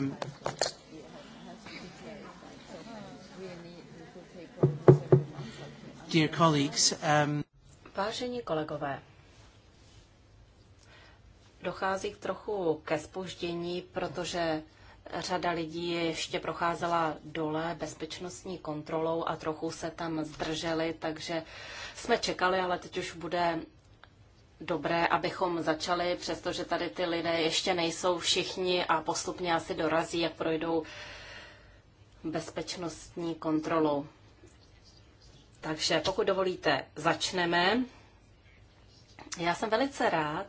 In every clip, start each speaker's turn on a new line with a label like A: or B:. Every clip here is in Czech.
A: Um, dear colleagues, um,
B: Vážení kolegové, dochází k trochu ke spoždění, protože řada lidí ještě procházela dole bezpečnostní kontrolou a trochu se tam zdrželi, takže jsme čekali, ale teď už bude dobré, abychom začali, přestože tady ty lidé ještě nejsou všichni a postupně asi dorazí, jak projdou bezpečnostní kontrolou. Takže pokud dovolíte, začneme. Já jsem velice rád,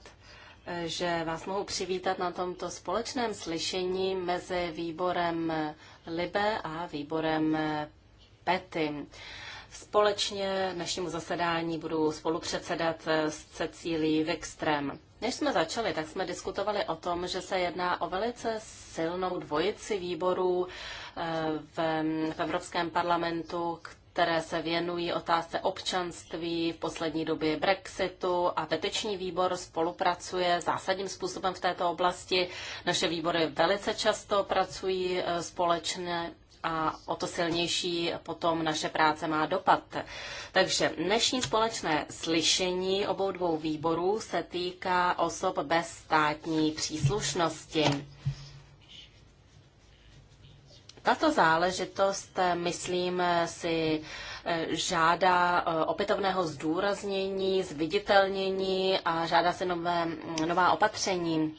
B: že vás mohu přivítat na tomto společném slyšení mezi výborem Libe a výborem Pety. Společně našemu zasedání budu spolupředsedat eh, s Cecílí Vikstrem. Než jsme začali, tak jsme diskutovali o tom, že se jedná o velice silnou dvojici výborů eh, v, v Evropském parlamentu, které se věnují otázce občanství, v poslední době Brexitu a petiční výbor spolupracuje zásadním způsobem v této oblasti. Naše výbory velice často pracují eh, společně a o to silnější potom naše práce má dopad. Takže dnešní společné slyšení obou dvou výborů se týká osob bez státní příslušnosti. Tato záležitost, myslím, si eh, žádá eh, opětovného zdůraznění, zviditelnění a žádá se nové, nová opatření.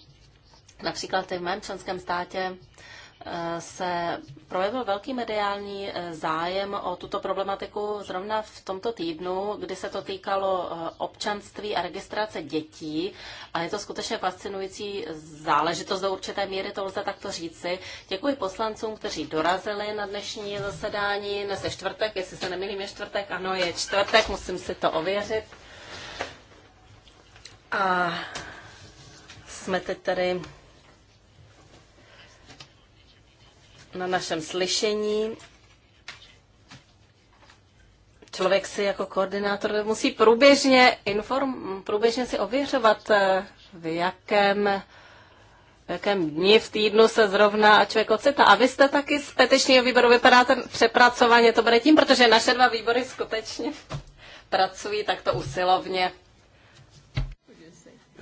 B: Například i v mém členském státě se projevil velký mediální eh, zájem o tuto problematiku zrovna v tomto týdnu, kdy se to týkalo eh, občanství a registrace dětí. A je to skutečně fascinující záležitost do určité míry, to lze takto říci. Děkuji poslancům, kteří dorazili na dnešní zasedání. Dnes je čtvrtek, jestli se nemýlím, je čtvrtek. Ano, je čtvrtek, musím si to ověřit. A jsme teď tady na našem slyšení. Člověk si jako koordinátor musí průběžně, inform, průběžně si ověřovat, eh, v jakém, v jakém dni v týdnu se zrovna člověk ocitá. A vy jste taky z petičního výboru, vypadáte přepracovaně, to bude tím, protože naše dva výbory skutečně pracují takto usilovně.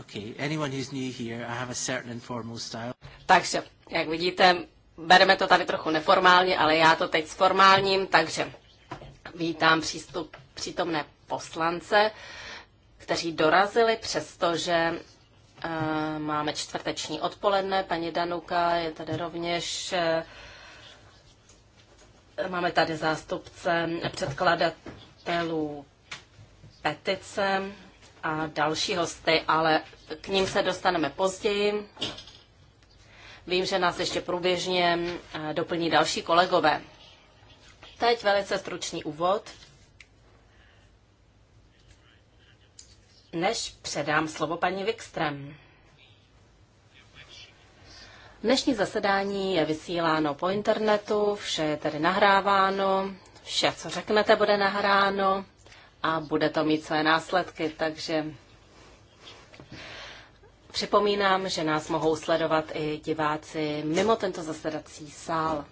A: Okay, anyone who's new here, I have a certain informal style.
B: Takže, jak vidíte, bereme to tady trochu neformálně, ale já to teď s formálním, takže vítám přístup přítomné poslance, kteří dorazili, přestože eh, máme čtvrteční odpoledne. Paní Danuka je tady rovněž. Eh, máme tady zástupce předkladatelů petice a další hosty, ale k ním se dostaneme později. Vím, že nás ještě průběžně eh, doplní další kolegové. Teď velice stručný úvod. Než předám slovo paní Wikström. Dnešní zasedání je vysíláno po internetu, vše je tedy nahráváno, vše, co řeknete, bude nahráno a bude to mít své následky, takže Připomínám, že nás mohou sledovat i diváci mimo tento zasedací sál.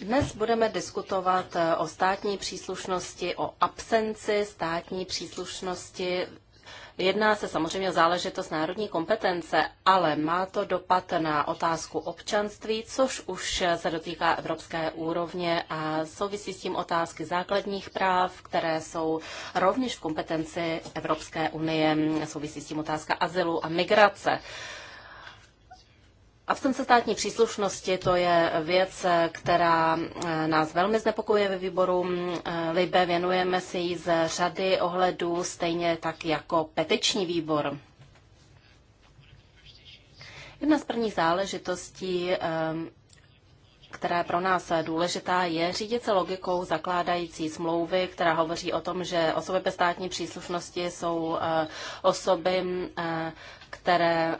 B: Dnes budeme diskutovat o státní příslušnosti, o absenci státní příslušnosti Jedná se samozřejmě o záležitost národní kompetence, ale má to dopad na otázku občanství, což už se dotýká evropské úrovně a souvisí s tím otázky základních práv, které jsou rovněž v kompetenci Evropské unie. Souvisí s tím otázka azylu a migrace. Absence státní příslušnosti to je věc, která eh, nás velmi znepokuje ve výboru eh, Libe. Věnujeme si ji z řady ohledů, stejně tak jako petiční výbor. Jedna z prvních záležitostí, eh, která je pro nás důležitá, je řídit se logikou zakládající smlouvy, která hovoří o tom, že osoby bez státní příslušnosti jsou osoby, které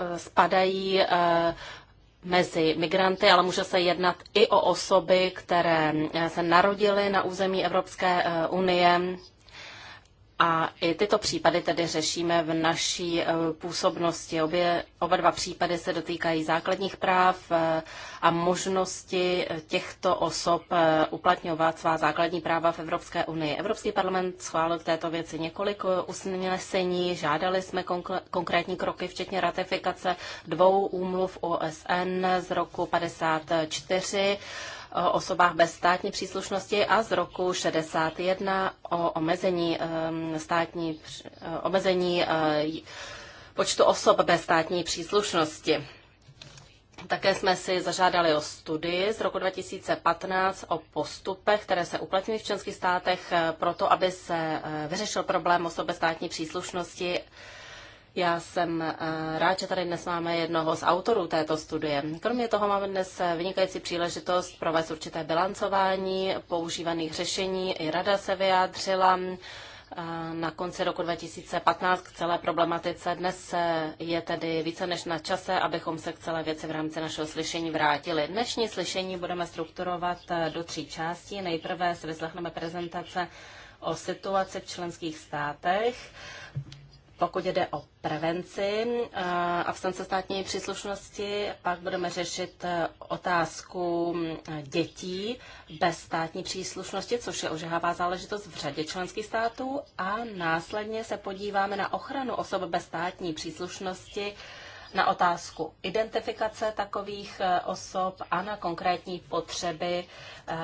B: Eh, spadají eh, mezi migranty, ale může se jednat i o osoby, které eh, se narodily na území Evropské unie a i tyto případy tedy řešíme v naší eh, působnosti. Obě, oba dva případy se dotýkají základních práv eh, a možnosti eh, těchto osob uplatňovat svá základní práva v Evropské unii. Evropský parlament schválil v této věci několik usnesení, žádali jsme konkrétní kroky, včetně ratifikace dvou úmluv OSN z roku 54 osobách bez státní příslušnosti a z roku 61 o omezení státní eh, omezení eh, počtu osob bez státní příslušnosti. Také jsme si zažádali o studii z roku 2015 o postupech, které se uplatňují v členských státech eh, proto, aby se vyřešil problém osob bez státní příslušnosti já jsem eh, rád, že tady dnes máme jednoho z autorů této studie. Kromě toho máme dnes eh, vynikající příležitost provést určité bilancování používaných řešení. I rada se vyjádřila eh, na konci roku 2015 k celé problematice. Dnes je tedy více než na čase, abychom se k celé věci v rámci našeho slyšení vrátili. Dnešní slyšení budeme strukturovat do tří částí. Nejprve si vyslechneme prezentace o situaci v členských státech pokud jde o prevenci a eh, absence státní příslušnosti, pak budeme řešit eh, otázku mm, dětí bez státní příslušnosti, což je ožehává záležitost v řadě členských států a následně se podíváme na ochranu osob bez státní příslušnosti na otázku identifikace takových eh, osob a na konkrétní potřeby,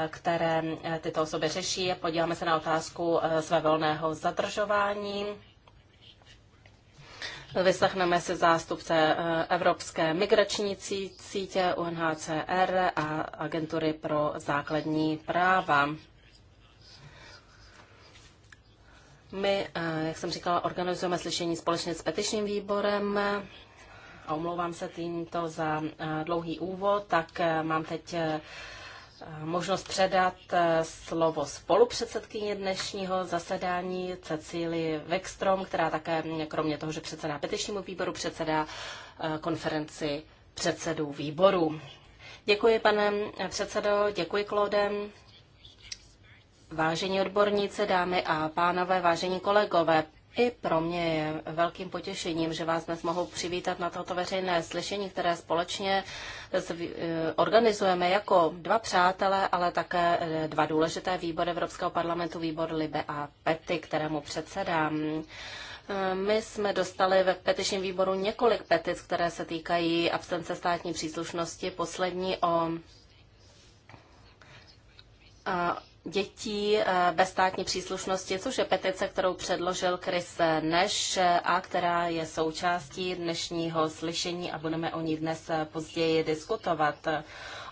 B: které tyto osoby řeší. Podíváme se na otázku svévolného zadržování Vyslechneme si zástupce eh, Evropské migrační sítě UNHCR a Agentury pro základní práva. My, eh, jak jsem říkala, organizujeme slyšení společně s petičním výborem. A omlouvám se tímto za eh, dlouhý úvod, tak mám teď možnost předat eh, slovo spolupředsedkyně dnešního zasedání Cecílii Vekstrom, která také, kromě toho, že předsedá petičnímu výboru, předsedá eh, konferenci předsedů výboru. Děkuji, pane předsedo, děkuji, Klodem. Vážení odborníci, dámy a pánové, vážení kolegové, i pro mě je velkým potěšením, že vás dnes mohu přivítat na toto veřejné slyšení, které společně eh, organizujeme jako dva přátelé, ale také eh, dva důležité výbory Evropského parlamentu, výbor Libe a Pety, kterému předsedám. Eh, my jsme dostali ve petičním výboru několik petic, které se týkají absence státní příslušnosti. Poslední o dětí eh, bez státní příslušnosti, což je petice, kterou předložil Chris Neš a která je součástí dnešního slyšení a budeme o ní dnes později diskutovat.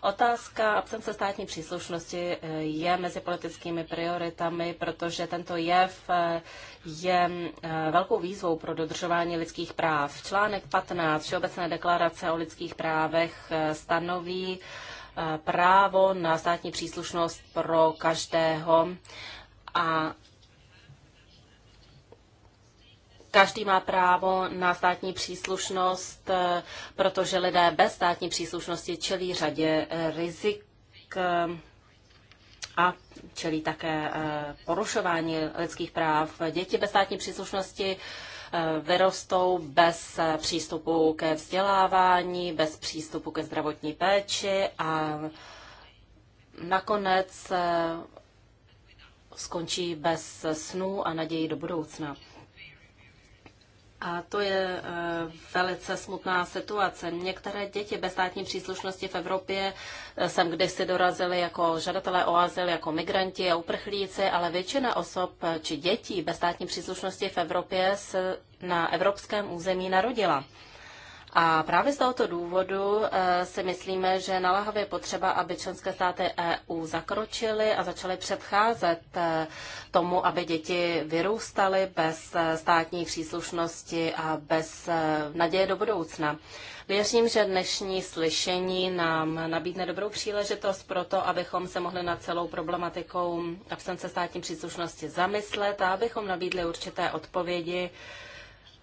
B: Otázka absence státní příslušnosti eh, je mezi politickými prioritami, protože tento jev eh, je velkou výzvou pro dodržování lidských práv. Článek 15 Všeobecné deklarace o lidských právech stanoví, právo na státní příslušnost pro každého a Každý má právo na státní příslušnost, eh, protože lidé bez státní příslušnosti čelí řadě eh, rizik eh, a čelí také porušování lidských práv. Děti bez státní příslušnosti vyrostou bez přístupu ke vzdělávání, bez přístupu ke zdravotní péči a nakonec eh, skončí bez snů a naději do budoucna. A to je e, velice smutná situace. Některé děti bez státní příslušnosti v Evropě e, sem kdysi dorazily jako žadatelé o azyl, jako migranti a uprchlíci, ale většina osob e, či dětí bez státní příslušnosti v Evropě se na evropském území narodila. A právě z tohoto důvodu eh, si myslíme, že naléhavě je potřeba, aby členské státy EU zakročily a začaly předcházet eh, tomu, aby děti vyrůstaly bez eh, státní příslušnosti a bez naděje do budoucna. Věřím, že dnešní slyšení nám nabídne dobrou příležitost pro to, abychom se mohli nad celou problematikou absence státní příslušnosti zamyslet a abychom nabídli určité odpovědi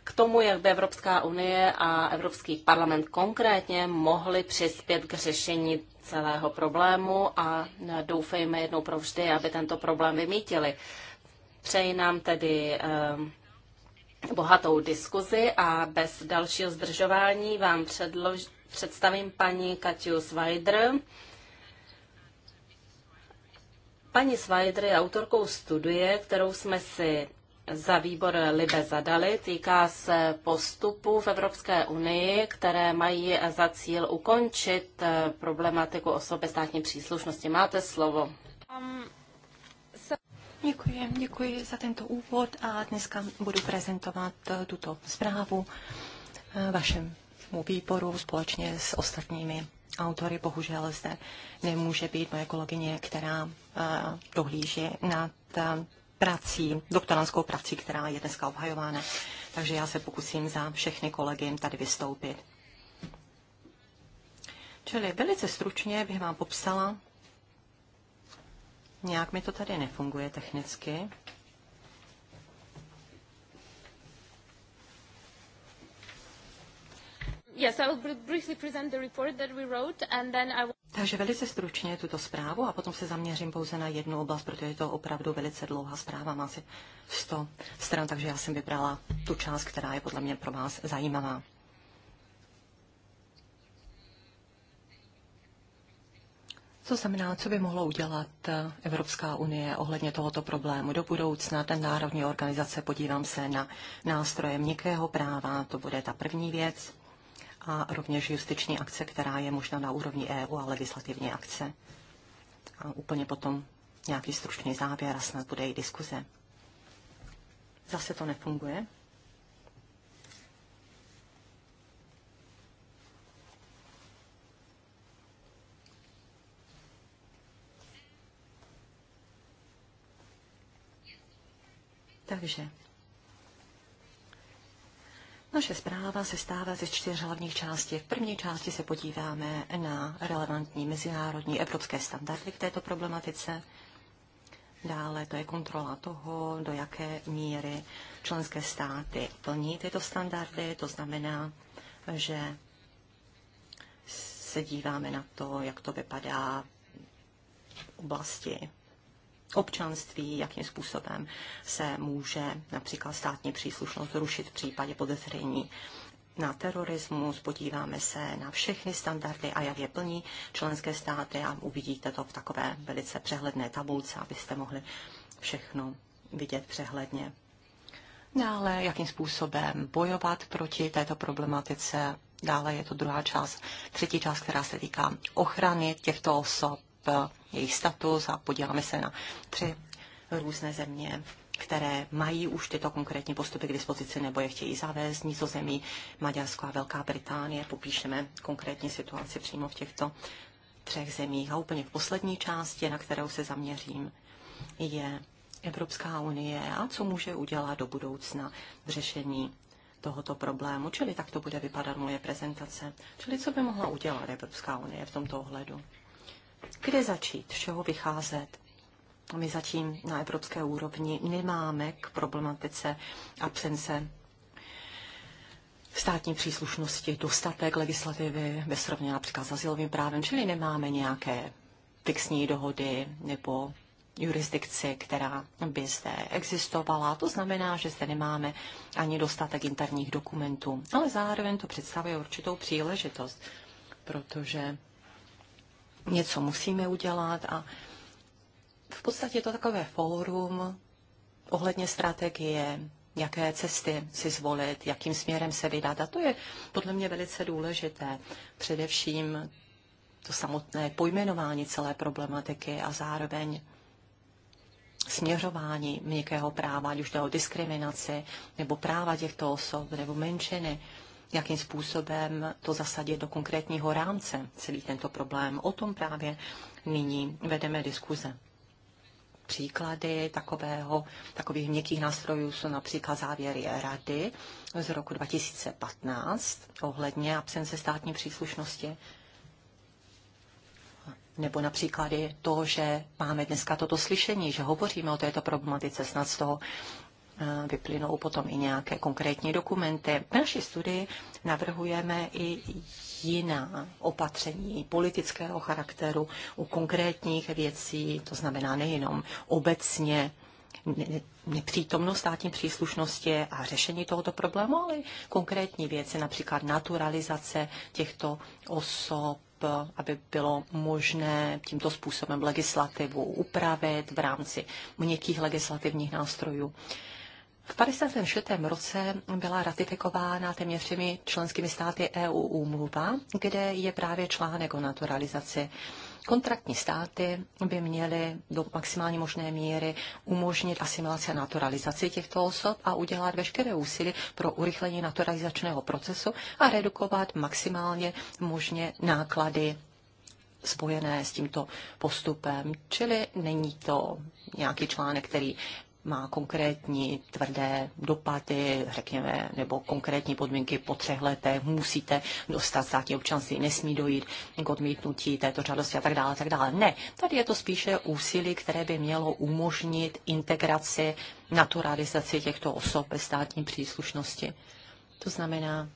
B: k tomu, jak by Evropská unie a Evropský parlament konkrétně mohli přispět k řešení celého problému a doufejme jednou pro vždy, aby tento problém vymítili. Přeji nám tedy eh, bohatou diskuzi a bez dalšího zdržování vám předlož, představím paní Katiu Svajdr. Paní Svajdr je autorkou studie, kterou jsme si za výbor Libe zadali. Týká se postupů v Evropské unii, které mají za cíl ukončit eh, problematiku osoby státní příslušnosti. Máte slovo.
C: Um, se... Děkuji, děkuji za tento úvod a dneska budu prezentovat eh, tuto zprávu eh, vašemu výboru společně s ostatními autory. Bohužel zde nemůže být moje kolegyně, která dohlíží nad prací, doktorantskou prací, která je dneska obhajována. Takže já se pokusím za všechny kolegy tady vystoupit. Čili velice stručně bych vám popsala, nějak mi to tady nefunguje technicky.
B: Yes, I will briefly present the report that we wrote, and then I
C: takže velice stručně tuto zprávu a potom se zaměřím pouze na jednu oblast, protože je to opravdu velice dlouhá zpráva, má asi 100 stran, takže já jsem vybrala tu část, která je podle mě pro vás zajímavá. Co znamená, co by mohla udělat Evropská unie ohledně tohoto problému do budoucna? Ten národní organizace, podívám se na nástroje měkkého práva, to bude ta první věc a rovněž justiční akce, která je možná na úrovni EU a legislativní akce. A úplně potom nějaký stručný závěr a snad bude i diskuze. Zase to nefunguje. Takže naše zpráva se stává ze čtyř hlavních částí. V první části se podíváme na relevantní mezinárodní evropské standardy k této problematice. Dále to je kontrola toho, do jaké míry členské státy plní tyto standardy. To znamená, že se díváme na to, jak to vypadá v oblasti občanství, jakým způsobem se může například státní příslušnost zrušit v případě podezření na terorismus, podíváme se na všechny standardy a jak je plní členské státy a uvidíte to v takové velice přehledné tabulce, abyste mohli všechno vidět přehledně. Dále, jakým způsobem bojovat proti této problematice. Dále je to druhá část, třetí část, která se týká ochrany těchto osob, Eh, jejich status a podíváme se na tři různé země které mají už tyto konkrétní postupy k dispozici nebo je chtějí zavést, Nizozemí, Maďarsko a Velká Británie. Popíšeme konkrétní situaci přímo v těchto třech zemích. A úplně v poslední části, na kterou se zaměřím, je Evropská unie a co může udělat do budoucna v řešení tohoto problému. Čili tak to bude vypadat moje prezentace. Čili co by mohla udělat Evropská unie v tomto ohledu? Kde začít, z čeho vycházet? My zatím na evropské úrovni nemáme k problematice absence státní příslušnosti dostatek legislativy ve srovnání například s asilovým právem, čili nemáme nějaké fixní dohody nebo jurisdikci, která by zde existovala. To znamená, že zde nemáme ani dostatek interních dokumentů, ale zároveň to představuje určitou příležitost, protože něco musíme udělat a v podstatě je to takové fórum ohledně strategie, jaké cesty si zvolit, jakým směrem se vydat. A to je podle mě velice důležité. Především to samotné pojmenování celé problematiky a zároveň směřování měkkého práva, ať už jde o diskriminaci, nebo práva těchto osob, nebo menšiny jakým způsobem to zasadit do konkrétního rámce, celý tento problém. O tom právě nyní vedeme diskuze. Příklady takového, takových měkkých nástrojů jsou například závěry Rady z roku 2015 ohledně absence státní příslušnosti nebo například je to, že máme dneska toto slyšení, že hovoříme o této problematice, snad z toho vyplynou potom i nějaké konkrétní dokumenty. V naší studii navrhujeme i jiná opatření politického charakteru u konkrétních věcí, to znamená nejenom obecně nepřítomnost státní příslušnosti a řešení tohoto problému, ale i konkrétní věci, například naturalizace těchto osob, aby bylo možné tímto způsobem legislativu upravit v rámci měkkých legislativních nástrojů. V 56. roce byla ratifikována téměř všemi členskými státy EU úmluva, kde je právě článek o naturalizaci. Kontraktní státy by měly do maximální možné míry umožnit asimilaci a naturalizaci těchto osob a udělat veškeré úsilí pro urychlení naturalizačného procesu a redukovat maximálně možně náklady spojené s tímto postupem. Čili není to nějaký článek, který má konkrétní tvrdé dopady, řekněme, nebo konkrétní podmínky po třech letech, musíte dostat státní občanství, nesmí dojít k odmítnutí této žádosti a tak dále, tak dále. Ne, tady je to spíše úsilí, které by mělo umožnit integraci, naturalizaci těchto osob ve státní příslušnosti. To znamená,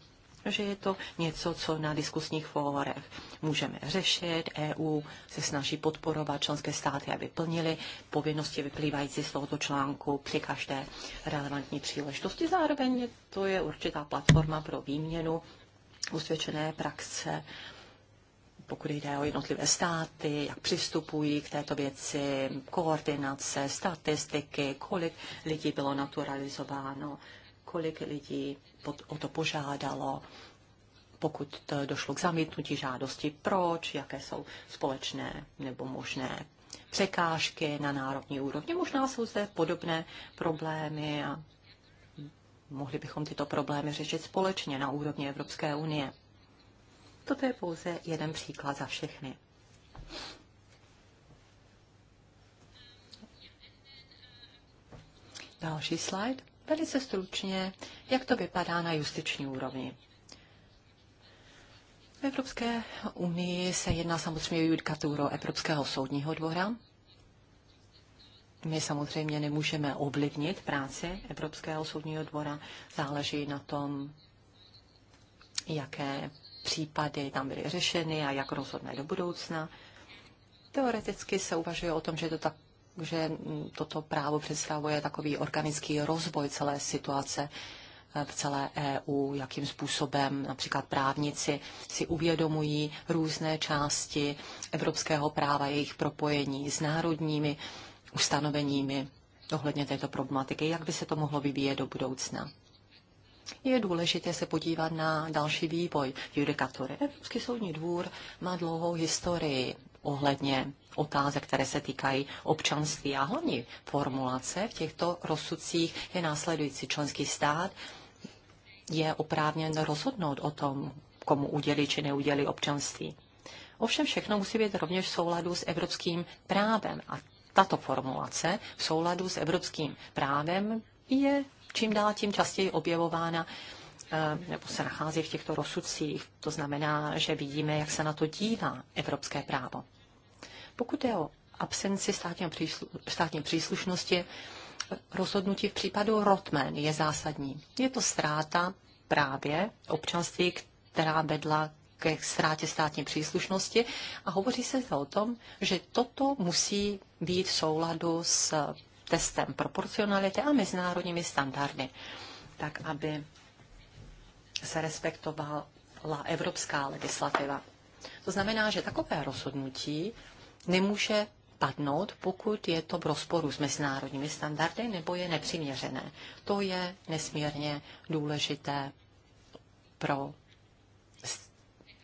C: že je to něco, co na diskusních fórech můžeme řešit. EU se snaží podporovat členské státy, aby plnili povinnosti vyplývající z tohoto článku při každé relevantní příležitosti. Zároveň to je určitá platforma pro výměnu usvědčené praxe pokud jde o jednotlivé státy, jak přistupují k této věci, koordinace, statistiky, kolik lidí bylo naturalizováno, kolik lidí o to požádalo, pokud to došlo k zamítnutí žádosti, proč, jaké jsou společné nebo možné překážky na národní úrovni. Možná jsou zde podobné problémy a mohli bychom tyto problémy řešit společně na úrovni Evropské unie. Toto je pouze jeden příklad za všechny. Další slide. Velice stručně, jak to vypadá na justiční úrovni. V Evropské unii se jedná samozřejmě o judikaturu Evropského soudního dvora. My samozřejmě nemůžeme ovlivnit práci Evropského soudního dvora. Záleží na tom, jaké případy tam byly řešeny a jak rozhodne do budoucna. Teoreticky se uvažuje o tom, že to tak že toto právo představuje takový organický rozvoj celé situace eh, v celé EU, jakým způsobem například právníci si uvědomují různé části evropského práva, jejich propojení s národními ustanoveními ohledně této problematiky, jak by se to mohlo vyvíjet do budoucna. Je důležité se podívat na další vývoj judikatury. Evropský soudní dvůr má dlouhou historii ohledně otázek, které se týkají občanství. A hlavní formulace v těchto rozsudcích je následující. Členský stát je oprávněn rozhodnout o tom, komu udělí či neudělí občanství. Ovšem všechno musí být rovněž v souladu s evropským právem. A tato formulace v souladu s evropským právem je čím dál tím častěji objevována eh, nebo se nachází v těchto rozsudcích. To znamená, že vidíme, jak se na to dívá evropské právo. Pokud je o absenci státního příslu, státní příslušnosti, rozhodnutí v případu Rotman je zásadní. Je to ztráta právě občanství, která vedla ke ztrátě státní příslušnosti a hovoří se o tom, že toto musí být v souladu s testem proporcionality a mezinárodními standardy, tak aby se respektovala evropská legislativa. To znamená, že takové rozhodnutí nemůže padnout, pokud je to v rozporu s mezinárodními standardy nebo je nepřiměřené. To je nesmírně důležité pro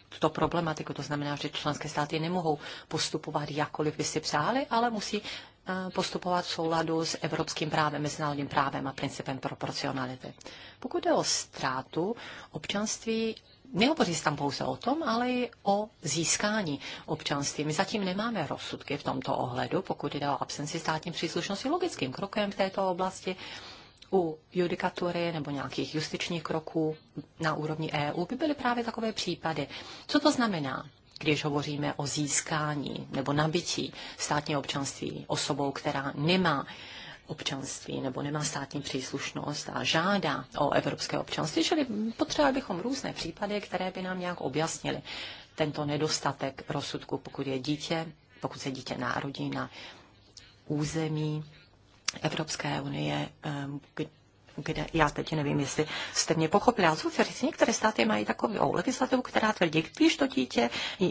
C: tuto problematiku. To znamená, že členské státy nemohou postupovat jakkoliv by si přáli, ale musí eh, postupovat v souladu s evropským právem, mezinárodním právem a principem proporcionality. Pokud jde o ztrátu občanství nehovoří se tam pouze o tom, ale i o získání občanství. My zatím nemáme rozsudky v tomto ohledu, pokud jde o absenci státní příslušnosti. Logickým krokem v této oblasti u judikatury nebo nějakých justičních kroků na úrovni EU by byly právě takové případy. Co to znamená? když hovoříme o získání nebo nabití státního občanství osobou, která nemá občanství nebo nemá státní příslušnost a žádá o evropské občanství, čili potřebovali bychom různé případy, které by nám nějak objasnily tento nedostatek rozsudku, pokud je dítě, pokud se dítě narodí na území Evropské unie, eh, kde já teď nevím, jestli jste mě pochopili, ale jsou říct, některé státy mají takovou legislativu, která tvrdí, když to dítě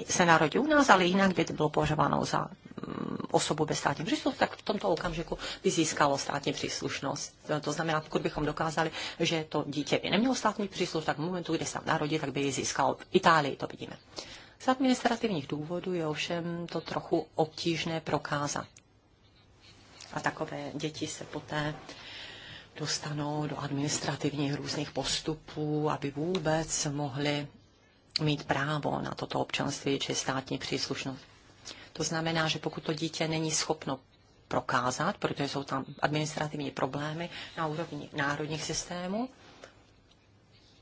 C: se narodí u nás, ale jinak by to bylo považováno za mm, osobu bez státní příslušnosti, tak v tomto okamžiku by získalo státní příslušnost. To znamená, pokud bychom dokázali, že to dítě by nemělo státní příslušnost, tak v momentu, kdy se tam narodí, tak by ji získalo. V Itálii to vidíme. Z administrativních důvodů je ovšem to trochu obtížné prokázat. A takové děti se poté dostanou do administrativních různých postupů, aby vůbec mohli mít právo na toto občanství či státní příslušnost. To znamená, že pokud to dítě není schopno prokázat, protože jsou tam administrativní problémy na úrovni národních systémů,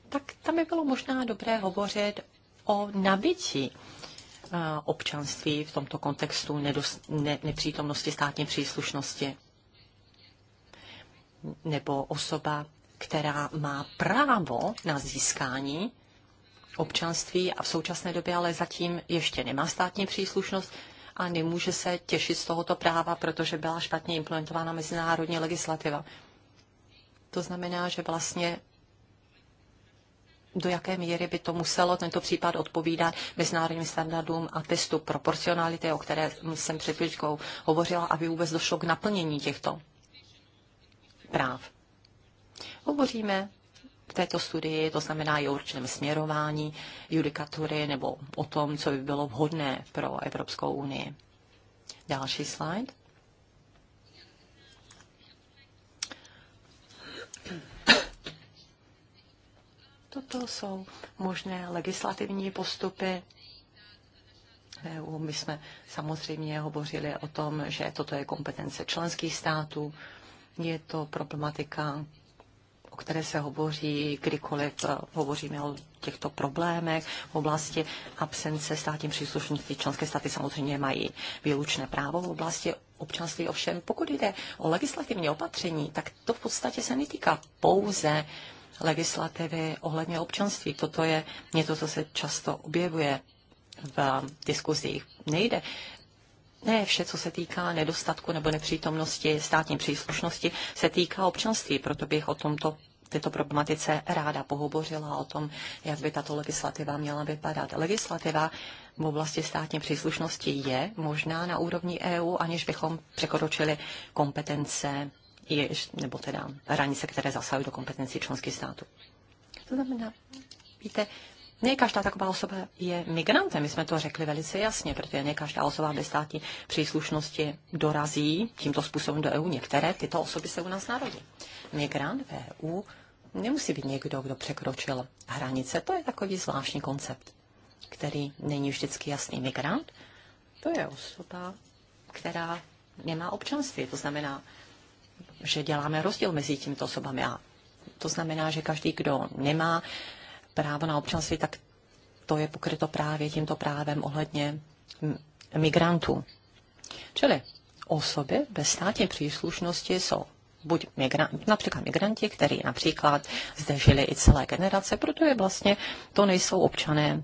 C: tak tam by bylo možná dobré hovořit o nabití eh, občanství v tomto kontextu nedos, ne, nepřítomnosti státní příslušnosti nebo osoba, která má právo na získání občanství a v současné době ale zatím ještě nemá státní příslušnost a nemůže se těšit z tohoto práva, protože byla špatně implementována mezinárodní legislativa. To znamená, že vlastně do jaké míry by to muselo tento případ odpovídat mezinárodním standardům a testu proporcionality, o které jsem před chvíličkou hovořila, aby vůbec došlo k naplnění těchto práv. Hovoříme v této studii, to znamená i o určitém směrování judikatury nebo o tom, co by bylo vhodné pro Evropskou unii. Další slide. Toto jsou možné legislativní postupy. E, my jsme samozřejmě hovořili o tom, že toto je kompetence členských států, je to problematika, o které se hovoří, kdykoliv eh, hovoříme o těchto problémech v oblasti absence státní příslušnosti. Členské státy samozřejmě mají výlučné právo v oblasti občanství. Ovšem, pokud jde o legislativní opatření, tak to v podstatě se netýká pouze legislativy ohledně občanství. Toto je něco, co se často objevuje v eh, diskuzích. Nejde ne vše, co se týká nedostatku nebo nepřítomnosti státní příslušnosti, se týká občanství, proto bych o tomto této problematice ráda pohovořila o tom, jak by tato legislativa měla vypadat. Legislativa v oblasti státní příslušnosti je možná na úrovni EU, aniž bychom překročili kompetence nebo teda hranice, které zasahují do kompetencí členských států. To znamená, víte, ne každá taková osoba je migrantem, my jsme to řekli velice jasně, protože ne každá osoba bez státní příslušnosti dorazí tímto způsobem do EU. Některé tyto osoby se u nás narodí. Migrant v EU nemusí být někdo, kdo překročil hranice. To je takový zvláštní koncept, který není vždycky jasný. Migrant to je osoba, která nemá občanství. To znamená, že děláme rozdíl mezi těmito osobami. A to znamená, že každý, kdo nemá práva na občanství, tak to je pokryto právě tímto právem ohledně migrantů. Čili osoby bez státní příslušnosti jsou buď migra- například migranti, kteří například zde žili i celé generace, protože vlastně to nejsou občané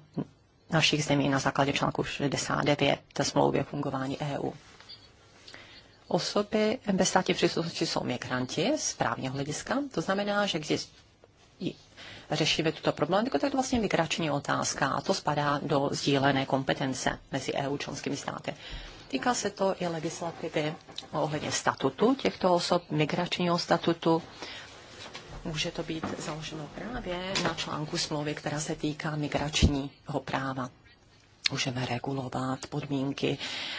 C: našich zemí na základě článku 69 té smlouvy o fungování EU. Osoby bez státní příslušnosti jsou migranti z právního hlediska, to znamená, že když řešíme tuto problematiku, tak to vlastně migrační otázka a to spadá do sdílené kompetence mezi EU členskými státy. Týká se to i legislativy ohledně statutu těchto osob, migračního statutu. Může to být založeno právě na článku smlouvy, která se týká migračního práva můžeme regulovat podmínky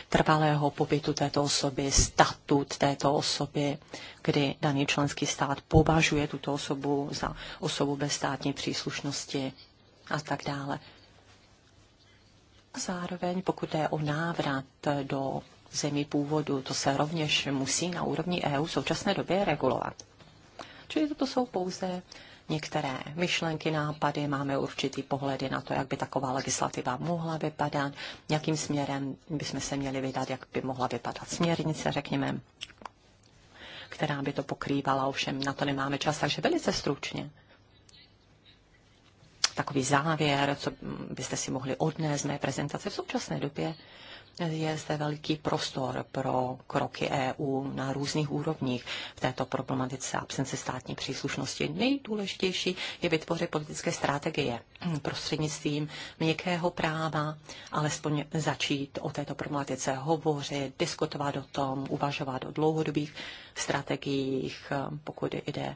C: trvalého pobytu této osoby, statut této osoby, kdy daný členský stát považuje tuto osobu za osobu bez státní příslušnosti a tak dále. A zároveň, pokud je o návrat do zemí původu, to se rovněž musí na úrovni EU v současné době regulovat. Čili toto jsou pouze některé myšlenky, nápady, máme určitý pohledy na to, jak by taková legislativa mohla vypadat, jakým směrem bychom se měli vydat, jak by mohla vypadat směrnice, řekněme, která by to pokrývala, ovšem na to nemáme čas, takže velice stručně takový závěr, co byste si mohli odnést z mé prezentace. V současné době je zde veliký prostor pro kroky EU na různých úrovních v této problematice absence státní příslušnosti. Nejdůležitější je vytvořit politické strategie prostřednictvím měkkého práva, alespoň začít o této problematice hovořit, diskutovat o tom, uvažovat o dlouhodobých strategiích, pokud jde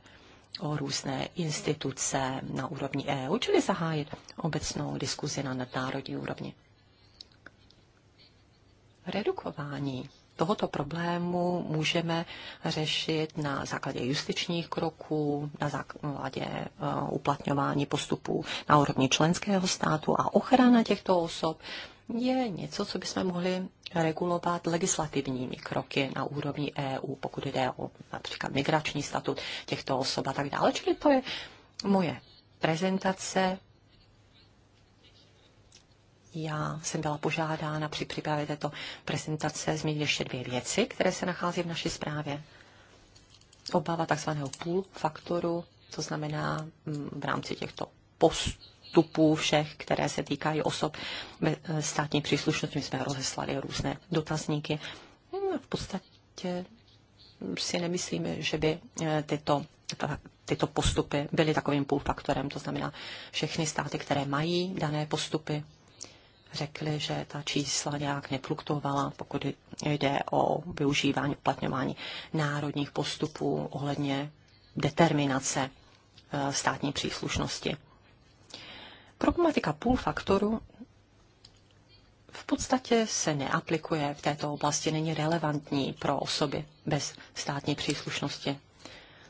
C: o různé instituce na úrovni EU, čili zahájit obecnou diskuzi na nadnárodní úrovni redukování tohoto problému můžeme řešit na základě justičních kroků, na základě eh, uplatňování postupů na úrovni členského státu a ochrana těchto osob je něco, co bychom mohli regulovat legislativními kroky na úrovni EU, pokud jde o například migrační statut těchto osob a tak dále. Čili to je moje prezentace já jsem byla požádána při přípravě této prezentace zmínit ještě dvě věci, které se nachází v naší zprávě. Obava takzvaného půl faktoru, to znamená mm, v rámci těchto postupů všech, které se týkají osob e, státní příslušnosti. My jsme rozeslali různé dotazníky. Hmm, v podstatě si nemyslím, že by e, tyto, tyto postupy byly takovým půlfaktorem. To znamená, všechny státy, které mají dané postupy, řekli, že ta čísla nějak nefluktovala, pokud jde o využívání, uplatňování národních postupů ohledně determinace eh, státní příslušnosti. Problematika půl faktoru v podstatě se neaplikuje v této oblasti, není relevantní pro osoby bez státní příslušnosti.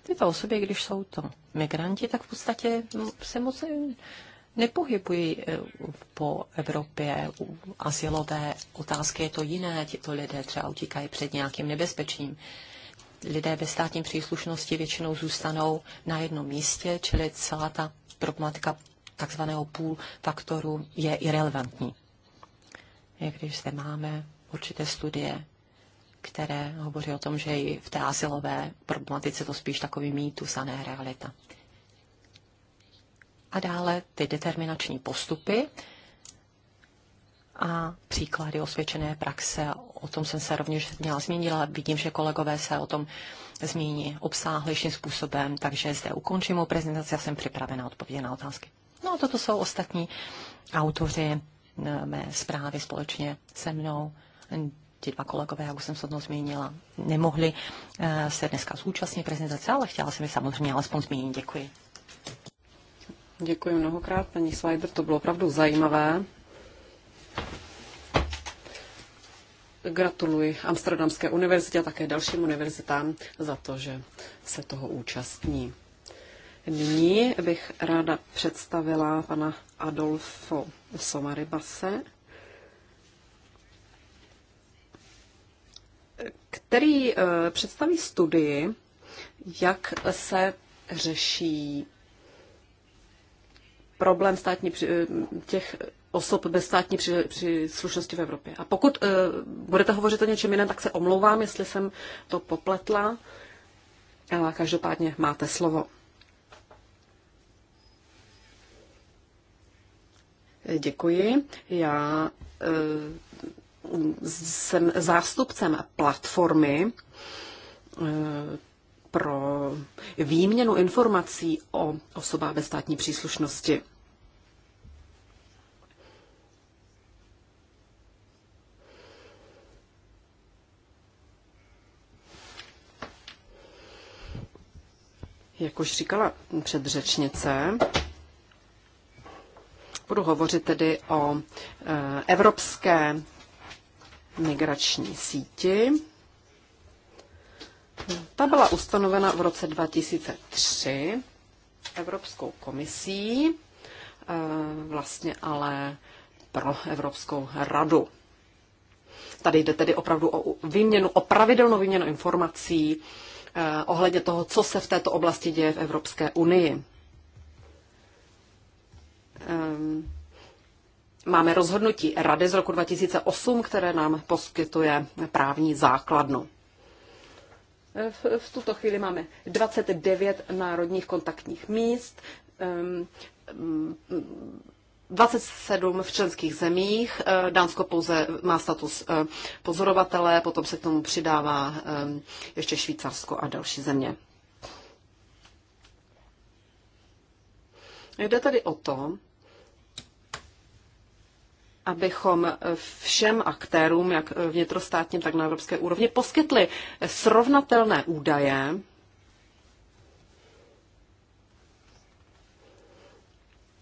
C: Tyto osoby, když jsou to migranti, tak v podstatě se moc nepohybují eh, po Evropě asilové otázky. Je to jiné, tito lidé třeba utíkají před nějakým nebezpečím. Lidé ve státní příslušnosti většinou zůstanou na jednom místě, čili celá ta problematika takzvaného půl faktoru je irrelevantní. Jak když zde máme určité studie, které hovoří o tom, že i v té asilové problematice to spíš takový mýtus a ne realita a dále ty determinační postupy a příklady osvědčené praxe. O tom jsem se rovněž měla ale Vidím, že kolegové se o tom zmíní obsáhlejším způsobem, takže zde ukončím mou prezentaci a jsem připravena odpovědět na otázky. No a toto jsou ostatní autoři eh, mé zprávy společně se mnou. Ti dva kolegové, jak už jsem se to zmínila, nemohli eh, se dneska zúčastnit prezentace, ale chtěla jsem je samozřejmě alespoň zmínit. Děkuji.
D: Děkuji mnohokrát, paní Slider, to bylo opravdu zajímavé. Gratuluji Amsterdamské univerzitě a také dalším univerzitám za to, že se toho účastní. Nyní bych ráda představila pana Adolfo Somaribase, který eh, představí studii, jak se řeší problém státní, eh, těch osob bez státní příslušnosti v Evropě. A pokud uh, budete hovořit o něčem jiném, tak se omlouvám, jestli jsem to popletla. Ale každopádně máte slovo. Děkuji. Já uh, jsem zástupcem platformy uh, pro výměnu informací o osobách ve státní příslušnosti. Jak už říkala předřečnice, budu hovořit tedy o e, evropské migrační síti. Ta byla ustanovena v roce 2003 Evropskou komisí, eh, vlastně ale pro Evropskou radu. Tady jde tedy opravdu o výměnu, o pravidelnou výměnu informací eh, ohledně toho, co se v této oblasti děje v Evropské unii. Ehm, máme rozhodnutí Rady z roku 2008, které nám poskytuje právní základnu. V, v tuto chvíli máme 29 národních kontaktních míst, 27 ehm, mm, v členských zemích. Eh, Dánsko pouze má status eh, pozorovatele, potom se k tomu přidává ehm, ještě Švýcarsko a další země. Jde tady o to, abychom všem aktérům, jak vnitrostátním, tak na evropské úrovni, poskytli srovnatelné údaje,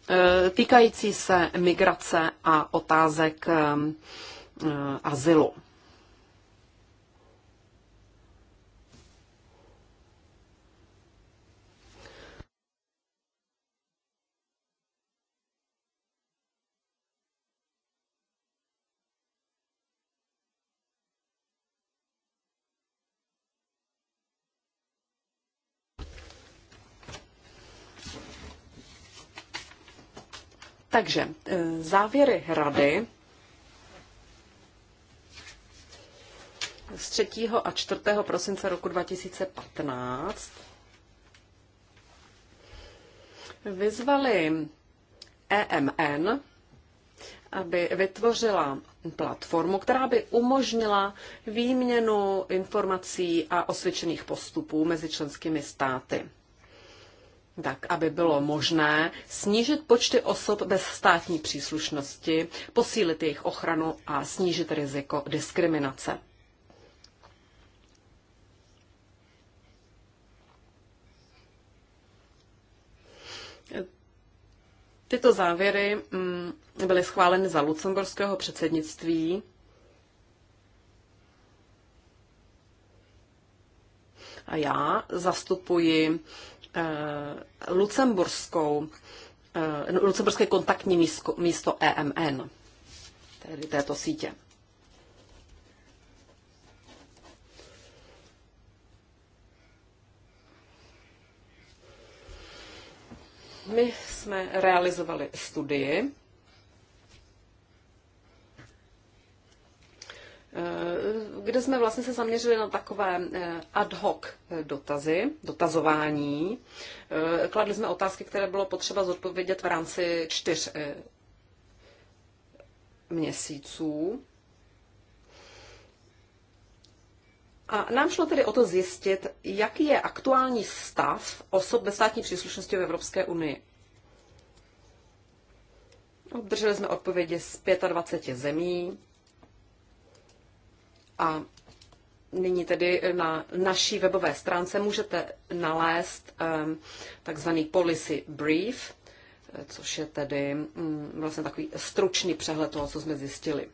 D: eh, týkající se migrace a otázek eh, eh, azylu. Takže e, závěry rady z 3. a 4. prosince roku 2015 vyzvali EMN, aby vytvořila platformu, která by umožnila výměnu informací a osvědčených postupů mezi členskými státy tak aby bylo možné snížit počty osob bez státní příslušnosti, posílit jejich ochranu a snížit riziko diskriminace. Tyto závěry mm, byly schváleny za lucemburského předsednictví a já zastupuji Eh, lucemburskou, eh, no, lucemburské kontaktní místo, místo EMN, tedy této sítě. My jsme realizovali studii, jsme vlastně se zaměřili na takové eh, ad hoc eh, dotazy, dotazování. Eh, kladli jsme otázky, které bylo potřeba zodpovědět v rámci čtyř měsíců. A nám šlo tedy o to zjistit, jaký je aktuální stav osob bez státní příslušnosti v Evropské unii. Obdrželi jsme odpovědi z 25 zemí a Nyní tedy na naší webové stránce můžete nalézt ehm, takzvaný policy brief, eh, což je tedy mm, vlastně takový stručný přehled toho, co jsme zjistili.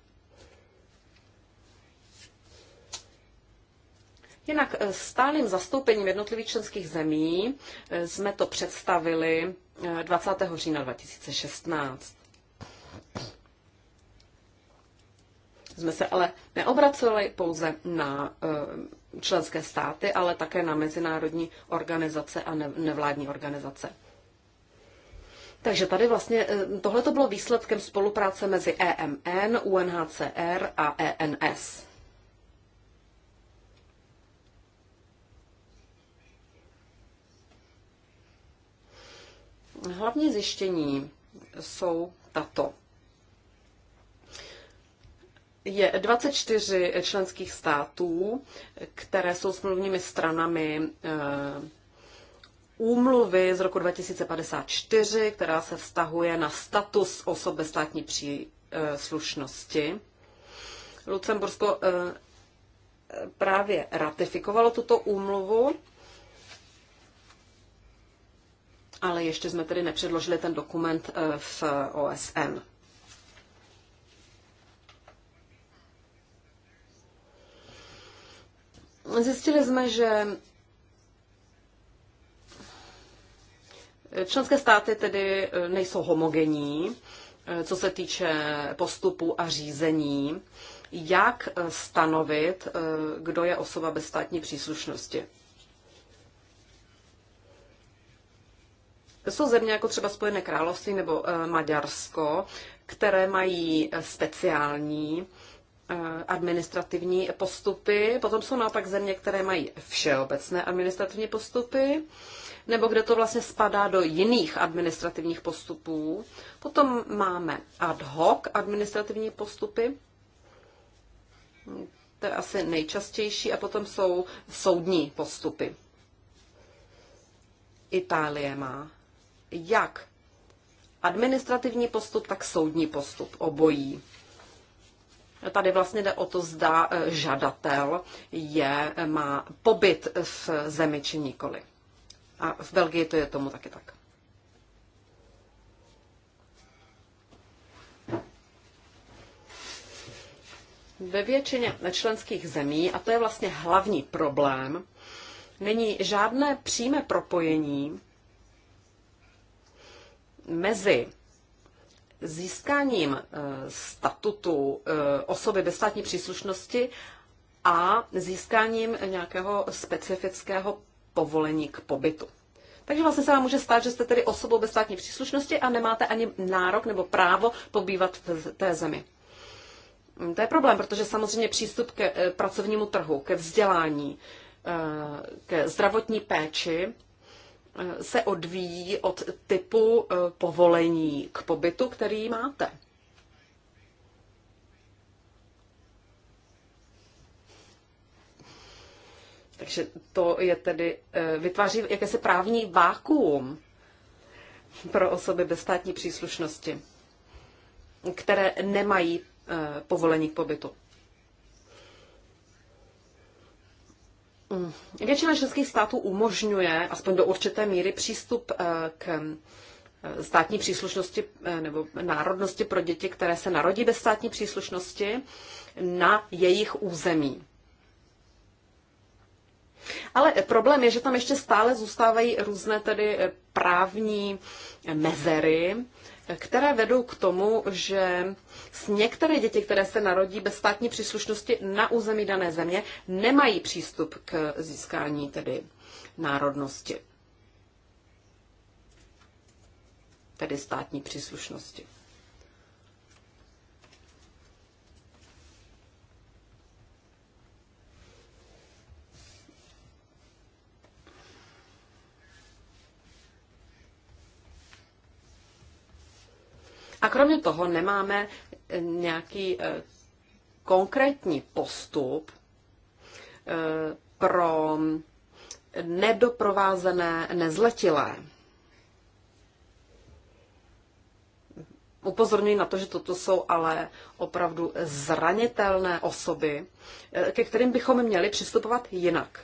D: Jinak eh, stálým zastoupením jednotlivých členských zemí eh, jsme to představili 20. října 2016 jsme se ale neobraceli pouze na eh, členské státy, ale také na mezinárodní organizace a nevládní organizace. Takže tady vlastně eh, tohle to bylo výsledkem spolupráce mezi EMN, UNHCR a ENS. Hlavní zjištění jsou tato je 24 členských států, které jsou smluvními stranami eh, úmluvy z roku 2054, která se vztahuje na status osob bez státní příslušnosti. Eh, Lucembursko eh, právě ratifikovalo tuto úmluvu, ale ještě jsme tedy nepředložili ten dokument v OSN. Zjistili jsme, že členské státy tedy eh, nejsou homogenní, eh, co se týče postupu a řízení, jak eh, stanovit, kdo je osoba bez státní příslušnosti. Jsou země jako třeba Spojené království nebo Maďarsko, které mají speciální Eh, administrativní postupy, potom jsou naopak země, které mají všeobecné administrativní postupy, nebo kde to vlastně spadá do jiných administrativních postupů. Potom máme ad hoc administrativní postupy, to je asi nejčastější, a potom jsou soudní postupy. Itálie má jak administrativní postup, tak soudní postup, obojí. Tady vlastně jde o to, zda e, žadatel je, e, má pobyt v zemi či nikoli. A v Belgii to je tomu taky tak. Ve většině členských zemí, a to je vlastně hlavní problém, není žádné přímé propojení mezi získáním eh, statutu eh, osoby bez státní příslušnosti a získáním nějakého specifického povolení k pobytu. Takže vlastně se vám může stát, že jste tedy osobou bez státní příslušnosti a nemáte ani nárok nebo právo pobývat v té zemi. Mm, to je problém, protože samozřejmě přístup ke eh, pracovnímu trhu, ke vzdělání, ke zdravotní péči se odvíjí od typu eh, povolení k pobytu, který máte. Takže to je tedy, eh, vytváří jakési právní vákuum pro osoby bez státní příslušnosti, které nemají eh, povolení k pobytu. Mm. Většina členských států umožňuje aspoň do určité míry přístup eh, k eh, státní příslušnosti eh, nebo národnosti pro děti, které se narodí bez státní příslušnosti na jejich území. Ale problém je, že tam ještě stále zůstávají různé tedy právní mezery, které vedou k tomu, že s některé děti, které se narodí bez státní příslušnosti na území dané země, nemají přístup k získání tedy národnosti, tedy státní příslušnosti. A kromě toho nemáme eh, nějaký eh, konkrétní postup eh, pro nedoprovázené nezletilé. Upozorňuji na to, že toto jsou ale opravdu zranitelné osoby, ke kterým bychom měli přistupovat jinak.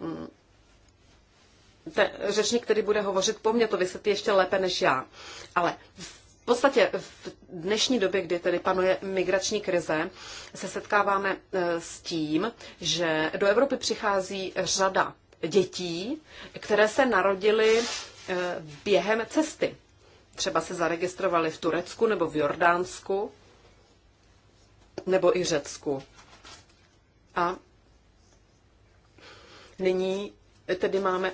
D: Mm ten řečník, který bude hovořit po mně, to vysvětlí ještě lépe než já. Ale v podstatě v dnešní době, kdy tedy panuje migrační krize, se setkáváme e, s tím, že do Evropy přichází řada dětí, které se narodily e, během cesty. Třeba se zaregistrovali v Turecku nebo v Jordánsku nebo i Řecku. A nyní tedy máme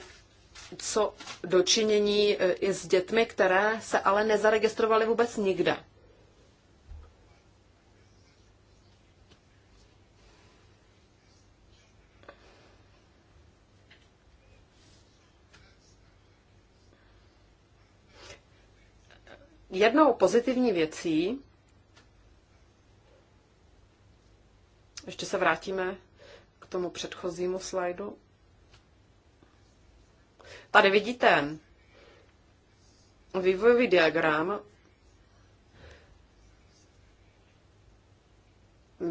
D: co dočinění i eh, s dětmi, které se ale nezaregistrovaly vůbec nikde. Jednou pozitivní věcí, ještě se vrátíme k tomu předchozímu slajdu, Tady vidíte vývojový diagram.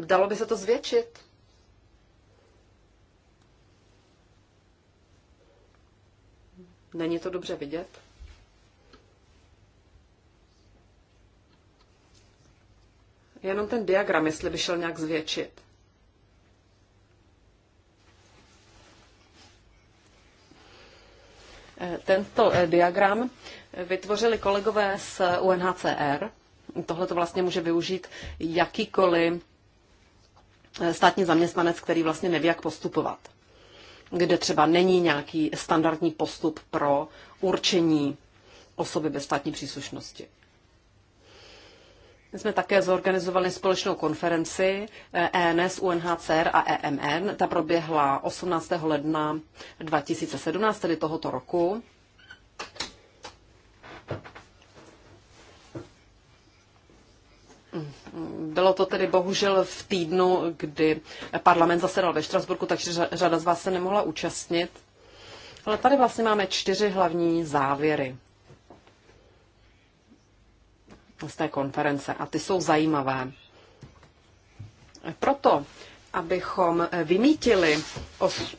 D: Dalo by se to zvětšit? Není to dobře vidět? Jenom ten diagram, jestli by šel nějak zvětšit. Tento eh, diagram vytvořili kolegové z UNHCR. Tohle to vlastně může využít jakýkoliv eh, státní zaměstnanec, který vlastně neví, jak postupovat. Kde třeba není nějaký standardní postup pro určení osoby bez státní příslušnosti jsme také zorganizovali společnou konferenci ENS, eh, e UNHCR a EMN. Ta proběhla 18. ledna 2017, tedy tohoto roku. Bylo to tedy bohužel v týdnu, kdy parlament zasedal ve Štrasburku, takže řada z vás se nemohla účastnit. Ale tady vlastně máme čtyři hlavní závěry z té konference a ty jsou zajímavé. Proto, abychom vymítili os-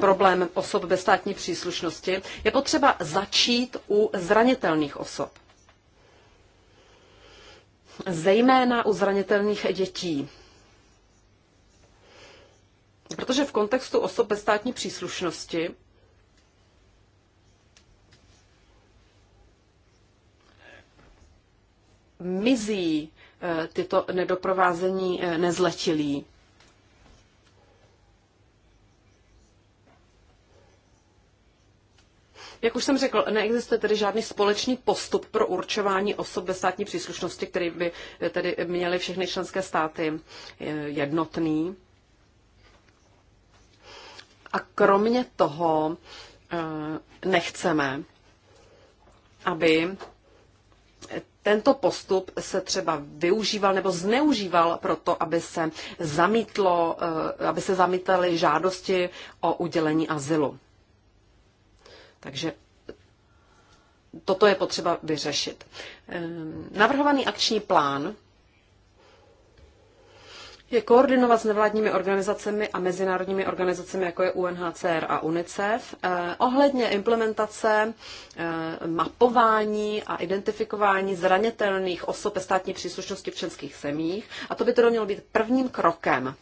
D: problém osob bez státní příslušnosti, je potřeba začít u zranitelných osob. Zejména u zranitelných dětí. Protože v kontextu osob bez státní příslušnosti mizí eh, tyto nedoprovázení eh, nezletilí. Jak už jsem řekl, neexistuje tedy žádný společný postup pro určování osob ve státní příslušnosti, který by eh, tedy měly všechny členské státy jednotný. A kromě toho nechceme, aby tento postup se třeba využíval nebo zneužíval pro to, aby se, zamítlo, eh, aby se zamítaly žádosti o udělení azylu. Takže toto je potřeba vyřešit. Ehm, navrhovaný akční plán je koordinovat s nevládními organizacemi a mezinárodními organizacemi, jako je UNHCR a UNICEF, eh, ohledně implementace eh, mapování a identifikování zranitelných osob ve státní příslušnosti v českých zemích. A to by to mělo být prvním krokem.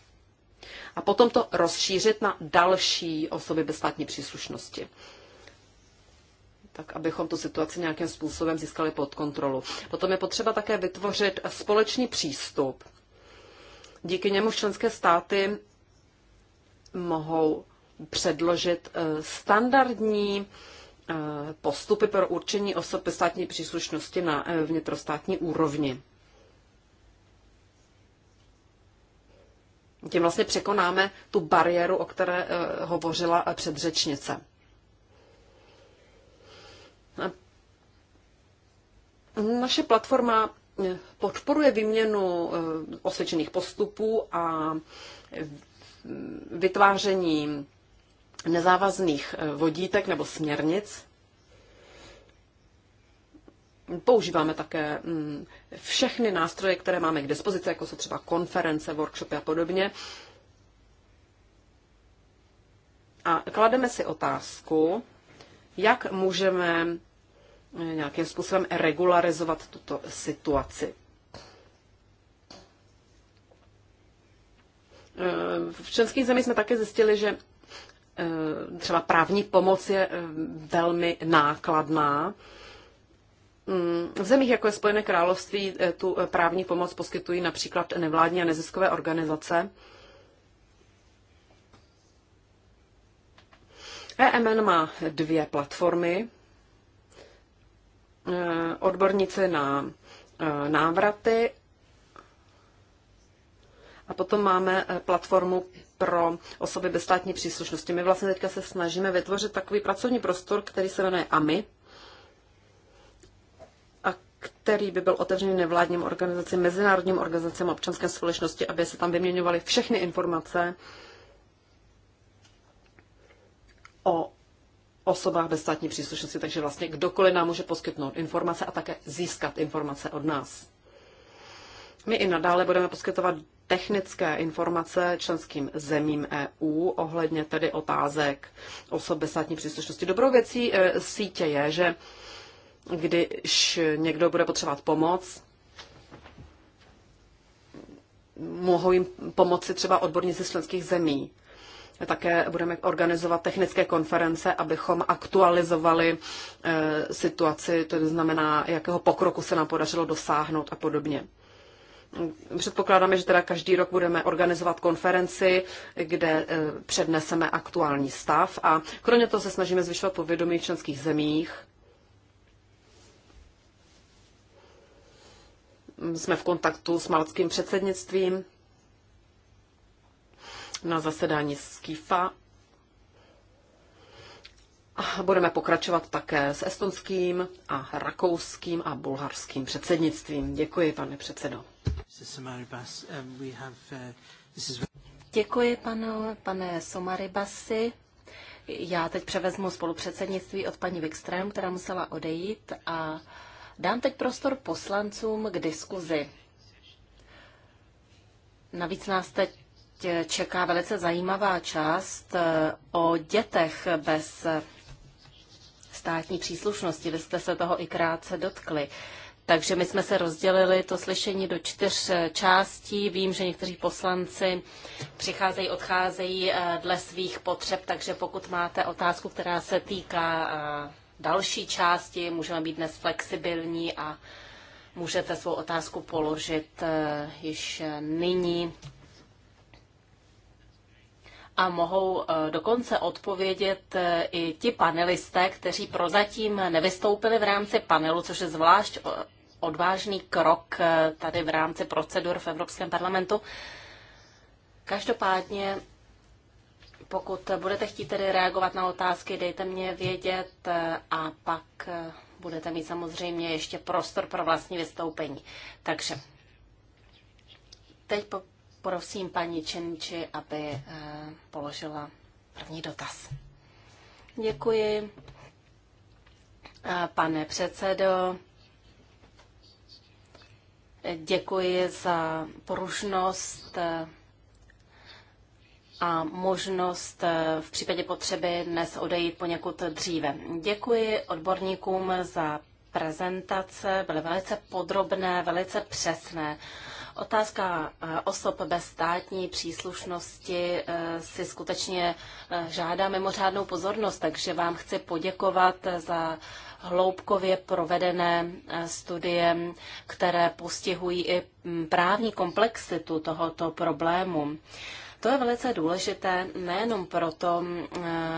D: A potom to rozšířit na další osoby bez státní příslušnosti tak abychom tu situaci nějakým způsobem získali pod kontrolu. Potom je potřeba také vytvořit společný přístup Díky němu členské státy mohou předložit eh, standardní eh, postupy pro určení osob státní příslušnosti na eh, vnitrostátní úrovni. Tím vlastně překonáme tu bariéru, o které hovořila předřečnice. Naše platforma podporuje výměnu eh, osvědčených postupů a vytváření nezávazných eh, vodítek nebo směrnic. Používáme také mm, všechny nástroje, které máme k dispozici, jako jsou třeba konference, workshopy a podobně. A klademe si otázku, jak můžeme nějakým způsobem regularizovat tuto situaci. Eh, v členských zemích jsme také zjistili, že eh, třeba právní pomoc je eh, velmi nákladná. Mm, v zemích, jako je Spojené království, tu právní pomoc poskytují například nevládní a neziskové organizace. EMN má dvě platformy, Eh, odbornice na eh, návraty a potom máme eh, platformu pro osoby bez státní příslušnosti. My vlastně teďka se snažíme vytvořit takový pracovní prostor, který se jmenuje AMI, a který by byl otevřený nevládním organizacím, mezinárodním organizacím občanské společnosti, aby se tam vyměňovaly všechny informace o osobách bez státní příslušnosti, takže vlastně kdokoliv nám může poskytnout informace a také získat informace od nás. My i nadále budeme poskytovat technické informace členským zemím EU ohledně tedy otázek osob bez státní příslušnosti. Dobrou věcí e, sítě je, že když někdo bude potřebovat pomoc, mohou jim pomoci třeba odborníci z členských zemí. Také budeme organizovat technické konference, abychom aktualizovali eh, situaci, to znamená, jakého pokroku se nám podařilo dosáhnout a podobně. Předpokládáme, že teda každý rok budeme organizovat konferenci, kde eh, předneseme aktuální stav a kromě toho se snažíme zvyšovat povědomí v členských zemích. Jsme v kontaktu s malckým předsednictvím na zasedání Skifa. Budeme pokračovat také s estonským a rakouským a bulharským předsednictvím. Děkuji, pane předsedo.
A: Eh, eh,
B: Děkuji, panu, pane Somaribasi. Já teď převezmu spolupředsednictví od paní Wikström, která musela odejít a dám teď prostor poslancům k diskuzi. Navíc nás teď čeká velice zajímavá část eh, o dětech bez státní příslušnosti. Vy jste se toho i krátce dotkli. Takže my jsme se rozdělili to slyšení do čtyř eh, částí. Vím, že někteří poslanci přicházejí, odcházejí eh, dle svých potřeb, takže pokud máte otázku, která se týká další části, můžeme být dnes flexibilní a můžete svou otázku položit již nyní a mohou e, dokonce odpovědět e, i ti panelisté, kteří prozatím nevystoupili v rámci panelu, což je zvlášť e, odvážný krok tady v rámci procedur v Evropském parlamentu. Každopádně, pokud budete chtít tedy reagovat na otázky, dejte mě vědět a pak budete mít samozřejmě ještě prostor pro vlastní vystoupení. Takže teď prosím paní Čenči, aby eh, položila první dotaz. Děkuji, eh, pane předsedo. Děkuji za pružnost eh, a možnost v případě potřeby dnes odejít poněkud dříve. Děkuji odborníkům za prezentace, byly velice podrobné, velice přesné. Otázka eh, osob bez státní příslušnosti eh, si skutečně eh, žádá mimořádnou pozornost, takže vám chci poděkovat za hloubkově provedené studie, které postihují i mm, právní komplexitu tohoto problému. To je velice důležité nejenom proto,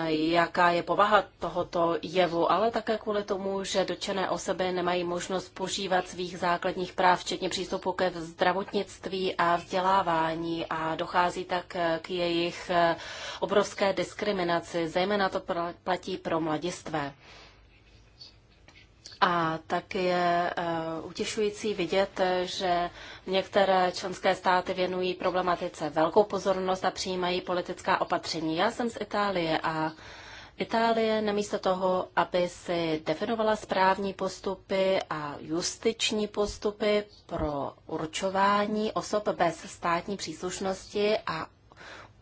B: jaká je povaha tohoto jevu, ale také kvůli tomu, že dočené osoby nemají možnost požívat svých základních práv, včetně přístupu ke zdravotnictví a vzdělávání a dochází tak k jejich e, obrovské diskriminaci, zejména to platí pro mladistvé. A tak je eh, utěšující vidět, že některé členské státy věnují problematice velkou pozornost a přijímají politická opatření. Já jsem z Itálie a Itálie namísto toho, aby si definovala správní postupy a justiční postupy pro určování osob bez státní příslušnosti a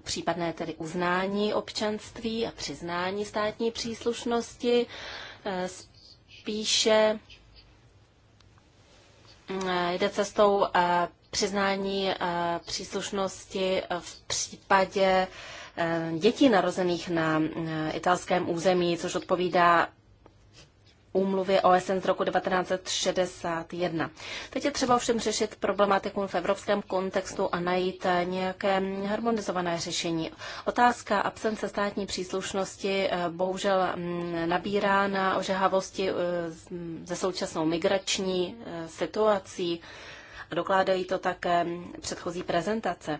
B: případné tedy uznání občanství a přiznání státní příslušnosti, eh, píše mm, jde cestou eh, přiznání eh, příslušnosti eh, v případě dětí narozených na italském území, což odpovídá úmluvě OSN z roku 1961. Teď je třeba ovšem řešit problematiku v evropském kontextu a najít nějaké harmonizované řešení. Otázka absence státní příslušnosti eh, bohužel mm, nabírá na ožehavosti eh, ze současnou migrační eh, situací a dokládají to také předchozí prezentace.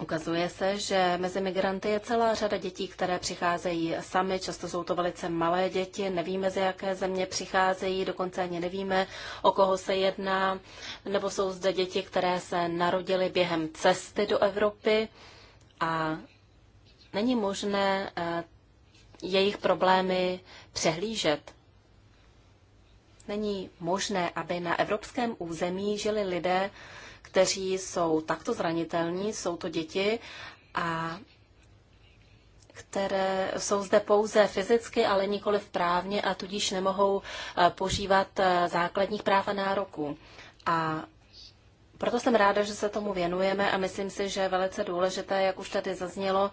B: Ukazuje se, že mezi migranty je celá řada dětí, které přicházejí sami, často jsou to velice malé děti, nevíme, z jaké země přicházejí, dokonce ani nevíme, o koho se jedná, nebo jsou zde děti, které se narodily během cesty do Evropy a není možné eh, jejich problémy přehlížet. Není možné, aby na evropském území žili lidé, kteří jsou takto zranitelní, jsou to děti a které jsou zde pouze fyzicky, ale nikoli právně a tudíž nemohou eh, požívat eh, základních práv a nároků. A proto jsem ráda, že se tomu věnujeme a myslím si, že je velice důležité, jak už tady zaznělo,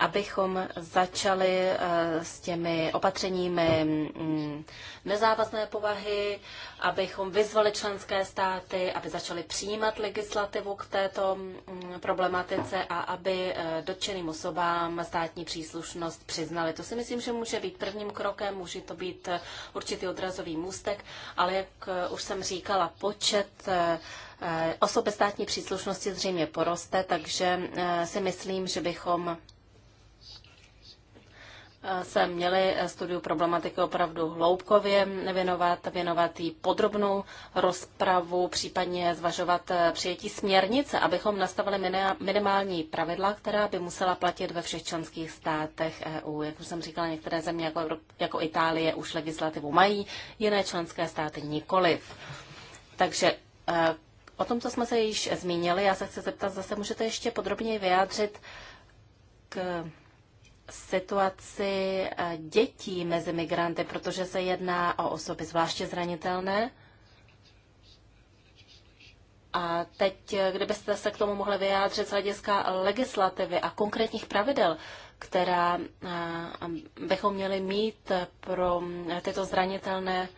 B: abychom začali eh, s těmi opatřeními mm, nezávazné povahy, abychom vyzvali členské státy, aby začali přijímat legislativu k této mm, problematice a aby eh, dotčeným osobám státní příslušnost přiznali. To si myslím, že může být prvním krokem, může to být eh, určitý odrazový můstek, ale jak už jsem říkala, počet osob státní příslušnosti zřejmě poroste, takže si myslím, že bychom se měli studiu problematiky opravdu hloubkově věnovat, věnovat jí podrobnou rozpravu, případně zvažovat eh, přijetí směrnice, abychom nastavili minimální pravidla, která by musela platit ve všech členských státech EU. Jak už jsem říkala, některé země jako, jako Itálie už legislativu mají, jiné členské státy nikoliv. Takže eh, o tom, co jsme se již zmínili, já se chci zeptat, zase můžete ještě podrobněji vyjádřit k situaci eh, dětí mezi migranty, protože se jedná o osoby zvláště zranitelné. A teď, eh, kdybyste se k tomu mohli vyjádřit z hlediska legislativy a konkrétních pravidel, která eh, bychom měli mít pro tyto zranitelné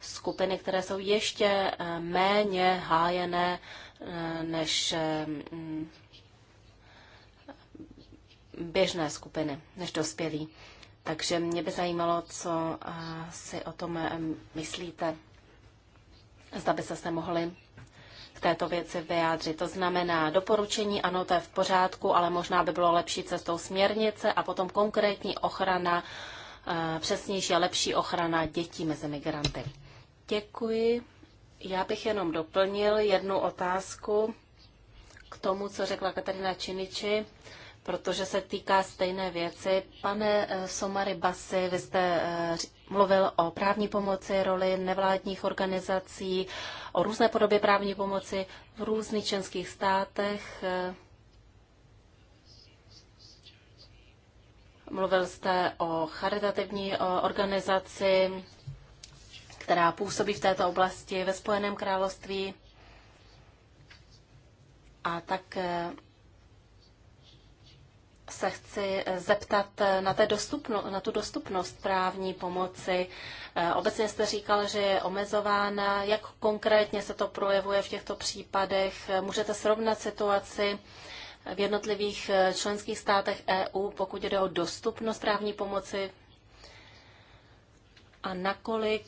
B: skupiny, které jsou ještě méně hájené než běžné skupiny než dospělí. Takže mě by zajímalo, co eh, si o tom eh, myslíte. Zda by se se mohli k této věci vyjádřit. To znamená doporučení, ano, to je v pořádku, ale možná by bylo lepší cestou směrnice a potom konkrétní ochrana, eh, přesnější a lepší ochrana dětí mezi migranty. Děkuji. Já bych jenom doplnil jednu otázku k tomu, co řekla Katarina Činiči protože se týká stejné věci. Pane eh, Somary Basy, vy jste eh, mluvil o právní pomoci, roli nevládních organizací, o různé podobě právní pomoci v různých členských státech. Eh, mluvil jste o charitativní organizaci, která působí v této oblasti ve Spojeném království. A tak se chci eh, zeptat eh, na, té dostupno, na tu dostupnost právní pomoci. Eh, obecně jste říkal, že je omezována. Jak konkrétně se to projevuje v těchto případech? Můžete srovnat situaci v jednotlivých členských státech EU, pokud jde o dostupnost právní pomoci? A nakolik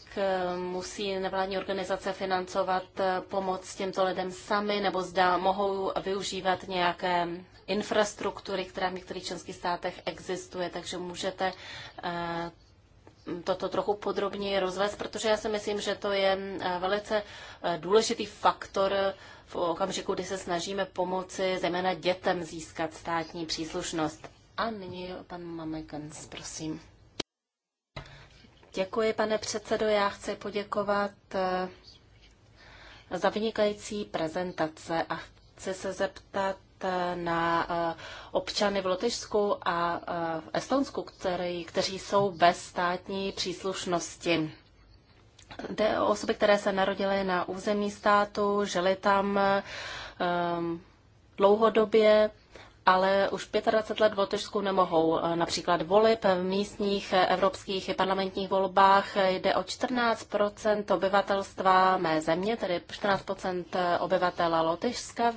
B: musí nevládní organizace financovat pomoc těmto lidem sami, nebo zda mohou využívat nějaké infrastruktury, která v některých členských státech existuje, takže můžete eh, toto trochu podrobněji rozvést, protože já si myslím, že to je eh, velice eh, důležitý faktor v okamžiku, kdy se snažíme pomoci zejména dětem získat státní příslušnost. A nyní pan Mamekens, prosím. Děkuji, pane předsedo. Já chci poděkovat za vynikající prezentace a chci se zeptat Eh, na eh, občany v Lotyšsku a eh, v Estonsku, který, kteří jsou bez státní příslušnosti. Jde o osoby, které se narodily na území státu, žili tam um, dlouhodobě, ale už 25 let v Lotyšsku nemohou například volit v místních evropských i parlamentních volbách. Jde o 14 obyvatelstva mé země, tedy 14 obyvatela Lotyšska.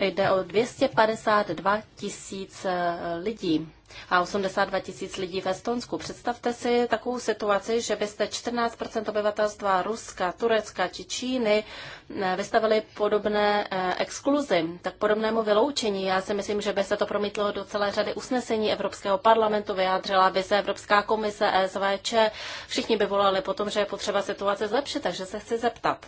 B: Jde o 252 tisíc eh, lidí a 82 tisíc lidí v Estonsku. Představte si takovou situaci, že byste 14 obyvatelstva Ruska, Turecka či Číny eh, vystavili podobné eh, exkluzi, tak podobnému vyloučení. Já si myslím, že by se to promítlo do celé řady usnesení Evropského parlamentu, vyjádřila by se Evropská komise, ESVČ, všichni by volali potom, že je potřeba situace zlepšit, takže se chci zeptat.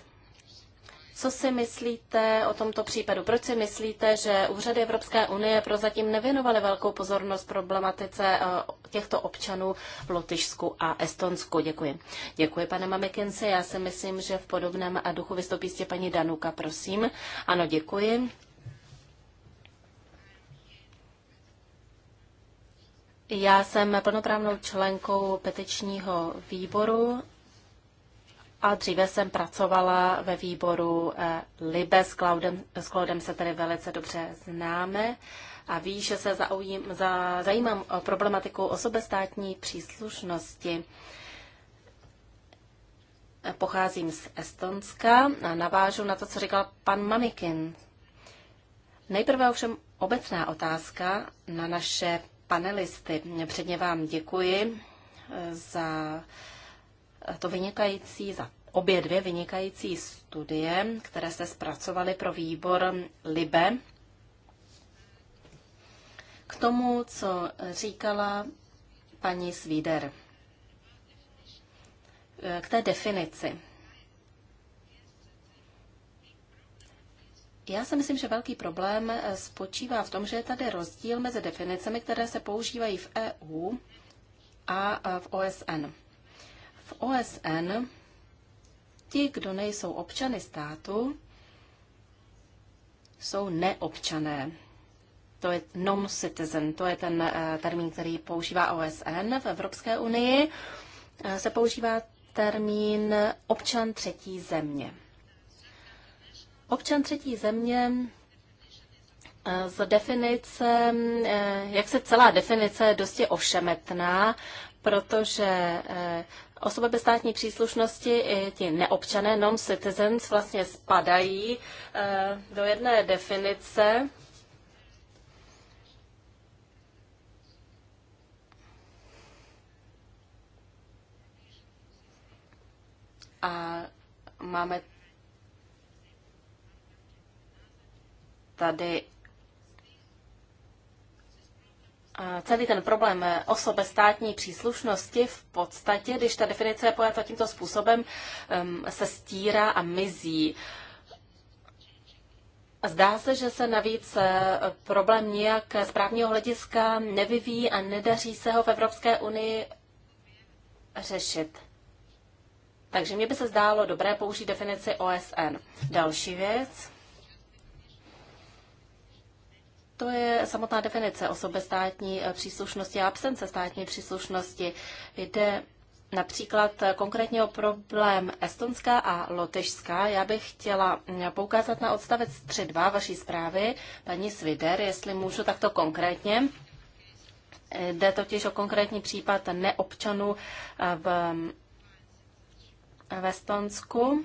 B: Co si myslíte o tomto případu? Proč si myslíte, že úřady Evropské unie prozatím nevěnovaly velkou pozornost problematice eh, těchto občanů v Lotyšsku a Estonsku? Děkuji. Děkuji, pane Mamikinci. Já si myslím, že v podobném a duchu vystoupí jste paní Danuka, prosím. Ano, děkuji. Já jsem plnoprávnou členkou petičního výboru a dříve jsem pracovala ve výboru eh, Libe, s Claudem, s Claudem se tedy velice dobře známe a ví, že se zaujím, za, zajímám o problematiku osobestátní příslušnosti. Pocházím z Estonska a navážu na to, co říkal pan Mamikin. Nejprve ovšem obecná otázka na naše panelisty. Předně vám děkuji eh, za to vynikající, za obě dvě vynikající studie, které se zpracovaly pro výbor LIBE. K tomu, co říkala paní Svíder. K té definici. Já si myslím, že velký problém spočívá v tom, že je tady rozdíl mezi definicemi, které se používají v EU a v OSN. OSN ti, kdo nejsou občany státu, jsou neobčané. To je non-citizen, to je ten eh, termín, který používá OSN. V Evropské unii eh, se používá termín občan třetí země. Občan třetí země eh, z definice, jak se celá definice je dosti ošemetná, protože Osoby bez státní příslušnosti i ti neobčané, non-citizens, vlastně spadají eh, do jedné definice. A máme tady celý ten problém osobe státní příslušnosti v podstatě, když ta definice je pojata tímto způsobem, se stírá a mizí. Zdá se, že se navíc e, problém nijak z právního hlediska nevyvíjí a nedaří se ho v Evropské unii řešit. Takže mě by se zdálo dobré použít definici OSN. Další věc. to je samotná definice osoby státní eh, příslušnosti a absence státní příslušnosti. Jde například eh, konkrétně o problém Estonská a Lotyšská. Já bych chtěla mm, poukázat na odstavec 3.2 vaší zprávy, paní Svider, jestli můžu takto konkrétně. Jde totiž o konkrétní případ neobčanů eh, v, mm, v Estonsku.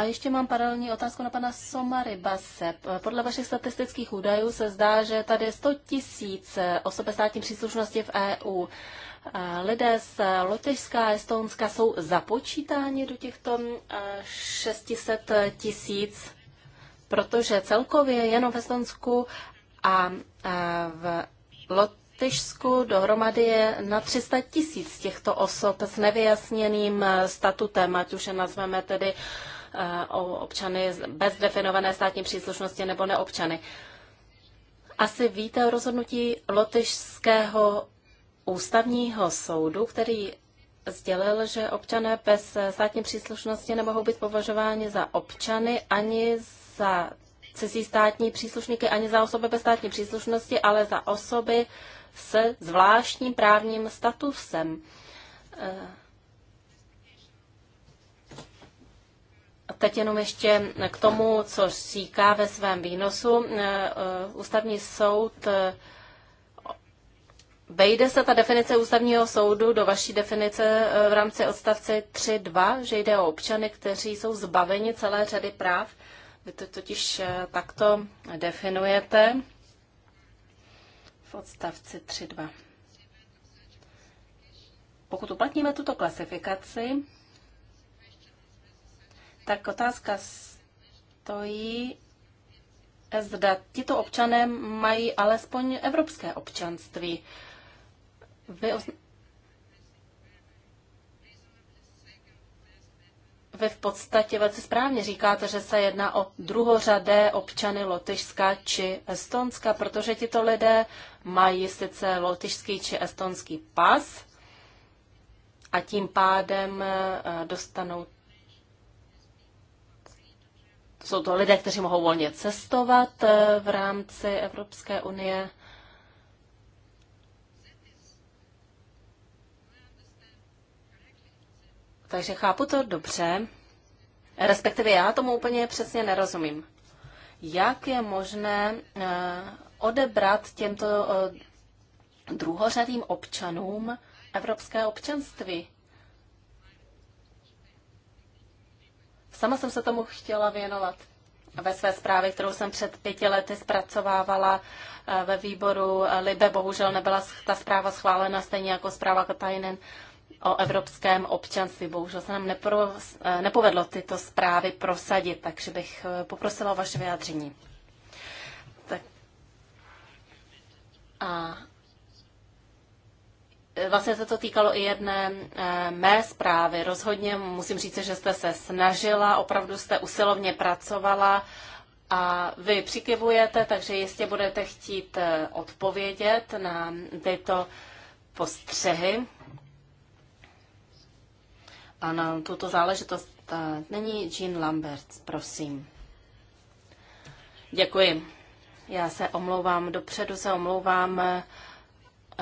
B: A ještě mám paralelní otázku na pana Somary Baseb. Podle vašich statistických údajů se zdá, že tady je 100 tisíc eh, osob státní příslušnosti v EU. Eh, lidé z Lotyšska a Estonska jsou započítáni do těchto 600 eh, tisíc, protože celkově jenom v Estonsku a v Lotyšsku dohromady je na 300 tisíc těchto osob s nevyjasněným statutem, ať už je nazveme tedy uh, Eh, o občany bez definované státní příslušnosti nebo neobčany. Asi víte o rozhodnutí lotyšského ústavního soudu, který sdělil, že občané bez státní příslušnosti nemohou být považováni za občany ani za cizí státní příslušníky, ani za osoby bez státní příslušnosti, ale za osoby se zvláštním právním statusem. Eh, Teď jenom ještě k tomu, co říká ve svém výnosu. Eh, eh, Ústavní soud eh, Vejde se ta definice ústavního soudu do vaší definice v rámci odstavce 3.2, že jde o občany, kteří jsou zbaveni celé řady práv? Vy to totiž takto definujete v odstavci 3.2. Pokud uplatníme tuto klasifikaci, tak otázka stojí, zda tito občané mají alespoň evropské občanství. Vy, osn... Vy v podstatě velice správně říkáte, že se jedná o druhořadé občany Lotyšska či Estonska, protože tito lidé mají sice lotyšský či estonský pas a tím pádem eh, dostanou jsou to lidé, kteří mohou volně cestovat eh, v rámci Evropské unie. Takže chápu to dobře. Respektive já tomu úplně přesně nerozumím. Jak je možné eh, odebrat těmto eh, druhořadým občanům evropské občanství? Sama jsem se tomu chtěla věnovat ve své zprávě, kterou jsem před pěti lety zpracovávala eh, ve výboru eh, Libe. Bohužel nebyla ta zpráva schválena, stejně jako zpráva Katajnen o evropském občanství. Bohužel se nám nepro, eh, nepovedlo tyto zprávy prosadit, takže bych poprosila o vaše vyjádření. Tak. A vlastně se to týkalo i jedné eh, mé zprávy. Rozhodně musím říct, že jste se snažila, opravdu jste usilovně pracovala a vy přikivujete, takže jistě budete chtít eh, odpovědět na tyto postřehy a na tuto záležitost. Eh, není Jean Lambert, prosím. Děkuji. Já se omlouvám, dopředu se omlouvám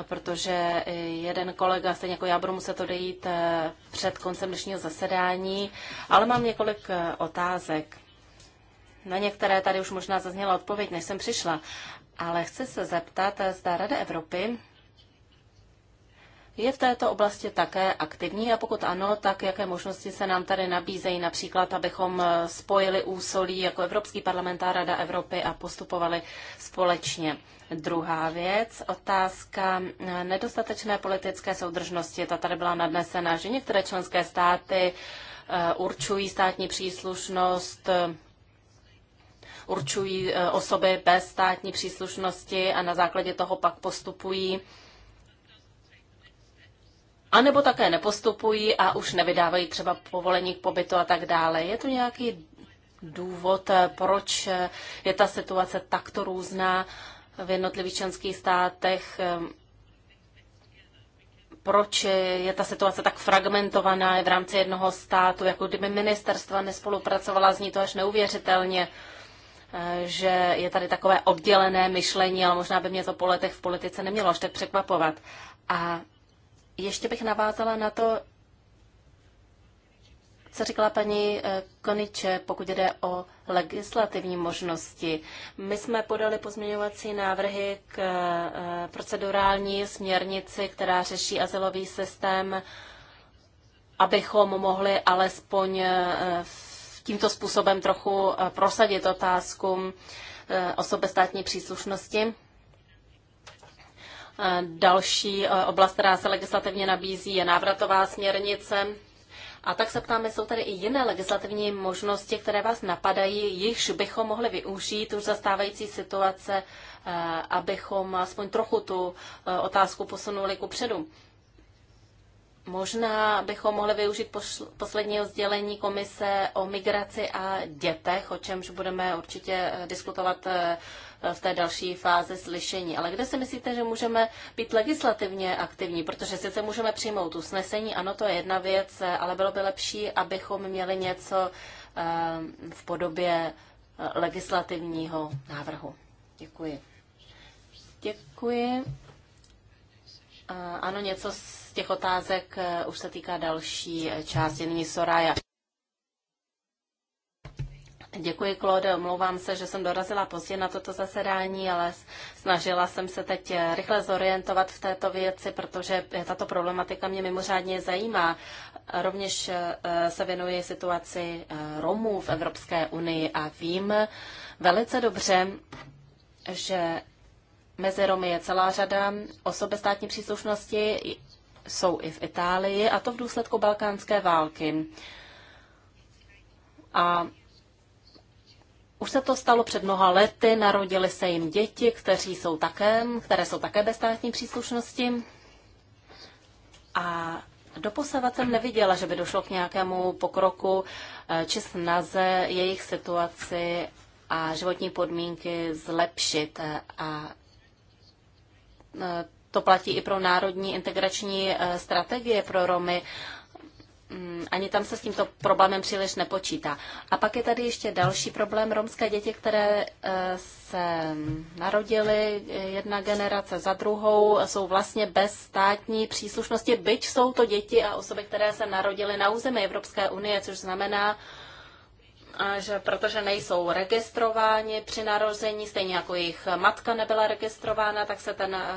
B: protože jeden kolega, stejně jako já, budu muset odejít eh, před koncem dnešního zasedání, ale mám několik eh, otázek. Na některé tady už možná zazněla odpověď, než jsem přišla, ale chci se zeptat, eh, zda Rada Evropy je v této oblasti také aktivní a pokud ano, tak jaké možnosti se nám tady nabízejí, například abychom spojili úsolí jako Evropský a Rada Evropy a postupovali společně. Druhá věc, otázka nedostatečné politické soudržnosti. Ta tady byla nadnesena, že některé členské státy eh, určují státní příslušnost eh, určují eh, osoby bez státní příslušnosti a na základě toho pak postupují a nebo také nepostupují a už nevydávají třeba povolení k pobytu a tak dále. Je tu nějaký důvod, proč je ta situace takto různá v jednotlivých členských státech, ehm, proč je ta situace tak fragmentovaná v rámci jednoho státu, jako kdyby ministerstva nespolupracovala, zní to až neuvěřitelně, eh, že je tady takové oddělené myšlení, ale možná by mě to po letech v politice nemělo až tak překvapovat. A ještě bych navázala na to, co říkala paní eh, Koniče, pokud jde o legislativní možnosti. My jsme podali pozměňovací návrhy k eh, procedurální směrnici, která řeší azylový systém, abychom mohli alespoň eh, tímto způsobem trochu prosadit otázku osobe státní příslušnosti. Další oblast, která se legislativně nabízí, je návratová směrnice. A tak se ptáme, jsou tady i jiné legislativní možnosti, které vás napadají, jichž bychom mohli využít už zastávající situace, eh, abychom aspoň trochu tu eh, otázku posunuli ku předu. Možná bychom mohli využít posledního sdělení komise o migraci a dětech, o čemž budeme určitě eh, diskutovat v té další fázi slyšení. Ale kde si myslíte, že můžeme být legislativně aktivní? Protože sice můžeme přijmout usnesení, ano, to je jedna věc, ale bylo by lepší, abychom měli něco eh, v podobě eh, legislativního návrhu. Děkuji. Děkuji. Eh, ano, něco z těch otázek už se týká další části. Nyní Soraya. Děkuji, Claude. Omlouvám se, že jsem dorazila pozdě na toto zasedání, ale snažila jsem se teď rychle zorientovat v této věci, protože tato problematika mě mimořádně zajímá. Rovněž eh, se věnuji situaci eh, Romů v Evropské unii a vím velice dobře, že mezi Romy je celá řada osob státní příslušnosti, jsou i v Itálii, a to v důsledku balkánské války. A už se to stalo před mnoha lety, narodili se jim děti, kteří jsou také, které jsou také bez státní příslušnosti. A doposavat jsem neviděla, že by došlo k nějakému pokroku eh, či snaze jejich situaci a životní podmínky zlepšit. Eh, a eh, to platí i pro národní integrační strategie pro Romy. Mm, ani tam se s tímto problémem příliš nepočítá. A pak je tady ještě další problém. Romské děti, které eh, se narodily eh, jedna generace za druhou, jsou vlastně bez státní příslušnosti, byť jsou to děti a osoby, které se narodily na území Evropské unie, což znamená, že protože nejsou registrováni při narození, stejně jako jejich matka nebyla registrována, tak se ten eh,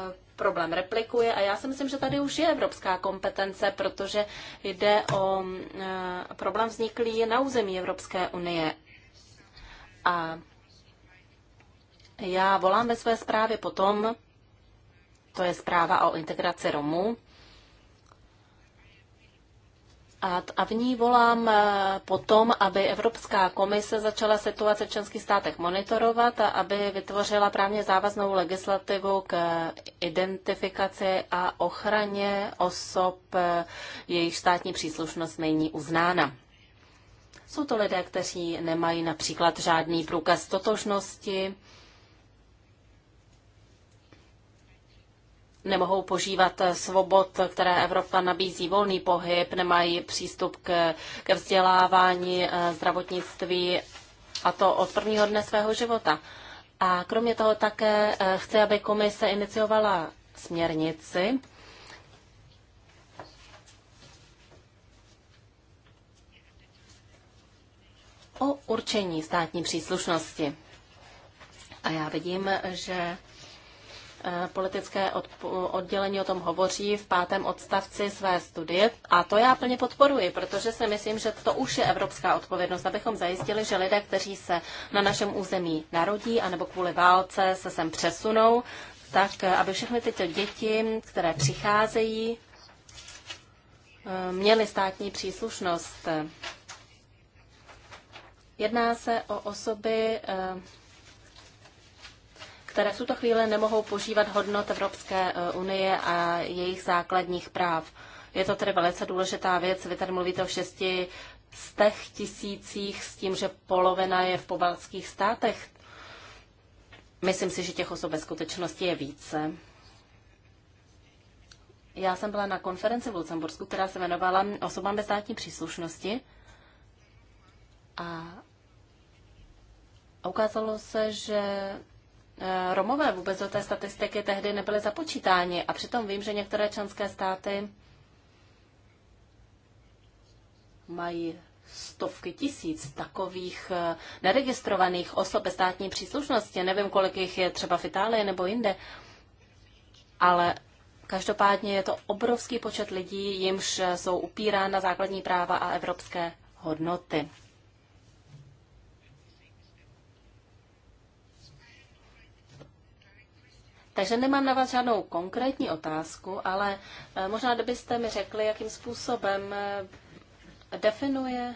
B: problém replikuje a já si myslím, že tady už je evropská kompetence, protože jde o eh, problém vzniklý na území Evropské unie. A já volám ve své zprávě potom, to je zpráva o integraci Romů, a v ní volám e, potom, aby Evropská komise začala situace v členských státech monitorovat a aby vytvořila právně závaznou legislativu k identifikaci a ochraně osob, e, jejich státní příslušnost není uznána. Jsou to lidé, kteří nemají například žádný průkaz totožnosti, nemohou požívat eh, svobod, které Evropa nabízí, volný pohyb, nemají přístup k, ke vzdělávání, eh, zdravotnictví a to od prvního dne svého života. A kromě toho také eh, chci, aby komise iniciovala směrnici, o určení státní příslušnosti. A já vidím, že Eh, politické oddělení o tom hovoří v pátém odstavci své studie. A to já plně podporuji, protože si myslím, že to už je evropská odpovědnost, abychom zajistili, že lidé, kteří se na našem území narodí anebo kvůli válce se sem přesunou, tak eh, aby všechny tyto děti, které přicházejí, eh, měly státní příslušnost. Jedná se o osoby, které v tuto chvíli nemohou požívat hodnot Evropské eh, unie a jejich základních práv. Je to tedy velice důležitá věc. Vy tady mluvíte o šesti těch tisících s tím, že polovina je v pobaltských státech. Myslím si, že těch osob ve skutečnosti je více. Já jsem byla na konferenci v Lucembursku, která se jmenovala Osobám ve státní příslušnosti. A ukázalo se, že Eh, Romové vůbec do té statistiky tehdy nebyly započítáni a přitom vím, že některé členské státy mají stovky tisíc takových eh, neregistrovaných osob bez státní příslušnosti. Nevím, kolik jich je třeba v Itálii nebo jinde, ale každopádně je to obrovský počet lidí, jimž jsou upírána základní práva a evropské hodnoty. Takže nemám na vás žádnou konkrétní otázku, ale eh, možná kdybyste mi řekli, jakým způsobem eh, definuje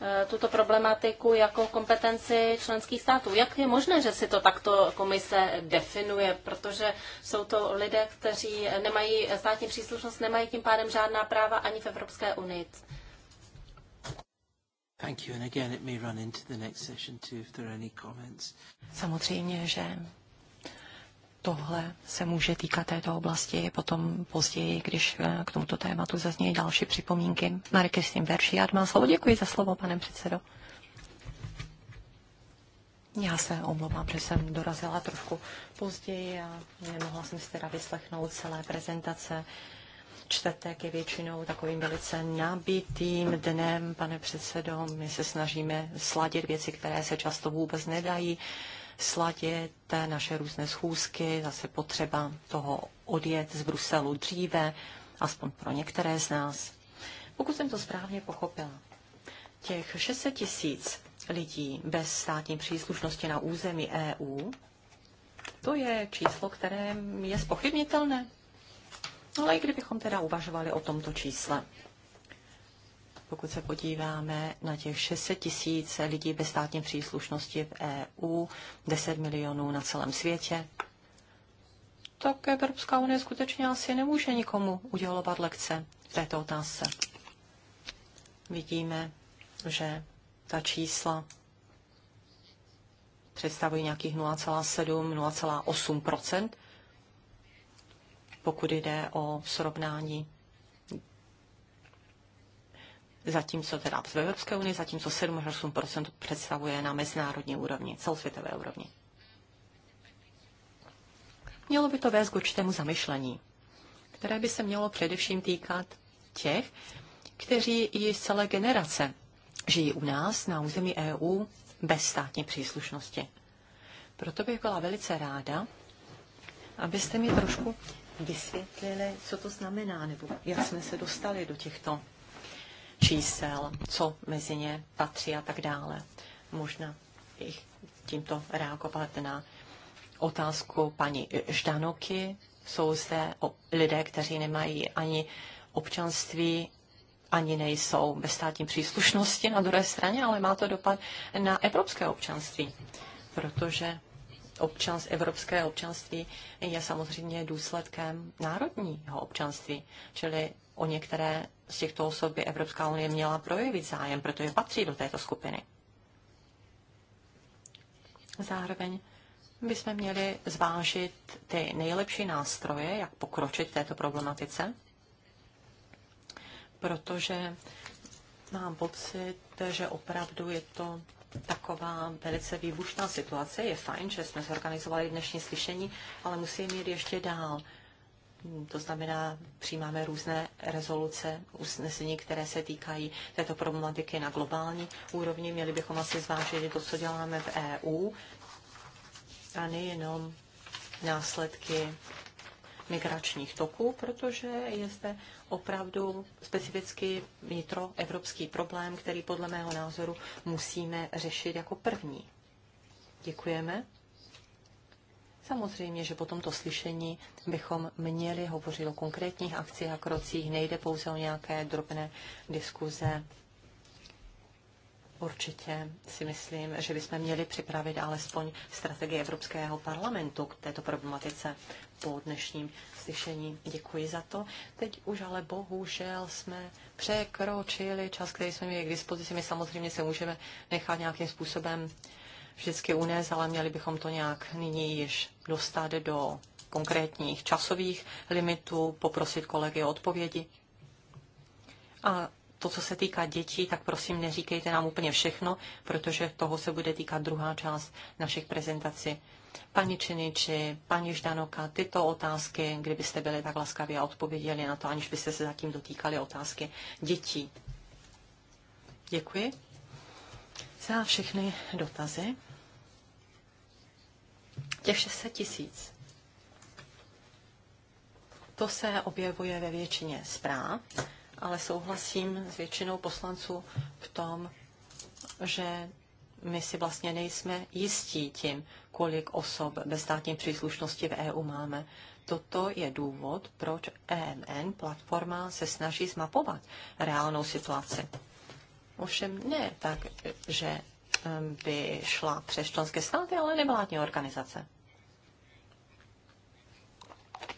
B: eh, tuto problematiku jako kompetenci členských států. Jak je možné, že si to takto komise definuje, protože jsou to lidé, kteří nemají státní příslušnost, nemají tím pádem žádná práva ani v Evropské unii.
A: Thank you. And again, it may run into the next session too, if there are any comments. Samozřejmě, že
C: tohle se může týkat této oblasti. Potom později, když eh, k tomuto tématu zaznějí další připomínky. Marek, Kristin Veršiat má slovo. Děkuji za slovo, pane předsedo. Já se omlouvám, že jsem dorazila trošku později a nemohla jsem si teda vyslechnout celé prezentace. Čtvrtek je většinou takovým velice nabitým dnem, pane předsedo. My se snažíme sladit věci, které se často vůbec nedají sladit naše různé schůzky, zase potřeba toho odjet z Bruselu dříve, aspoň pro některé z nás. Pokud jsem to správně pochopila, těch 600 tisíc lidí bez státní příslušnosti na území EU, to je číslo, které je spochybnitelné. Ale i kdybychom teda uvažovali o tomto čísle, pokud se podíváme na těch 600 tisíc lidí bez státní příslušnosti v EU, 10 milionů na celém světě, tak Evropská unie skutečně asi nemůže nikomu udělovat lekce v této otázce. Vidíme, že ta čísla představují nějakých 0,7, 0,8 pokud jde o srovnání zatímco teda v Evropské unii, zatímco 7-8% představuje na mezinárodní úrovni, celosvětové úrovni. Mělo by to vést k určitému zamyšlení, které by se mělo především týkat těch, kteří i z celé generace žijí u nás na území EU bez státní příslušnosti. Proto bych byla velice ráda, abyste mi trošku vysvětlili, co to znamená, nebo jak jsme se dostali do těchto čísel, co mezi ně patří a tak dále. Možná jich tímto reagovat na otázku paní Ždanoky. Jsou zde lidé, kteří nemají ani občanství, ani nejsou ve státní příslušnosti na druhé straně, ale má to dopad na evropské občanství, protože občans, evropské občanství je samozřejmě důsledkem národního občanství. Čili o některé z těchto osob by Evropská unie měla projevit zájem, protože patří do této skupiny. Zároveň bychom měli zvážit ty nejlepší nástroje, jak pokročit této problematice, protože mám pocit, že opravdu je to taková velice výbušná situace. Je fajn, že jsme zorganizovali dnešní slyšení, ale musíme jít ještě dál. To znamená, přijímáme různé rezoluce, usnesení, které se týkají této problematiky na globální úrovni. Měli bychom asi zvážit to, co děláme v EU, a nejenom následky migračních toků, protože je zde opravdu specificky vnitroevropský problém, který podle mého názoru musíme řešit jako první. Děkujeme. Samozřejmě, že po tomto slyšení bychom měli hovořit o konkrétních akcích a krocích, nejde pouze o nějaké drobné diskuze. Určitě si myslím, že bychom měli připravit alespoň strategii Evropského parlamentu k této problematice po dnešním slyšení. Děkuji za to. Teď už ale bohužel jsme překročili čas, který jsme měli k dispozici. My samozřejmě se můžeme nechat nějakým způsobem vždycky unést, ale měli bychom to nějak nyní již dostat do konkrétních časových limitů, poprosit kolegy o odpovědi. A to, co se týká dětí, tak prosím neříkejte nám úplně všechno, protože toho se bude týkat druhá část našich prezentací. Pani Činiči, paní Ždanoka, tyto otázky, kdybyste byli tak laskaví a odpověděli na to, aniž byste se zatím dotýkali otázky dětí. Děkuji za všechny dotazy těch 600 tisíc. To se objevuje ve většině zpráv, ale souhlasím s většinou poslanců v tom, že my si vlastně nejsme jistí tím, kolik osob ve státní příslušnosti v EU máme. Toto je důvod, proč EMN platforma se snaží zmapovat reálnou situaci. Ovšem ne tak, že by šla přes členské státy, ale nevládní organizace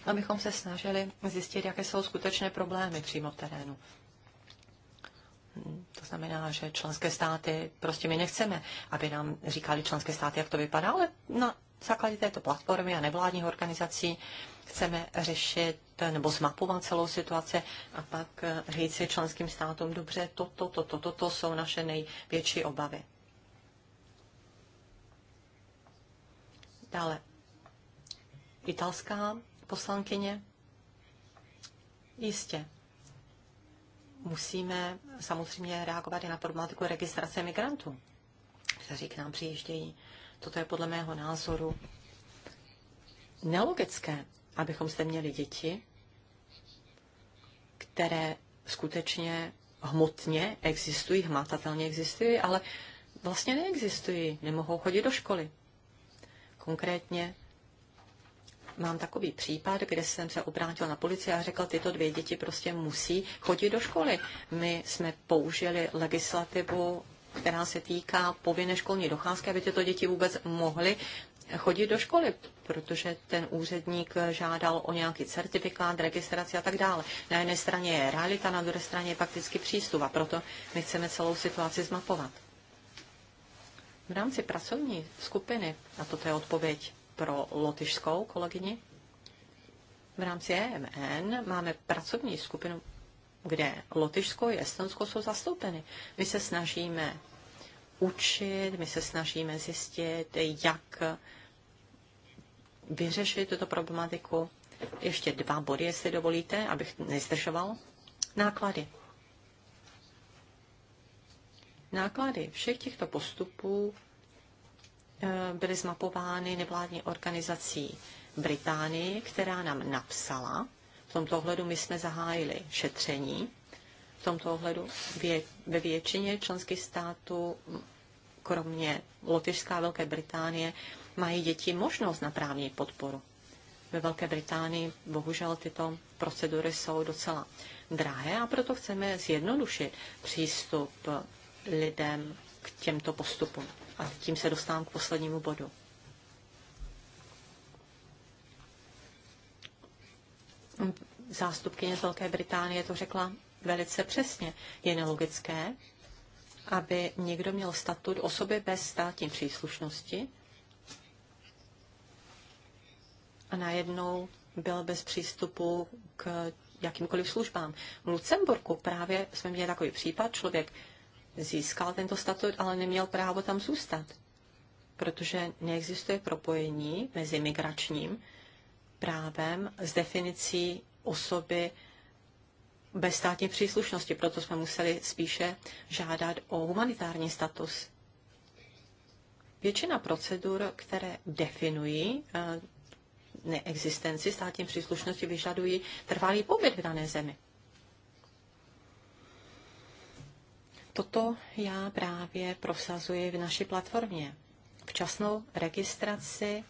C: abychom se snažili zjistit, jaké jsou skutečné problémy přímo v terénu. To znamená, že členské státy, prostě my nechceme, aby nám říkali členské státy, jak to vypadá, ale na základě této platformy a nevládních organizací chceme řešit nebo zmapovat celou situaci a pak eh, si členským státům, dobře, toto, toto, toto to jsou naše největší obavy. Dále. Italská poslankyně. Jistě. Musíme samozřejmě reagovat i na problematiku registrace migrantů, kteří k nám přijíždějí. Toto je podle mého názoru nelogické, abychom zde měli děti, které skutečně hmotně existují, hmatatelně existují, ale vlastně neexistují, nemohou chodit do školy. Konkrétně mám takový případ, kde jsem se obrátil na policii a řekl, tyto dvě děti prostě musí chodit do školy. My jsme použili legislativu, která se týká povinné školní docházky, aby tyto děti vůbec mohly chodit do školy, protože ten úředník žádal o nějaký certifikát, registraci a tak dále. Na jedné straně je realita, na druhé straně je fakticky přístup a proto my chceme celou situaci zmapovat. V rámci pracovní skupiny, A toto je odpověď, pro lotyšskou kolegyni. V rámci EMN máme pracovní skupinu, kde Lotyšsko i Estonsko jsou zastoupeny. My se snažíme učit, my se snažíme zjistit, jak vyřešit tuto problematiku. Ještě dva body, jestli dovolíte, abych nezdržoval. Náklady. Náklady všech těchto postupů Eh, byly zmapovány nevládní organizací Británii, která nám napsala. V tomto ohledu my jsme zahájili šetření. V tomto ohledu ve většině členských států, kromě Lotyšská a Velké Británie, mají děti možnost na právní podporu. Ve Velké Británii bohužel tyto procedury jsou docela drahé a proto chceme zjednodušit přístup lidem k těmto postupům. A tím se dostávám k poslednímu bodu. Zástupkyně z Velké Británie to řekla velice přesně. Je nelogické, aby někdo měl statut osoby bez státní příslušnosti a najednou byl bez přístupu k jakýmkoliv službám. V Lucemburku právě jsme měli takový případ, člověk získal tento statut, ale neměl právo tam zůstat, protože neexistuje propojení mezi migračním právem s definicí osoby bez státní příslušnosti. Proto jsme museli spíše žádat o humanitární status. Většina procedur, které definují eh, neexistenci státní příslušnosti, vyžadují trvalý pobyt v dané zemi. toto já právě prosazuji v naší platformě. Včasnou registraci,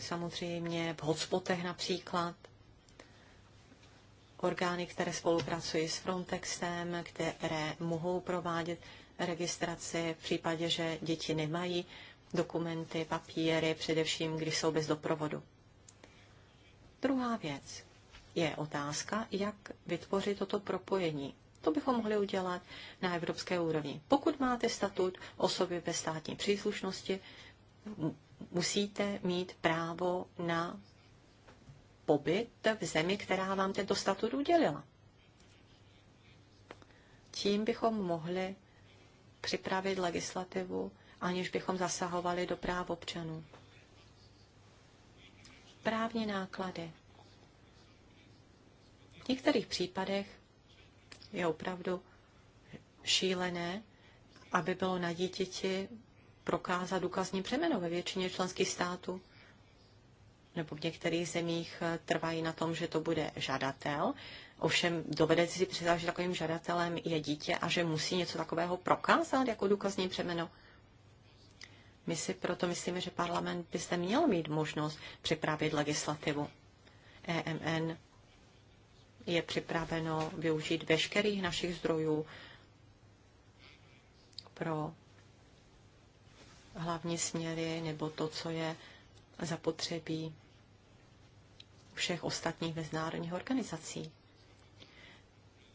C: samozřejmě v hotspotech například, orgány, které spolupracují s Frontexem, které mohou provádět registraci v případě, že děti nemají dokumenty, papíry, především když jsou bez doprovodu. Druhá věc je otázka, jak vytvořit toto propojení to bychom mohli udělat na evropské úrovni. Pokud máte statut osoby ve státní příslušnosti, musíte mít právo na pobyt v zemi, která vám tento statut udělila. Tím bychom mohli připravit legislativu, aniž bychom zasahovali do práv občanů. Právní náklady. V některých případech je opravdu šílené, aby bylo na dítěti prokázat důkazní břemeno ve většině členských států. Nebo v některých zemích eh, trvají na tom, že to bude žadatel. Ovšem dovedete si představit, že takovým žadatelem je dítě a že musí něco takového prokázat jako důkazní břemeno. My si proto myslíme, že parlament by se měl mít možnost připravit legislativu. EMN je připraveno využít veškerých našich zdrojů pro hlavní směry nebo to, co je zapotřebí všech ostatních mezinárodních organizací.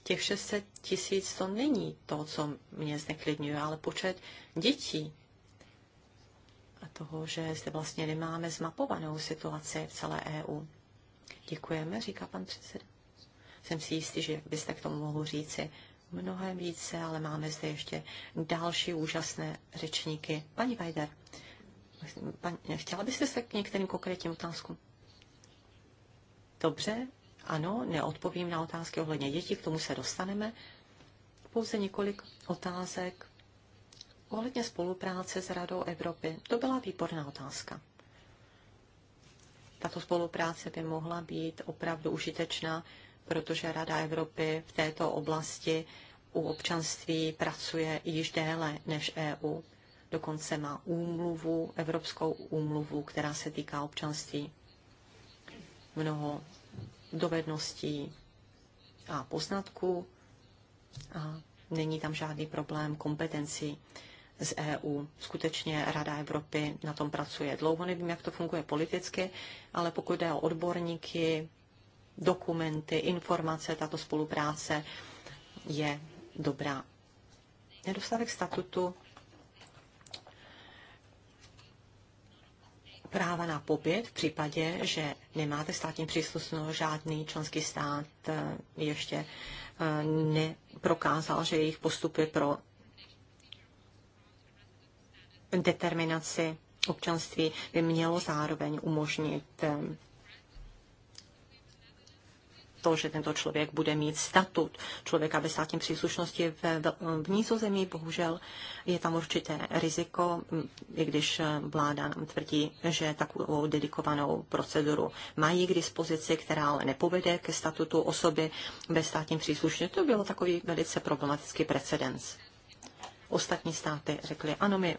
C: Těch 600 tisíc to není to, co mě zneklidňuje, ale počet dětí a toho, že zde vlastně nemáme zmapovanou situaci v celé EU. Děkujeme, říká pan předseda jsem si jistý, že byste k tomu mohu říci mnohem více, ale máme zde ještě další úžasné řečníky. Paní Vajder, pan, chtěla byste se k některým konkrétním otázkům? Dobře, ano, neodpovím na otázky ohledně dětí, k tomu se dostaneme. Pouze několik otázek ohledně spolupráce s Radou Evropy. To byla výborná otázka. Tato spolupráce by mohla být opravdu užitečná protože Rada Evropy v této oblasti u občanství pracuje již déle než EU. Dokonce má úmluvu, Evropskou úmluvu, která se týká občanství. Mnoho dovedností a poznatků a není tam žádný problém kompetencí z EU. Skutečně Rada Evropy na tom pracuje dlouho, nevím, jak to funguje politicky, ale pokud jde o odborníky, dokumenty, informace, tato spolupráce je dobrá. Nedostatek statutu práva na pobyt v případě, že nemáte státní příslušnost, žádný členský stát eh, ještě eh, neprokázal, že jejich postupy pro determinaci občanství by mělo zároveň umožnit eh, to, že tento člověk bude mít statut člověka ve státním příslušnosti v, v nízozemí. Bohužel je tam určité riziko, mm, i když eh, vláda nám tvrdí, že takovou dedikovanou proceduru mají k dispozici, která ale nepovede ke statutu osoby ve státním příslušnosti. To bylo takový velice problematický precedens. Ostatní státy řekly, ano, my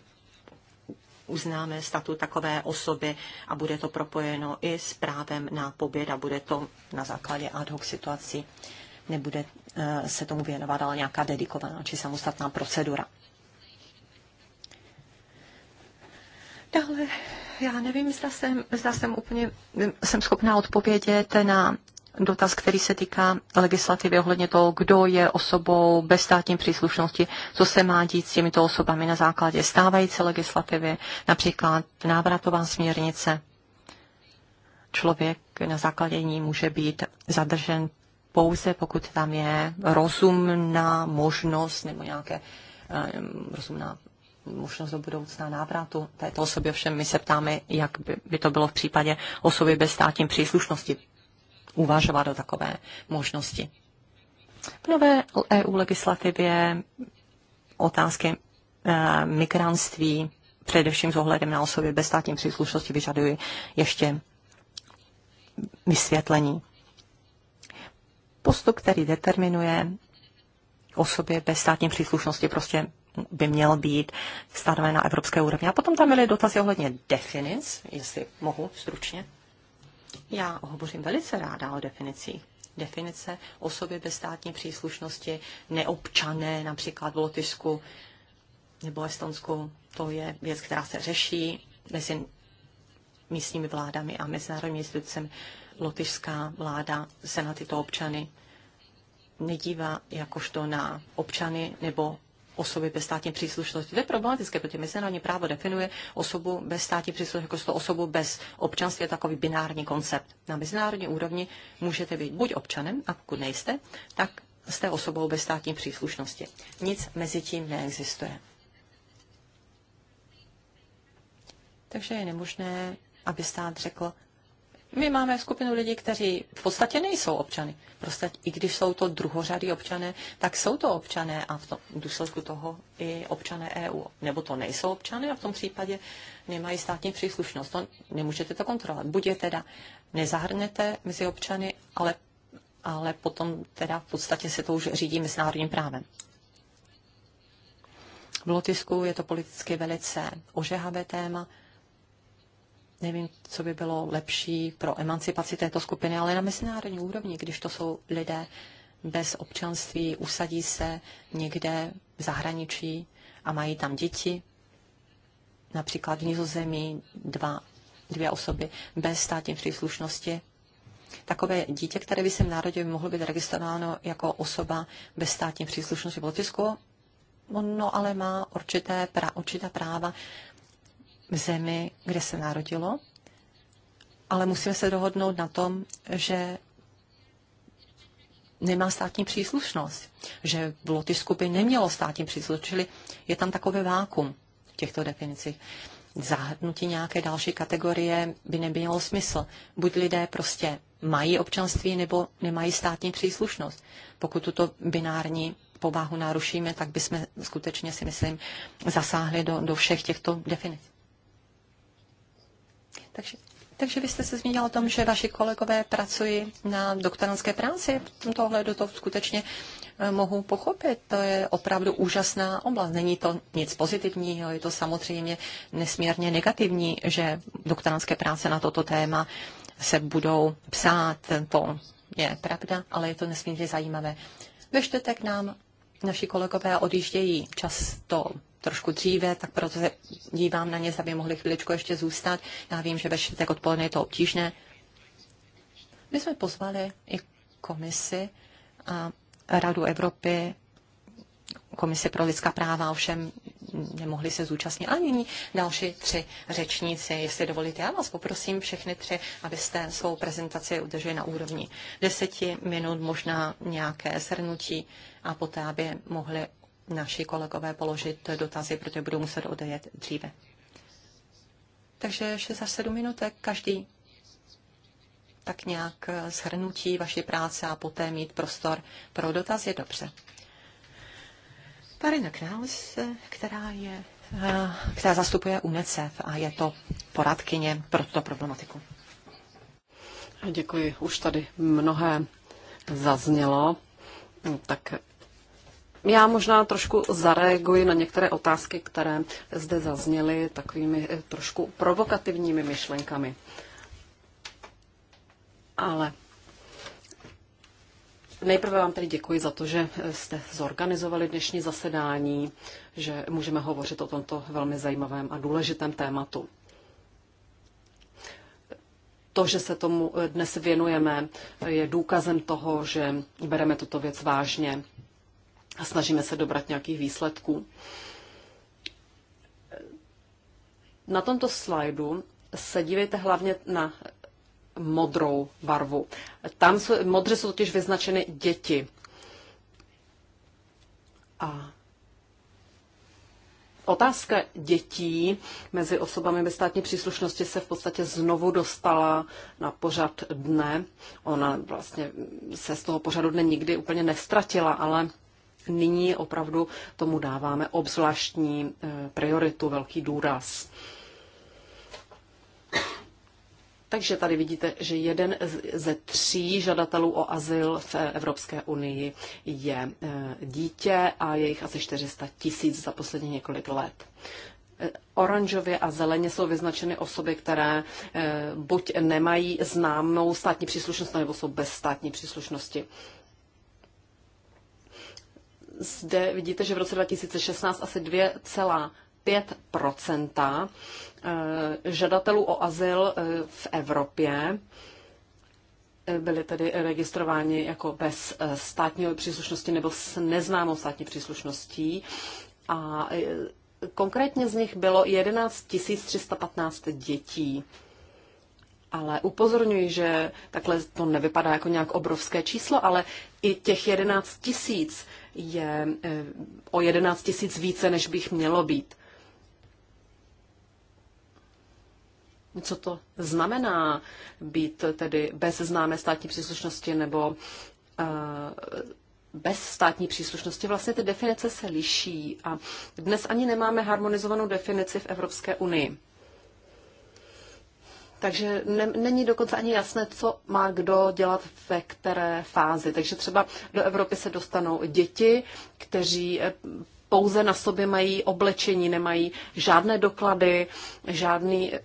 C: uznáme statut takové osoby a bude to propojeno i s právem na poběd a bude to na základě ad hoc situací. Nebude eh, se tomu věnovat ale nějaká dedikovaná či samostatná procedura. Dále, já nevím, zda jsem, zda jsem úplně jsem schopná odpovědět na dotaz, který se týká legislativy ohledně toho, kdo je osobou bez státní příslušnosti, co se má dít s těmito osobami na základě stávající legislativy, například návratová směrnice. Člověk na základě ní může být zadržen pouze, pokud tam je rozumná možnost nebo nějaké um, rozumná možnost do budoucna návratu této osoby. Ovšem my se ptáme, jak by, by to bylo v případě osoby bez státní příslušnosti uvažovat o takové možnosti. V nové EU legislativě otázky eh, migrantství, především s ohledem na osoby bez státní příslušnosti, vyžadují ještě vysvětlení. Postup, který determinuje osoby bez státní příslušnosti, prostě by měl být stanoven na evropské úrovni. A potom tam byly dotazy ohledně definic, jestli mohu stručně. Já hovořím velice ráda o definicích definice osoby bez státní příslušnosti, neobčané například v Lotyšsku nebo Estonsku. To je věc, která se řeší mezi místními vládami a mezinárodními institucemi. Lotyšská vláda se na tyto občany nedívá jakožto na občany nebo osoby bez státní příslušnosti. To je problematické, protože mezinárodní právo definuje osobu bez státní příslušnosti jako osobu bez občanství, je takový binární koncept. Na mezinárodní úrovni můžete být buď občanem, a pokud nejste, tak jste osobou bez státní příslušnosti. Nic mezi tím neexistuje. Takže je nemožné, aby stát řekl, my máme skupinu lidí, kteří v podstatě nejsou občany. Prostě i když jsou to druhořady občané, tak jsou to občané a v tom v důsledku toho i občané EU. Nebo to nejsou občany a v tom případě nemají státní příslušnost. To, nemůžete to kontrolovat. Buď je teda nezahrnete mezi občany, ale, ale potom teda v podstatě se to už řídí mezinárodním právem. V Lotisku je to politicky velice ožehavé téma. Nevím, co by bylo lepší pro emancipaci této skupiny, ale na mezinárodní úrovni, když to jsou lidé bez občanství, usadí se někde v zahraničí a mají tam děti, například v Nizozemí dva, dvě osoby bez státní příslušnosti. Takové dítě, které by se v národě mohlo být registrováno jako osoba bez státní příslušnosti v Lotisku, no, no ale má určité, pra, určitá práva v zemi, kde se narodilo, ale musíme se dohodnout na tom, že nemá státní příslušnost, že v Lotyšsku by nemělo státní příslušnost, čili je tam takové vákum v těchto definicích. Zahrnutí nějaké další kategorie by nemělo smysl. Buď lidé prostě mají občanství nebo nemají státní příslušnost. Pokud tuto binární povahu narušíme, tak bychom skutečně si myslím zasáhli do, do všech těchto definic. Takže, takže vy jste se zmínila o tom, že vaši kolegové pracují na doktorantské práci. V tomto ohledu to skutečně eh, mohu pochopit. To je opravdu úžasná oblast. Není to nic pozitivního, je to samozřejmě nesmírně negativní, že doktorantské práce na toto téma se budou psát. To je pravda, ale je to nesmírně zajímavé. Ve čtvrtek nám naši kolegové odjíždějí často trošku dříve, tak proto se dívám na ně, aby mohli chviličku ještě zůstat. Já vím, že ve čtvrtek odpoledne je to obtížné. My jsme pozvali i komisi a Radu Evropy, komisi pro lidská práva, ovšem nemohli se zúčastnit. A nyní další tři řečníci, jestli dovolíte. Já vás poprosím všechny tři, abyste svou prezentaci udrželi na úrovni deseti minut, možná nějaké shrnutí a poté, aby mohli naši kolegové položit dotazy, protože budou muset odejet dříve. Takže 6 až 7 minutek každý tak nějak shrnutí vaší práce a poté mít prostor pro dotaz je dobře. Marina Kraus, která je eh, která zastupuje UNICEF a je to poradkyně pro tuto problematiku.
D: Děkuji. Už tady mnohé zaznělo, tak já možná trošku zareaguji na některé otázky, které zde zazněly takovými eh, trošku provokativními myšlenkami. Ale Nejprve vám tedy děkuji za to, že eh, jste zorganizovali dnešní zasedání, že můžeme hovořit o tomto velmi zajímavém a důležitém tématu. To, že se tomu eh, dnes věnujeme, je důkazem toho, že bereme tuto věc vážně a snažíme se dobrat nějakých výsledků. Na tomto slajdu se dívejte hlavně na modrou barvu. Tam jsou, modře jsou totiž vyznačeny děti. A Otázka dětí mezi osobami ve státní příslušnosti se v podstatě znovu dostala na pořad dne. Ona vlastně se z toho pořadu dne nikdy úplně nestratila, ale nyní opravdu tomu dáváme obzvláštní e, prioritu, velký důraz. Takže tady vidíte, že jeden ze tří žadatelů o azyl v Evropské unii je e, dítě a je jich asi 400 tisíc za poslední několik let. E, oranžově a zeleně jsou vyznačeny osoby, které buď nemají známou státní příslušnost, nebo jsou bez státní příslušnosti zde vidíte, že v roce 2016 asi 2,5 eh, žadatelů o azyl eh, v Evropě eh, byli tedy registrováni jako bez státní příslušnosti nebo s neznámou státní příslušností. A konkrétně z nich bylo 11 315 dětí. Ale upozorňuji, že takhle to nevypadá jako nějak obrovské číslo, ale i těch 11 tisíc 000 je eh, o 11 tisíc více, než bych mělo být. Co to znamená být tedy bez známé státní příslušnosti nebo eh, bez státní příslušnosti. Vlastně ty definice se liší a dnes ani nemáme harmonizovanou definici v Evropské unii takže ne, není dokonce ani jasné, co má kdo dělat ve které fázi. Takže třeba do Evropy se dostanou děti, kteří eh, pouze na sobě mají oblečení, nemají žádné doklady, žádný, eh,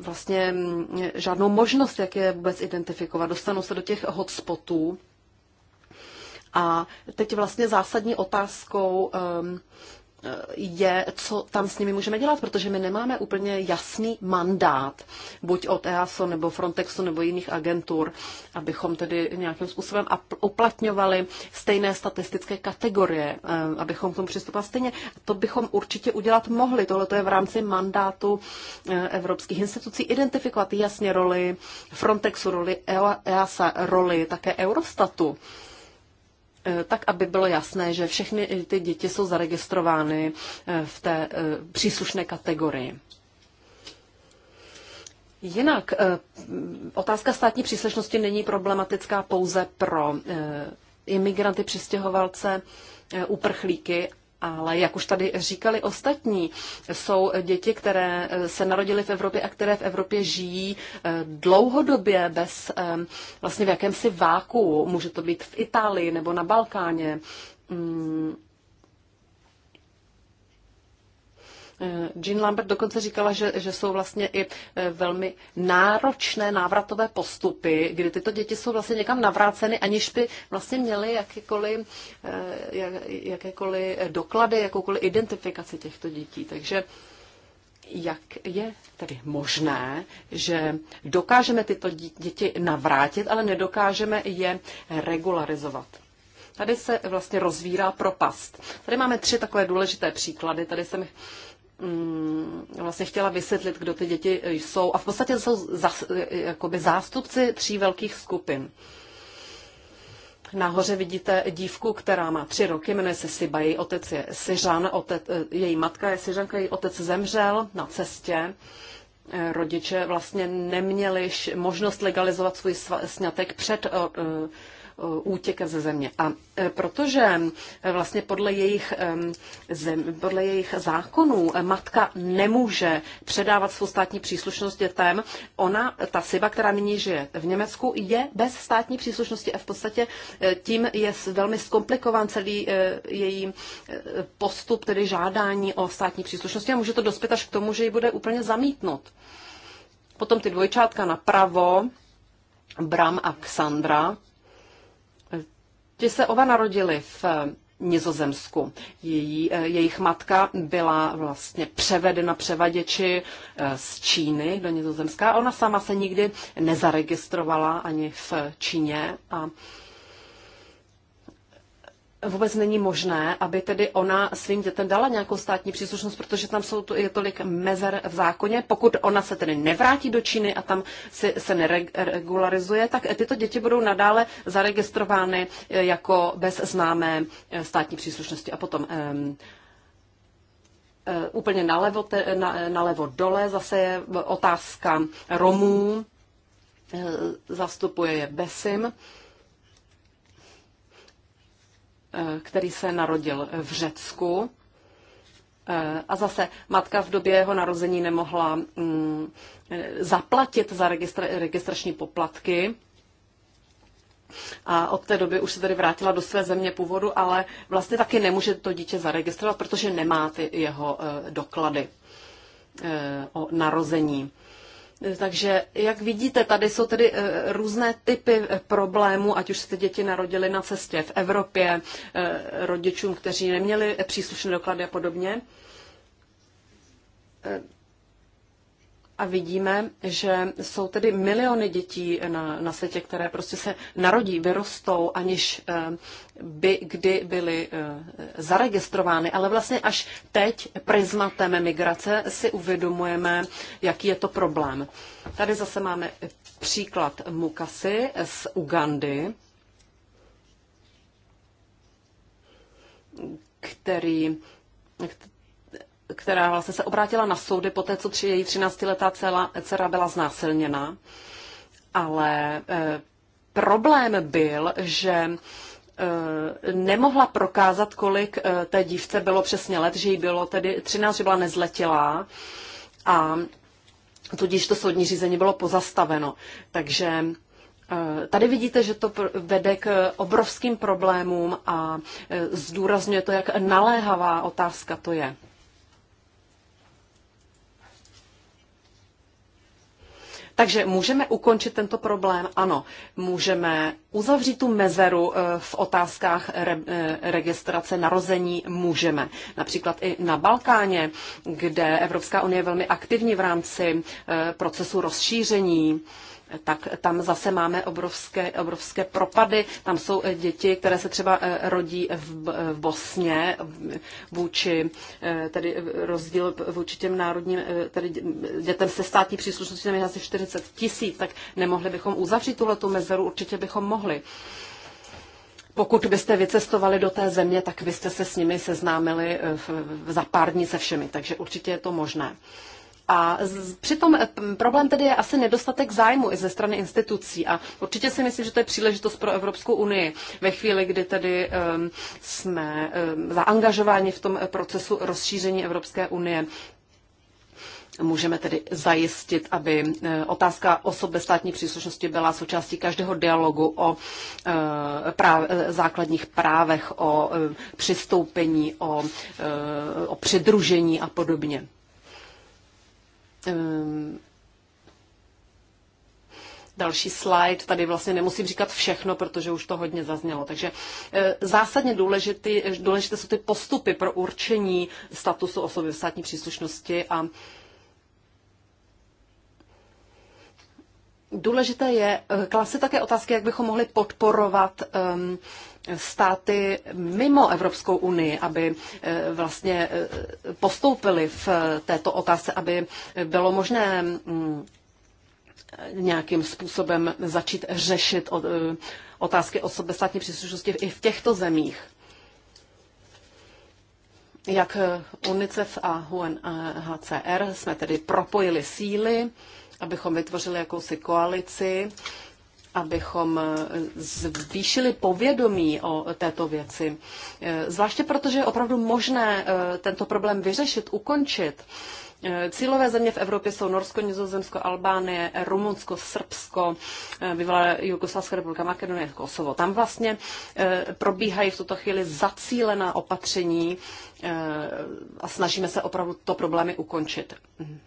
D: vlastně, mm, žádnou možnost, jak je vůbec identifikovat. Dostanou se do těch hotspotů. A teď vlastně zásadní otázkou um, je, co tam s nimi můžeme dělat, protože my nemáme úplně jasný mandát, buď od EASO nebo Frontexu nebo jiných agentur, abychom tedy nějakým způsobem uplatňovali stejné statistické kategorie, eh, abychom k tomu přistupovali stejně. To bychom určitě udělat mohli. Tohle je v rámci mandátu eh, evropských institucí identifikovat jasně roli Frontexu, roli EASA, roli také Eurostatu. Eh, tak aby bylo jasné, že všechny ty děti jsou zaregistrovány eh, v té eh, příslušné kategorii. Jinak otázka státní příslušnosti není problematická pouze pro imigranty, přistěhovalce, uprchlíky, ale jak už tady říkali ostatní, jsou děti, které eh, se narodily v Evropě a které v Evropě žijí eh, dlouhodobě bez eh, vlastně v jakémsi váku. Může to být v Itálii nebo na Balkáně mm, Eh, Jean Lambert dokonce říkala, že, že jsou vlastně i eh, velmi náročné návratové postupy, kdy tyto děti jsou vlastně někam navráceny, aniž by vlastně měly jakékoliv, eh, jak, jakékoliv doklady, jakoukoliv identifikaci těchto dětí. Takže jak je tedy možné, že dokážeme tyto děti navrátit, ale nedokážeme je regularizovat? Tady se vlastně rozvírá propast. Tady máme tři takové důležité příklady. Tady jsem Mm, vlastně chtěla vysvětlit, kdo ty děti jsou. A v podstatě jsou zas, jakoby zástupci tří velkých skupin. Nahoře vidíte dívku, která má tři roky, jmenuje se Siba, její otec je Syřan, otec, její matka je Syřanka, její otec zemřel na cestě. Rodiče vlastně neměli možnost legalizovat svůj sňatek před Eh, útěkem ze země. A eh, protože eh, vlastně podle jejich, zem, podle jejich zákonů matka nemůže předávat svou státní příslušnost dětem, ona, ta Siba, která nyní žije v Německu, je bez státní příslušnosti a v podstatě tím je velmi zkomplikován celý její postup, tedy žádání o státní příslušnosti a může to dospět až k tomu, že ji bude úplně zamítnut. Potom ty dvojčátka napravo, Bram a Xandra, Ti se oba narodili v eh, Nizozemsku. Její, eh, jejich matka byla vlastně převedena převaděči eh, z Číny do Nizozemska. Ona sama se nikdy nezaregistrovala ani v Číně a vůbec není možné, aby tedy ona svým dětem dala nějakou státní příslušnost, protože tam jsou to, je tolik mezer v zákoně. Pokud ona se tedy nevrátí do Číny a tam si, se neregularizuje, tak tyto děti budou nadále zaregistrovány eh, jako bez známé eh, státní příslušnosti. A potom um, úplně nalevo, te, na, nalevo dole zase je otázka Romů, zastupuje je Besim. Eh, který se narodil v Řecku. Eh, a zase matka v době jeho narození nemohla mm, eh, zaplatit za registra- registrační poplatky. A od té doby už se tedy vrátila do své země původu, ale vlastně taky nemůže to dítě zaregistrovat, protože nemá ty jeho doklady o narození. Takže, jak vidíte, tady jsou tedy eh, různé typy eh, problémů, ať už se ty děti narodily na cestě v Evropě, eh, rodičům, kteří neměli příslušné doklady a podobně. A vidíme, že jsou tedy miliony dětí na, na světě, které prostě se narodí, vyrostou, aniž eh, by kdy byly eh, zaregistrovány. Ale vlastně až teď prismatem migrace si uvědomujeme, jaký je to problém. Tady zase máme příklad Mukasy z Ugandy, který která vlastně se obrátila na soudy po té, co tři, její 13-letá dcera byla znásilněna. Ale eh, problém byl, že eh, nemohla prokázat, kolik eh, té dívce bylo přesně let, že jí bylo tedy 13, že byla nezletilá a tudíž to soudní řízení bylo pozastaveno. Takže Tady vidíte, že to vede k obrovským problémům a zdůrazňuje to, jak naléhavá otázka to je. Takže můžeme ukončit tento problém? Ano. Můžeme uzavřít tu mezeru eh, v otázkách re, eh, registrace narození? Můžeme. Například i na Balkáně, kde Evropská unie je velmi aktivní v rámci eh, procesu rozšíření tak tam zase máme obrovské, obrovské propady. Tam jsou eh, děti, které se třeba eh, rodí v, eh, v Bosně vůči, tedy rozdíl vůči těm národním, tedy dětem se státní příslušnosti tam je asi 40 tisíc, tak nemohli bychom uzavřít tuhle tu mezeru, určitě bychom mohli. Pokud byste vycestovali do té země, tak byste se s nimi seznámili za pár dní se všemi, takže určitě je to možné. A přitom eh, problém tedy je asi nedostatek zájmu i ze strany institucí. A určitě si myslím, že to je příležitost pro Evropskou unii ve chvíli, kdy tedy ehm, jsme ehm, zaangažováni v tom eh, procesu rozšíření Evropské unie. Můžeme tedy zajistit, aby eh, otázka osob bez státní příslušnosti byla součástí každého dialogu o práv, základních právech, o přistoupení, o, o přidružení a podobně. Ehm, další slide, tady vlastně nemusím říkat všechno, protože už to hodně zaznělo. Takže eh, zásadně důležitý, důležité jsou ty postupy pro určení statusu osoby v státní příslušnosti a Důležité je eh, klasy také otázky, jak bychom mohli podporovat um, státy mimo Evropskou unii, aby eh, vlastně eh, postoupili v eh, této otázce, aby bylo možné mm, nějakým způsobem začít řešit otázky osob bez státní příslušnosti i v těchto zemích. Jak UNICEF a UNHCR jsme tedy propojili síly, abychom vytvořili jakousi koalici abychom zvýšili povědomí o této věci. Zvláště že je opravdu možné eh, tento problém vyřešit, ukončit. Eh, cílové země v Evropě jsou Norsko, Nizozemsko, Albánie, Rumunsko, Srbsko, eh, bývalá Jugoslavská republika Makedonie, Kosovo. Tam vlastně probíhají v tuto chvíli zacílená opatření a snažíme se opravdu to problémy ukončit. Mhm.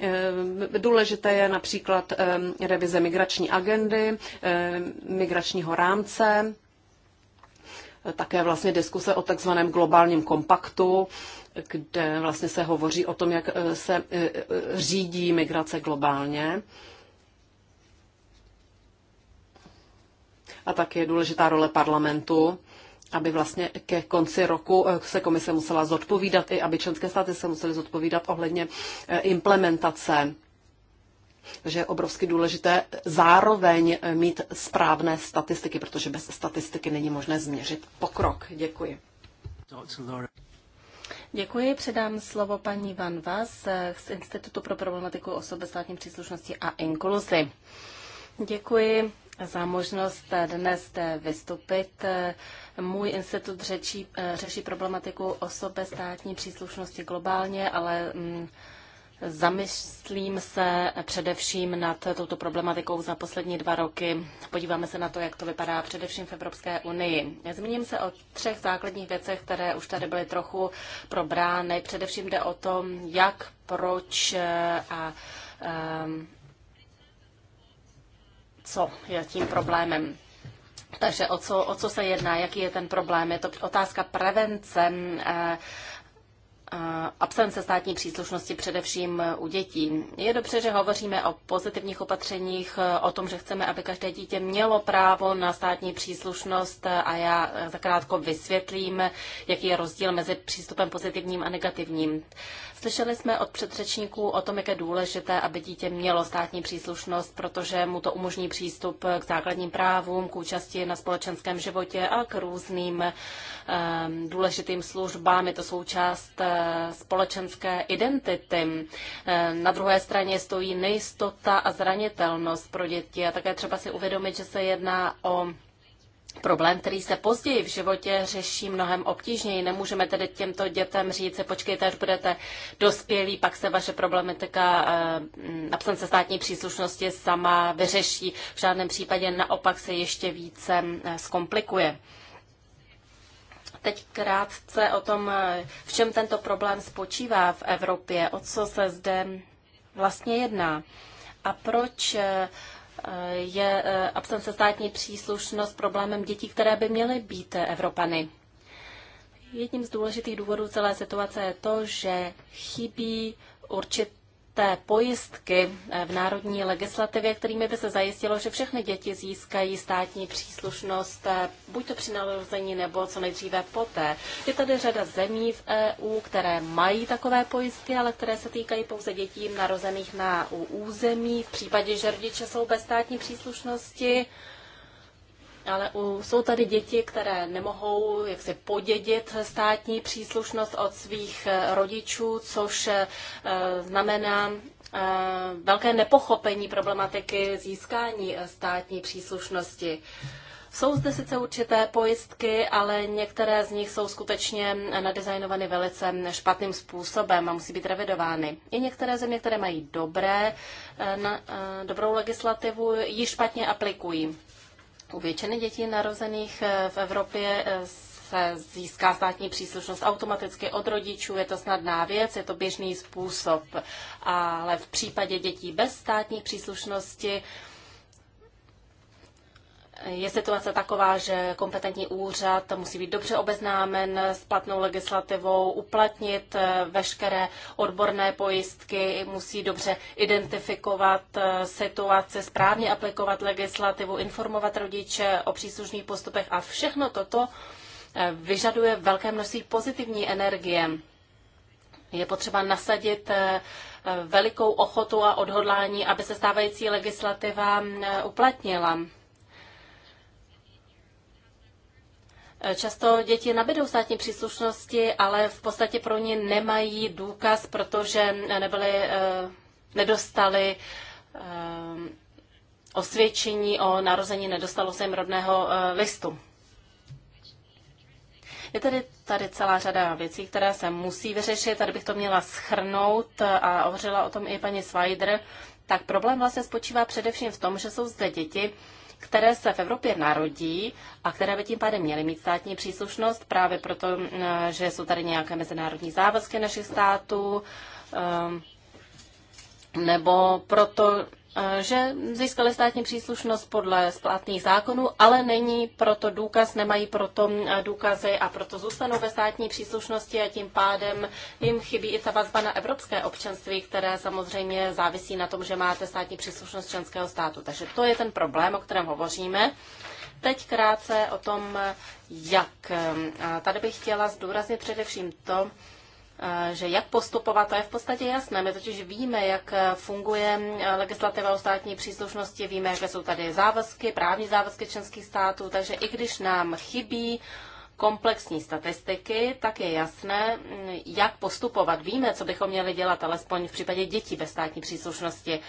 D: Eh, důležité je například eh, revize migrační agendy, eh, migračního rámce, také vlastně diskuse o takzvaném globálním kompaktu, kde vlastně se hovoří o tom, jak se řídí migrace globálně. A také je důležitá role parlamentu aby vlastně ke konci roku eh, se komise musela zodpovídat i aby členské státy se musely zodpovídat ohledně eh, implementace. Takže je obrovsky důležité zároveň eh, mít správné statistiky, protože bez statistiky není možné změřit pokrok. Děkuji.
B: Děkuji, předám slovo paní Van Vaz z Institutu pro problematiku osob státní příslušnosti a inkluzi. Děkuji za možnost dnes zde vystupit. Můj institut řečí, řeší problematiku osob bez státní příslušnosti globálně, ale mm, zamyslím se především nad touto problematikou za poslední dva roky. Podíváme se na to, jak to vypadá především v Evropské unii. Zmíním se o třech základních věcech, které už tady byly trochu probrány. Především jde o tom, jak, proč a co je tím problémem. Takže o co, o co se jedná, jaký je ten problém? Je to otázka prevence eh, absence státní příslušnosti především u dětí. Je dobře, že hovoříme o pozitivních opatřeních, o tom, že chceme, aby každé dítě mělo právo na státní příslušnost a já zakrátko vysvětlím, jaký je rozdíl mezi přístupem pozitivním a negativním. Slyšeli jsme od předřečníků o tom, jak je důležité, aby dítě mělo státní příslušnost, protože mu to umožní přístup k základním právům, k účasti na společenském životě a k různým um, důležitým službám. Je to součást eh, společenské identity. Eh, na druhé straně stojí nejistota a zranitelnost pro děti a také třeba si uvědomit, že se jedná o Problém, který se později v životě řeší mnohem obtížněji. Nemůžeme tedy těmto dětem říct, se počkejte, až budete dospělí, pak se vaše problematika eh, absence státní příslušnosti sama vyřeší. V žádném případě naopak se ještě více eh, zkomplikuje teď krátce o tom, eh, v čem tento problém spočívá v Evropě, o co se zde vlastně jedná a proč eh, eh, je absence státní příslušnost problémem dětí, které by měly být Evropany. Jedním z důležitých důvodů celé situace je to, že chybí určitý té pojistky eh, v národní legislativě, kterými by se zajistilo, že všechny děti získají státní příslušnost eh, buď to při narození nebo co nejdříve poté. Je tady řada zemí v EU, které mají takové pojistky, ale které se týkají pouze dětí narozených na území. V případě, že rodiče jsou bez státní příslušnosti, ale u, jsou tady děti, které nemohou jak se podědit státní příslušnost od svých eh, rodičů, což eh, znamená eh, velké nepochopení problematiky získání státní příslušnosti. Jsou zde sice určité pojistky, ale některé z nich jsou skutečně nadizajnovány velice špatným způsobem a musí být revidovány. I některé země, které mají dobré, na, dobrou legislativu, ji špatně aplikují. U většiny dětí narozených eh, v Evropě eh, se získá státní příslušnost automaticky od rodičů, je to snadná věc, je to běžný způsob. Ale v případě dětí bez státní příslušnosti je situace taková, že kompetentní úřad musí být dobře obeznámen s platnou legislativou, uplatnit eh, veškeré odborné pojistky, musí dobře identifikovat eh, situace, správně aplikovat legislativu, informovat rodiče o příslušných postupech a všechno toto eh, vyžaduje velké množství pozitivní energie. Je potřeba nasadit velikou ochotu a odhodlání, aby se stávající legislativa mm, uplatnila. Často děti nabidou státní příslušnosti, ale v podstatě pro ně nemají důkaz, protože nebyly, eh, nedostali eh, osvědčení o narození, nedostalo se jim rodného eh, listu. Je tady tady celá řada věcí, které se musí vyřešit. Tady bych to měla schrnout a hovořila o tom i paní Svajdr. Tak problém vlastně spočívá především v tom, že jsou zde děti, které se v Evropě narodí a které by tím pádem měly mít státní příslušnost právě proto, že jsou tady nějaké mezinárodní závazky našich států, ehm, nebo proto, Eh, že získali státní příslušnost podle splátných zákonů, ale není proto důkaz, nemají proto eh, důkazy a proto zůstanou ve státní příslušnosti a tím pádem jim chybí i ta vazba na evropské občanství, které samozřejmě závisí na tom, že máte státní příslušnost členského státu. Takže to je ten problém, o kterém hovoříme. Teď krátce o tom, jak. Eh, tady bych chtěla zdůraznit především to, že jak postupovat, to je v podstatě jasné. My totiž víme, jak funguje legislativa o státní příslušnosti, víme, jaké jsou tady závazky, právní závazky členských států, takže i když nám chybí komplexní statistiky, tak je jasné, jak postupovat. Víme, co bychom měli dělat, alespoň v případě dětí ve státní příslušnosti.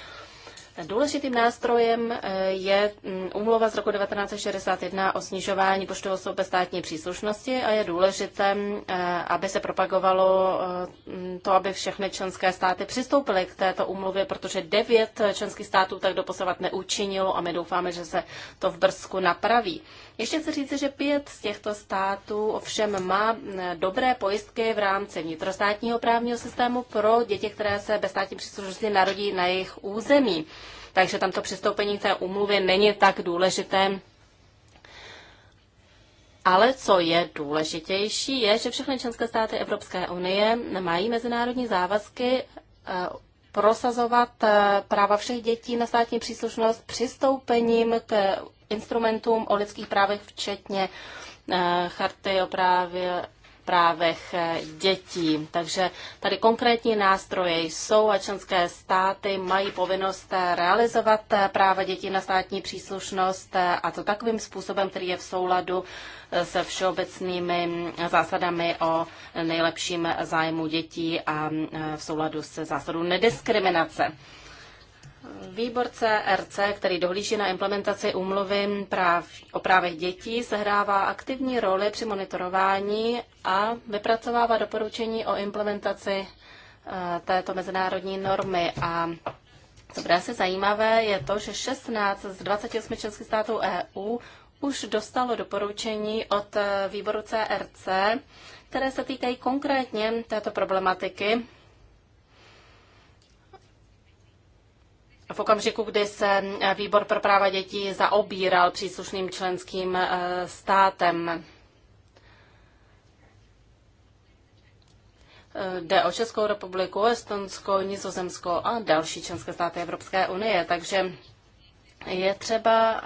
B: Důležitým nástrojem eh, je úmluva mm, z roku 1961 o snižování počtu osob bez státní příslušnosti a je důležité, eh, aby se propagovalo eh, mm, to, aby všechny členské státy přistoupily k této úmluvě, protože devět členských států tak doposovat neučinilo a my doufáme, že se to v Brzku napraví. Ještě chci říct, že pět z těchto států ovšem má eh, dobré pojistky v rámci vnitrostátního právního systému pro děti, které se bez státní příslušnosti narodí na jejich území. Takže tam to přistoupení k té úmluvě není tak důležité. Ale co je důležitější, je, že všechny členské státy Evropské unie mají mezinárodní závazky eh, prosazovat eh, práva všech dětí na státní příslušnost přistoupením k instrumentům o lidských právech, včetně eh, charty o právě právech eh, dětí. Takže tady konkrétní nástroje jsou a členské státy mají povinnost eh, realizovat práva dětí na státní příslušnost a to takovým způsobem, který je v souladu se všeobecnými zásadami o nejlepším zájmu dětí a v souladu se zásadou nediskriminace. Výbor CRC, který dohlíží na implementaci úmluvy práv, o právech dětí, sehrává aktivní roli při monitorování a vypracovává doporučení o implementaci eh, této mezinárodní normy. A co bude asi zajímavé, je to, že 16 z 28 členských států EU už dostalo doporučení od eh, výboru CRC, které se týkají konkrétně této problematiky v okamžiku, kdy se eh, výbor pro práva dětí zaobíral příslušným členským eh, státem. Eh, jde o Českou republiku, Estonsko, Nizozemsko a další členské státy Evropské unie, takže je třeba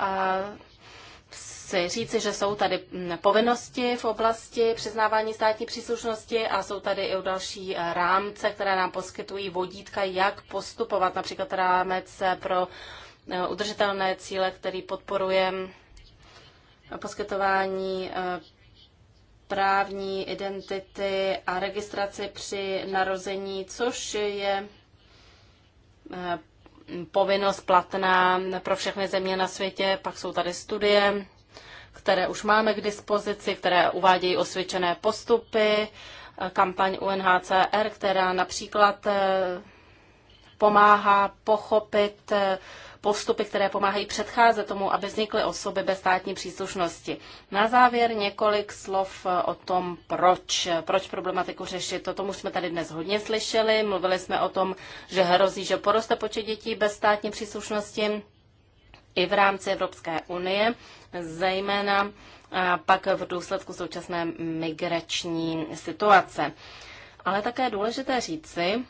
B: chci říci, že jsou tady povinnosti v oblasti přiznávání státní příslušnosti a jsou tady i další eh, rámce, které nám poskytují vodítka, jak postupovat, například rámec eh, pro eh, udržitelné cíle, který podporuje hm, poskytování právní identity a registraci při narození, což je povinnost platná pro všechny země na světě. Pak jsou tady studie které už máme k dispozici, které uvádějí osvědčené postupy, eh, kampaň UNHCR, která například eh, pomáhá pochopit eh, postupy, které pomáhají předcházet tomu, aby vznikly osoby bez státní příslušnosti. Na závěr několik slov o tom, proč, proč problematiku řešit. O tom už jsme tady dnes hodně slyšeli. Mluvili jsme o tom, že hrozí, že poroste počet dětí bez státní příslušnosti i v rámci Evropské unie zejména pak v důsledku současné migrační situace. Ale také je důležité říci,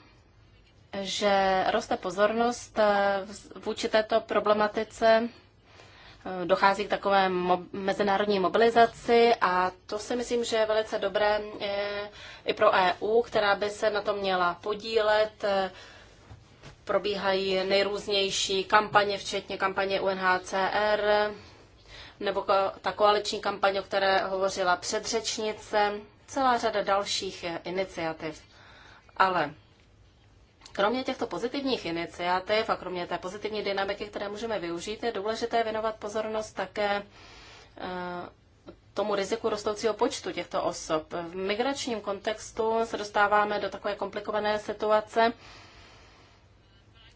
B: že roste pozornost e, vůči této problematice, e, dochází k takové mo- mezinárodní mobilizaci a to si myslím, že je velice dobré e, i pro EU, která by se na to měla podílet. Probíhají nejrůznější kampaně, včetně kampaně UNHCR, nebo ta koaliční kampaň, o které hovořila předřečnice, celá řada dalších iniciativ. Ale Kromě těchto pozitivních iniciativ a kromě té pozitivní dynamiky, které můžeme využít, je důležité věnovat pozornost také eh, tomu riziku rostoucího počtu těchto osob. V migračním kontextu se dostáváme do takové komplikované situace,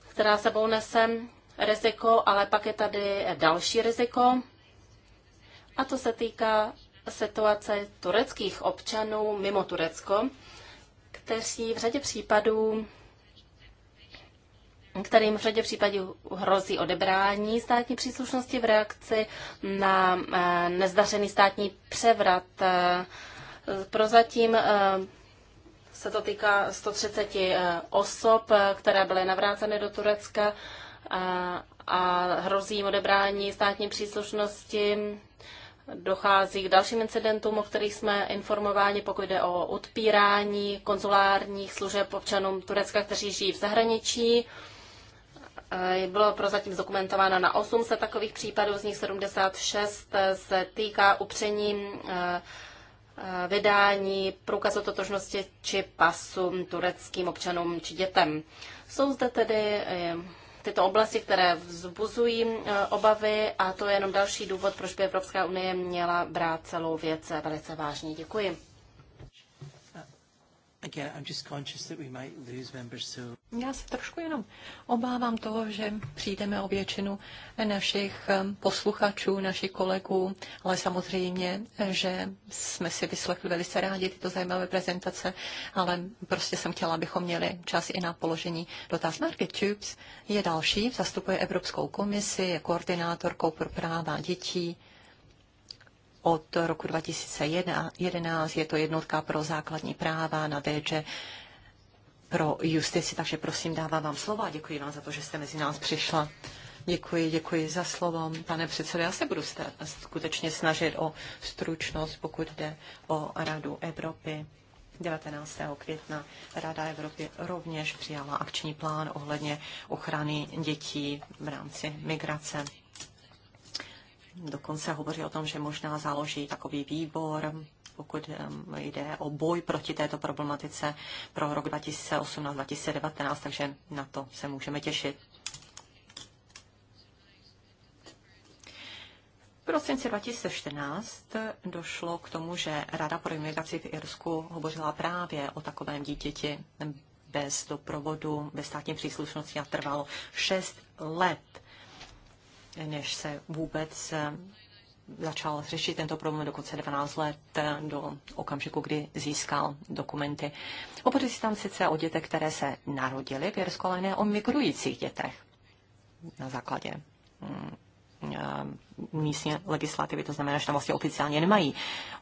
B: která sebou nese riziko, ale pak je tady další riziko, a to se týká situace tureckých občanů mimo Turecko, kteří v řadě případů kterým v řadě případů hrozí odebrání státní příslušnosti v reakci na eh, nezdařený státní převrat. Eh, prozatím eh, se to týká 130 osob, které byly navráceny do Turecka a hrozí odebrání státní příslušnosti dochází k dalším incidentům, o kterých jsme informováni, pokud jde o odpírání konzulárních služeb občanům Turecka, kteří žijí v zahraničí. Eh, bylo prozatím zdokumentováno na 800 takových případů, z nich 76 se týká upření eh, eh, vydání průkazu totožnosti či pasu tureckým občanům či dětem. Jsou zde tedy tyto oblasti, které vzbuzují e, obavy a to je jenom další důvod, proč by Evropská unie měla brát
C: celou věc velice vážně. Děkuji.
A: Again, I'm just conscious that we might lose members, so...
C: Já se trošku jenom obávám toho, že přijdeme o většinu našich um, posluchačů, našich kolegů, ale samozřejmě, že jsme si vyslechli velice rádi tyto zajímavé prezentace, ale prostě jsem chtěla, abychom měli čas i na položení dotaz. Market Tubes je další, zastupuje Evropskou komisi, je koordinátorkou pro práva dětí od roku 2011. Je to jednotka pro základní práva na DG pro justici, takže prosím, dávám vám slova a děkuji vám za to, že jste mezi nás přišla. Děkuji, děkuji za slovo. Pane předsedo, já se budu skutečně snažit o stručnost, pokud jde o Radu Evropy. 19. května Rada Evropy rovněž přijala akční plán ohledně ochrany dětí v rámci migrace dokonce hovoří o tom, že možná založí takový výbor, pokud jde o boj proti této problematice pro rok 2018-2019, takže na to se můžeme těšit. V prosinci 2014 došlo k tomu, že Rada pro imigraci v Irsku hovořila právě o takovém dítěti bez doprovodu, bez státní příslušnosti a trvalo 6 let než se vůbec eh, začal řešit tento problém dokonce 12 let eh, do okamžiku, kdy získal dokumenty. Hovoří se tam sice o dětech, které se narodily v Jersku, ale ne o migrujících dětech na základě mm, eh, místní legislativy, to znamená, že tam vlastně oficiálně nemají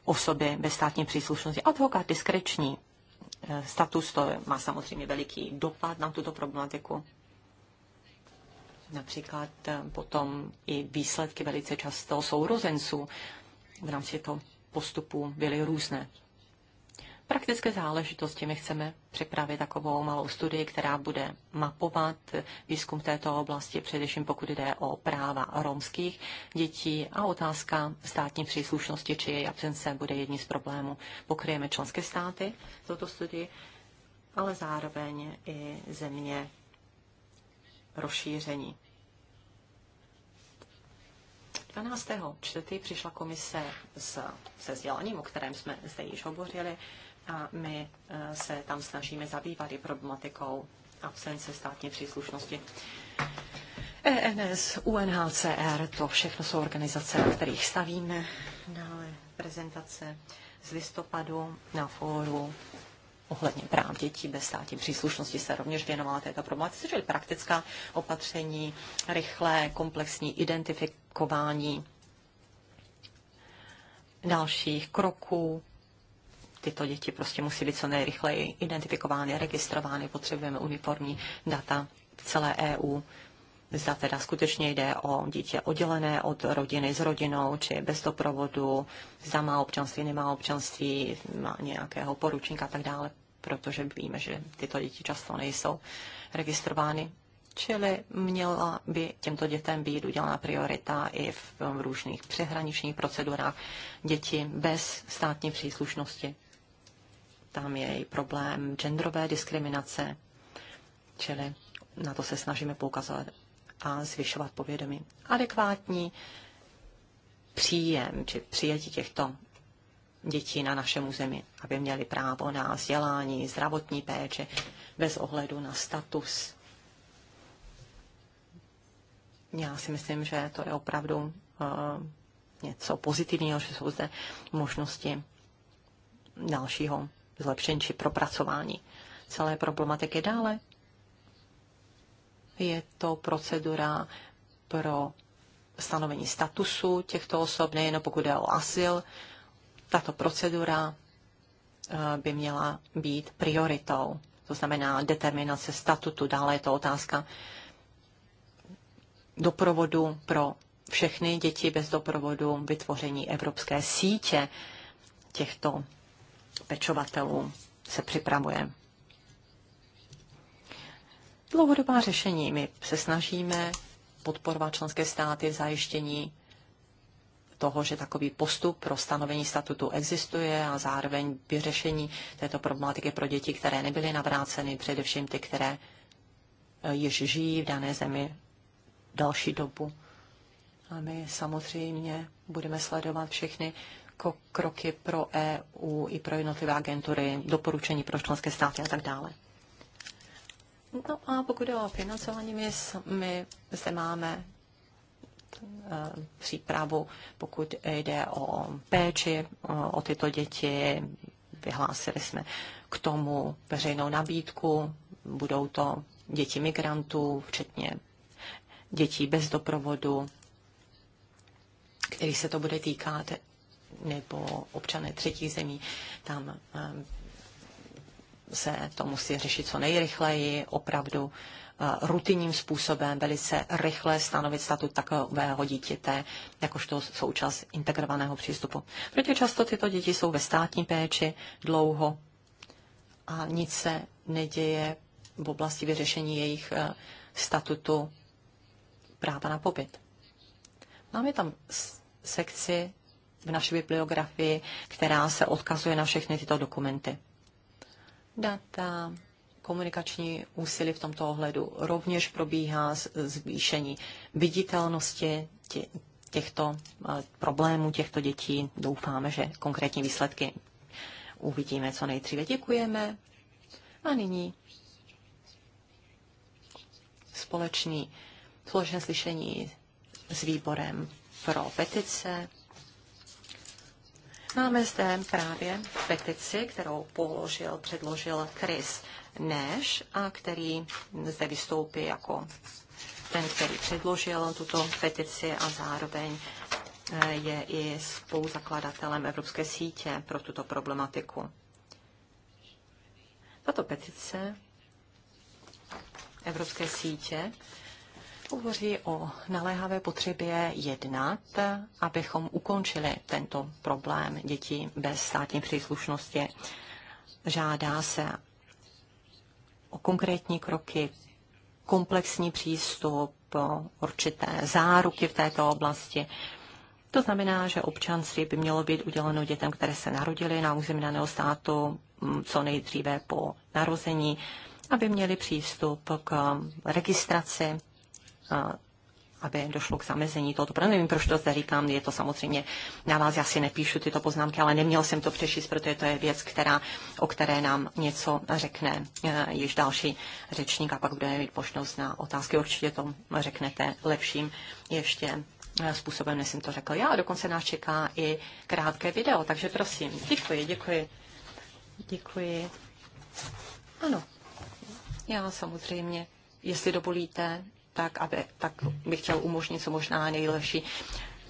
C: osoby bez státní příslušnosti. Advokát diskreční status, to má samozřejmě veliký dopad na tuto problematiku například eh, potom i výsledky velice často sourozenců v rámci toho postupu byly různé. Praktické záležitosti my chceme připravit takovou malou studii, která bude mapovat výzkum této oblasti, především pokud jde o práva romských dětí a otázka státní příslušnosti či její absence bude jedním z problémů. Pokryjeme členské státy toto studii, ale zároveň i země rozšíření. 12. čtvrtý přišla komise s, se sdělením, o kterém jsme zde již hovořili, a my e, se tam snažíme zabývat i problematikou absence státní příslušnosti. ENS, UNHCR, to všechno jsou organizace, na kterých stavíme. Dále prezentace z listopadu na fóru ohledně práv dětí bez státní příslušnosti se rovněž věnovala této problematice, čili praktická opatření, rychlé komplexní identifikování dalších kroků. Tyto děti prostě musí být co nejrychleji identifikovány, registrovány, potřebujeme uniformní data v celé EU zda teda skutečně jde o dítě oddělené od rodiny s rodinou, či bez doprovodu, zda má občanství, nemá občanství, má nějakého poručníka a tak dále, protože víme, že tyto děti často nejsou registrovány. Čili měla by těmto dětem být udělána priorita i v, v různých přehraničních procedurách děti bez státní příslušnosti. Tam je i problém genderové diskriminace, čili na to se snažíme poukazovat a zvyšovat povědomí. Adekvátní příjem či přijetí těchto dětí na našem území, aby měli právo na vzdělání, zdravotní péči, bez ohledu na status. Já si myslím, že to je opravdu uh, něco pozitivního, že jsou zde možnosti dalšího zlepšení či propracování celé problematiky dále. Je to procedura pro stanovení statusu těchto osob, nejen pokud jde o asyl. Tato procedura eh, by měla být prioritou, to znamená determinace statutu. Dále je to otázka doprovodu pro všechny děti bez doprovodu, vytvoření evropské sítě těchto pečovatelů se připravuje dlouhodobá řešení. My se snažíme podporovat členské státy v zajištění toho, že takový postup pro stanovení statutu existuje a zároveň vyřešení této problematiky pro děti, které nebyly navráceny, především ty, které e, již žijí v dané zemi další dobu. A my samozřejmě budeme sledovat všechny kroky pro EU i pro jednotlivé agentury, doporučení pro členské státy a tak dále. No a pokud jde o financování, my, my zde máme eh, přípravu, pokud jde o péči eh, o tyto děti. Vyhlásili jsme k tomu veřejnou nabídku. Budou to děti migrantů, včetně dětí bez doprovodu, kterých se to bude týkat, nebo občané třetích zemí. Tam eh, se to musí řešit co nejrychleji, opravdu eh, rutinním způsobem velice rychle stanovit statut takového dítěte jakožto součást integrovaného přístupu. Protože často tyto děti jsou ve státní péči dlouho a nic se neděje v oblasti vyřešení jejich eh, statutu práva na pobyt. Máme tam sekci v naší bibliografii, která se odkazuje na všechny tyto dokumenty data, komunikační úsilí v tomto ohledu rovněž probíhá zvýšení viditelnosti těchto eh, problémů těchto dětí. Doufáme, že konkrétní výsledky uvidíme co nejdříve. Děkujeme. A nyní společný společné slyšení s výborem pro petice Máme zde právě petici, kterou položil, předložil Chris Nash, a který zde vystoupí jako ten, který předložil tuto petici a zároveň eh, je i spoluzakladatelem Evropské sítě pro tuto problematiku. Tato petice Evropské sítě hovoří o naléhavé potřebě jednat, abychom ukončili tento problém dětí bez státní příslušnosti. Žádá se o konkrétní kroky, komplexní přístup, určité záruky v této oblasti. To znamená, že občanství by mělo být uděleno dětem, které se narodily na území daného státu mm, co nejdříve po narození, aby měli přístup k registraci aby došlo k zamezení tohoto. Proto nevím, proč to zde říkám, je to samozřejmě na vás, já si nepíšu tyto poznámky, ale neměl jsem to přečíst, protože to je věc, která, o které nám něco řekne eh, již další řečník a pak budeme mít možnost na otázky. Určitě to řeknete lepším ještě eh, způsobem, než jsem to řekl já. A dokonce nás čeká i krátké video, takže prosím. Děkuji, děkuji. Děkuji. Ano, já samozřejmě, jestli dovolíte, tak, aby, tak bych chtěl umožnit co možná nejlepší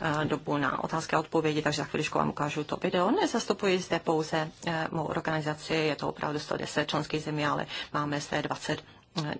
C: eh, dobu na otázky a odpovědi, takže za chviličku vám ukážu to video. Nezastupuji zde pouze eh, mou organizaci, je to opravdu 110 členských zemí, ale máme zde 20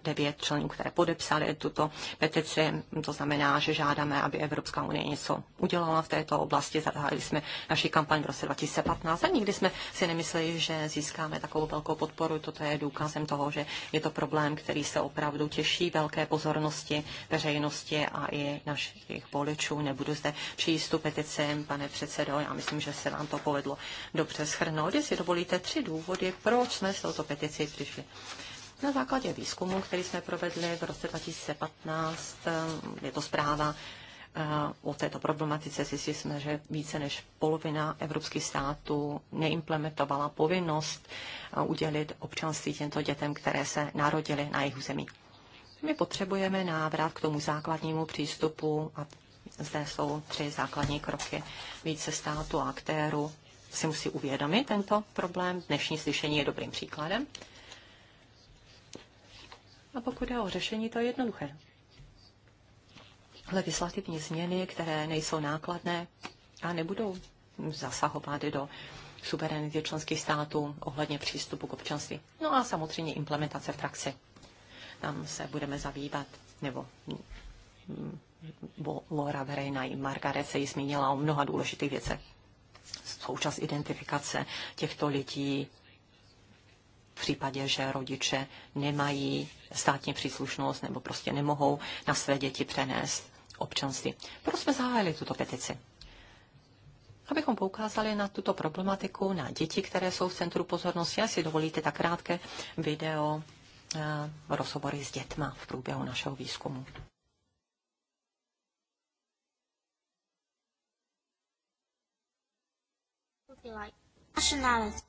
C: devět členů, které podepsali tuto petici. To znamená, že žádáme, aby Evropská unie něco udělala v této oblasti. Zahájili jsme naši kampaň v roce 2015 a nikdy jsme si nemysleli, že získáme takovou velkou podporu. Toto je důkazem toho, že je to problém, který se opravdu těší velké pozornosti veřejnosti a i našich voličů. Nebudu zde číst tu petici, pane předsedo, já myslím, že se nám to povedlo dobře schrnout. Jestli dovolíte tři důvody, proč jsme s touto petici přišli. Na základě výzkumu, který jsme provedli v roce 2015, eh, je to zpráva eh, o této problematice zjistili jsme, že více než polovina evropských států neimplementovala povinnost eh, udělit občanství těmto dětem, které se narodily na jejich území. My potřebujeme návrat k tomu základnímu přístupu a zde jsou tři základní kroky. Více států a aktérů si musí uvědomit tento problém. Dnešní slyšení je dobrým příkladem. A pokud je o řešení, to je jednoduché. Legislativní změny, které nejsou nákladné a nebudou zasahovat do suverenity členských států ohledně přístupu k občanství. No a samozřejmě implementace v praxi. Tam se budeme zabývat, nebo bo Laura Verejna i Margaret se ji zmínila o mnoha důležitých věcech. Součas identifikace těchto lidí, v případě, že rodiče nemají státní příslušnost nebo prostě nemohou na své děti přenést občanství. Proč jsme zahájili tuto petici? Abychom poukázali na tuto problematiku, na děti, které jsou v centru pozornosti, si dovolíte tak krátké video eh, rozhovory s dětma v průběhu našeho výzkumu.
A: Nationality.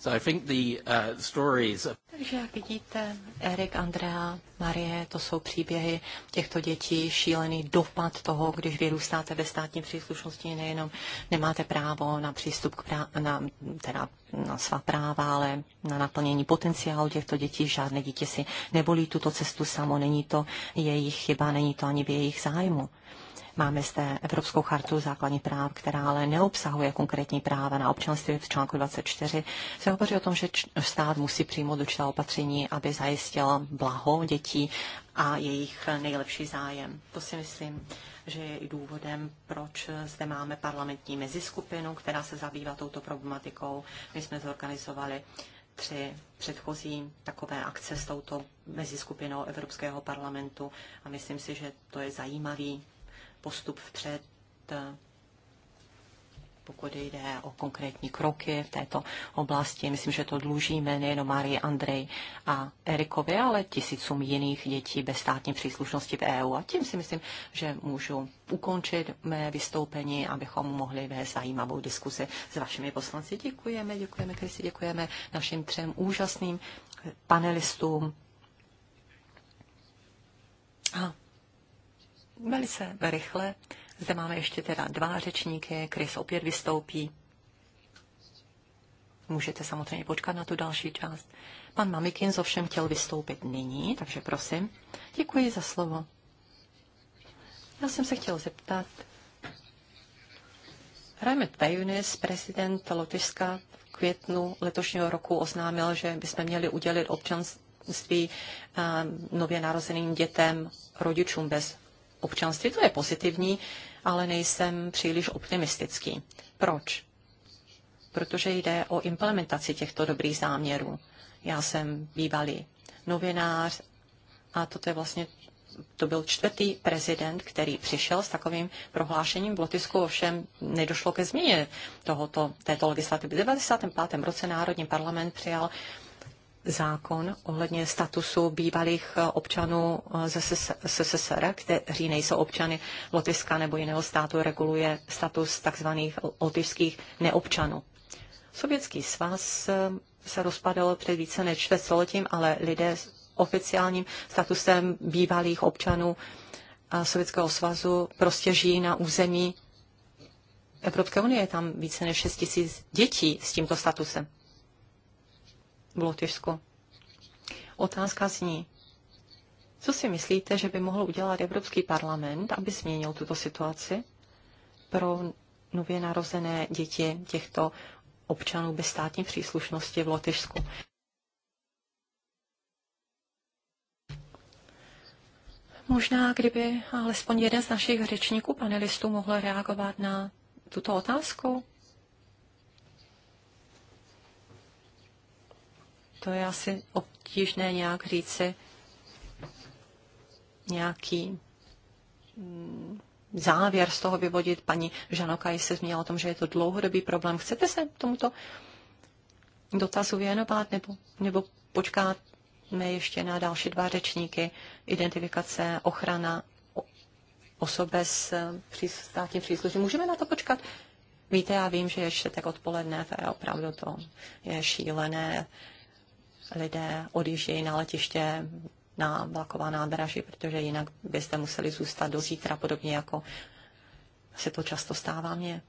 A: So I think the, uh, stories of... Takže
C: jak vidíte, Erik, Andrea, Marie, to jsou příběhy těchto dětí, šílený dopad toho, když vyrůstáte ve státní příslušnosti, nejenom nemáte právo na přístup k prá- na, teda na svá práva, ale na naplnění potenciálu těchto dětí. Žádné dítě si nebolí tuto cestu samo, není to jejich chyba, není to ani v jejich zájmu. Máme zde Evropskou chartu základních práv, která ale neobsahuje konkrétní práva na občanství. V článku 24 se hovoří o tom, že stát musí přijmout určitá opatření, aby zajistil blaho dětí a jejich nejlepší zájem. To si myslím, že je i důvodem, proč zde máme parlamentní meziskupinu, která se zabývá touto problematikou. My jsme zorganizovali tři předchozí takové akce s touto meziskupinou Evropského parlamentu a myslím si, že to je zajímavý postup vpřed, pokud jde o konkrétní kroky v této oblasti. Myslím, že to dlužíme nejenom Marii Andrej a Erikovi, ale tisícům jiných dětí bez státní příslušnosti v EU. A tím si myslím, že můžu ukončit mé vystoupení, abychom mohli vést zajímavou diskusi s vašimi poslanci. Děkujeme, děkujeme Krisi, děkujeme našim třem úžasným panelistům. A velice rychle. Zde máme ještě teda dva řečníky. Chris opět vystoupí. Můžete samozřejmě počkat na tu další část. Pan Mamikins ovšem chtěl vystoupit nyní, takže prosím. Děkuji za slovo. Já jsem se chtěl zeptat. Raymond Pejunis, prezident Lotyšska, v květnu letošního roku oznámil, že bychom měli udělit občanství eh, nově narozeným dětem rodičům bez občanství, to je pozitivní, ale nejsem příliš optimistický. Proč? Protože jde o implementaci těchto dobrých záměrů. Já jsem bývalý novinář a toto je vlastně to byl čtvrtý prezident, který přišel s takovým prohlášením. V Lotisku ovšem nedošlo ke změně tohoto, této legislativy. V 95. roce Národní parlament přijal zákon ohledně statusu bývalých eh, občanů eh, z SSR, kteří nejsou občany Lotyšska nebo jiného státu, reguluje status tzv. lotyšských neobčanů. Sovětský svaz eh, se rozpadl před více než čtvrtstoletím, ale lidé s oficiálním statusem bývalých občanů Sovětského svazu prostě žijí na území Evropské unie. Je tam více než 6 tisíc dětí s tímto statusem v Lotyšsku. Otázka zní, co si myslíte, že by mohl udělat Evropský parlament, aby změnil tuto situaci pro nově narozené děti těchto občanů bez státní příslušnosti v Lotyšsku? Možná, kdyby alespoň jeden z našich řečníků panelistů mohl reagovat na tuto otázku. to je asi obtížné nějak říci nějaký mm, závěr z toho vyvodit. Paní Žanoka se zmínila o tom, že je to dlouhodobý problém. Chcete se tomuto dotazu věnovat nebo, nebo počkáme ještě na další dva řečníky? Identifikace, ochrana osob s eh, státním příslušnosti. Můžeme na to počkat? Víte, já vím, že ještě tak odpoledne, to je opravdu to je šílené lidé odjíždějí na letiště na vlaková nádraží, protože jinak byste museli zůstat do zítra, podobně jako se to často stává mně.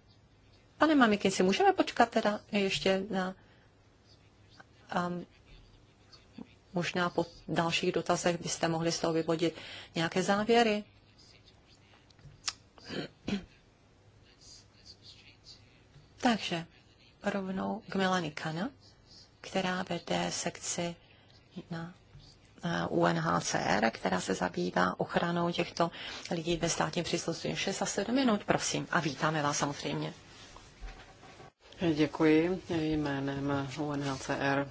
C: Pane Mamikin, si můžeme počkat teda ještě na um, možná po dalších dotazech byste mohli z toho vyvodit nějaké závěry. Takže rovnou k Melanie Kana která vede sekci na UNHCR, která se zabývá ochranou těchto lidí ve státním příslušnosti. 6 a 7 minut, prosím. A vítáme vás samozřejmě.
D: Děkuji jménem UNHCR.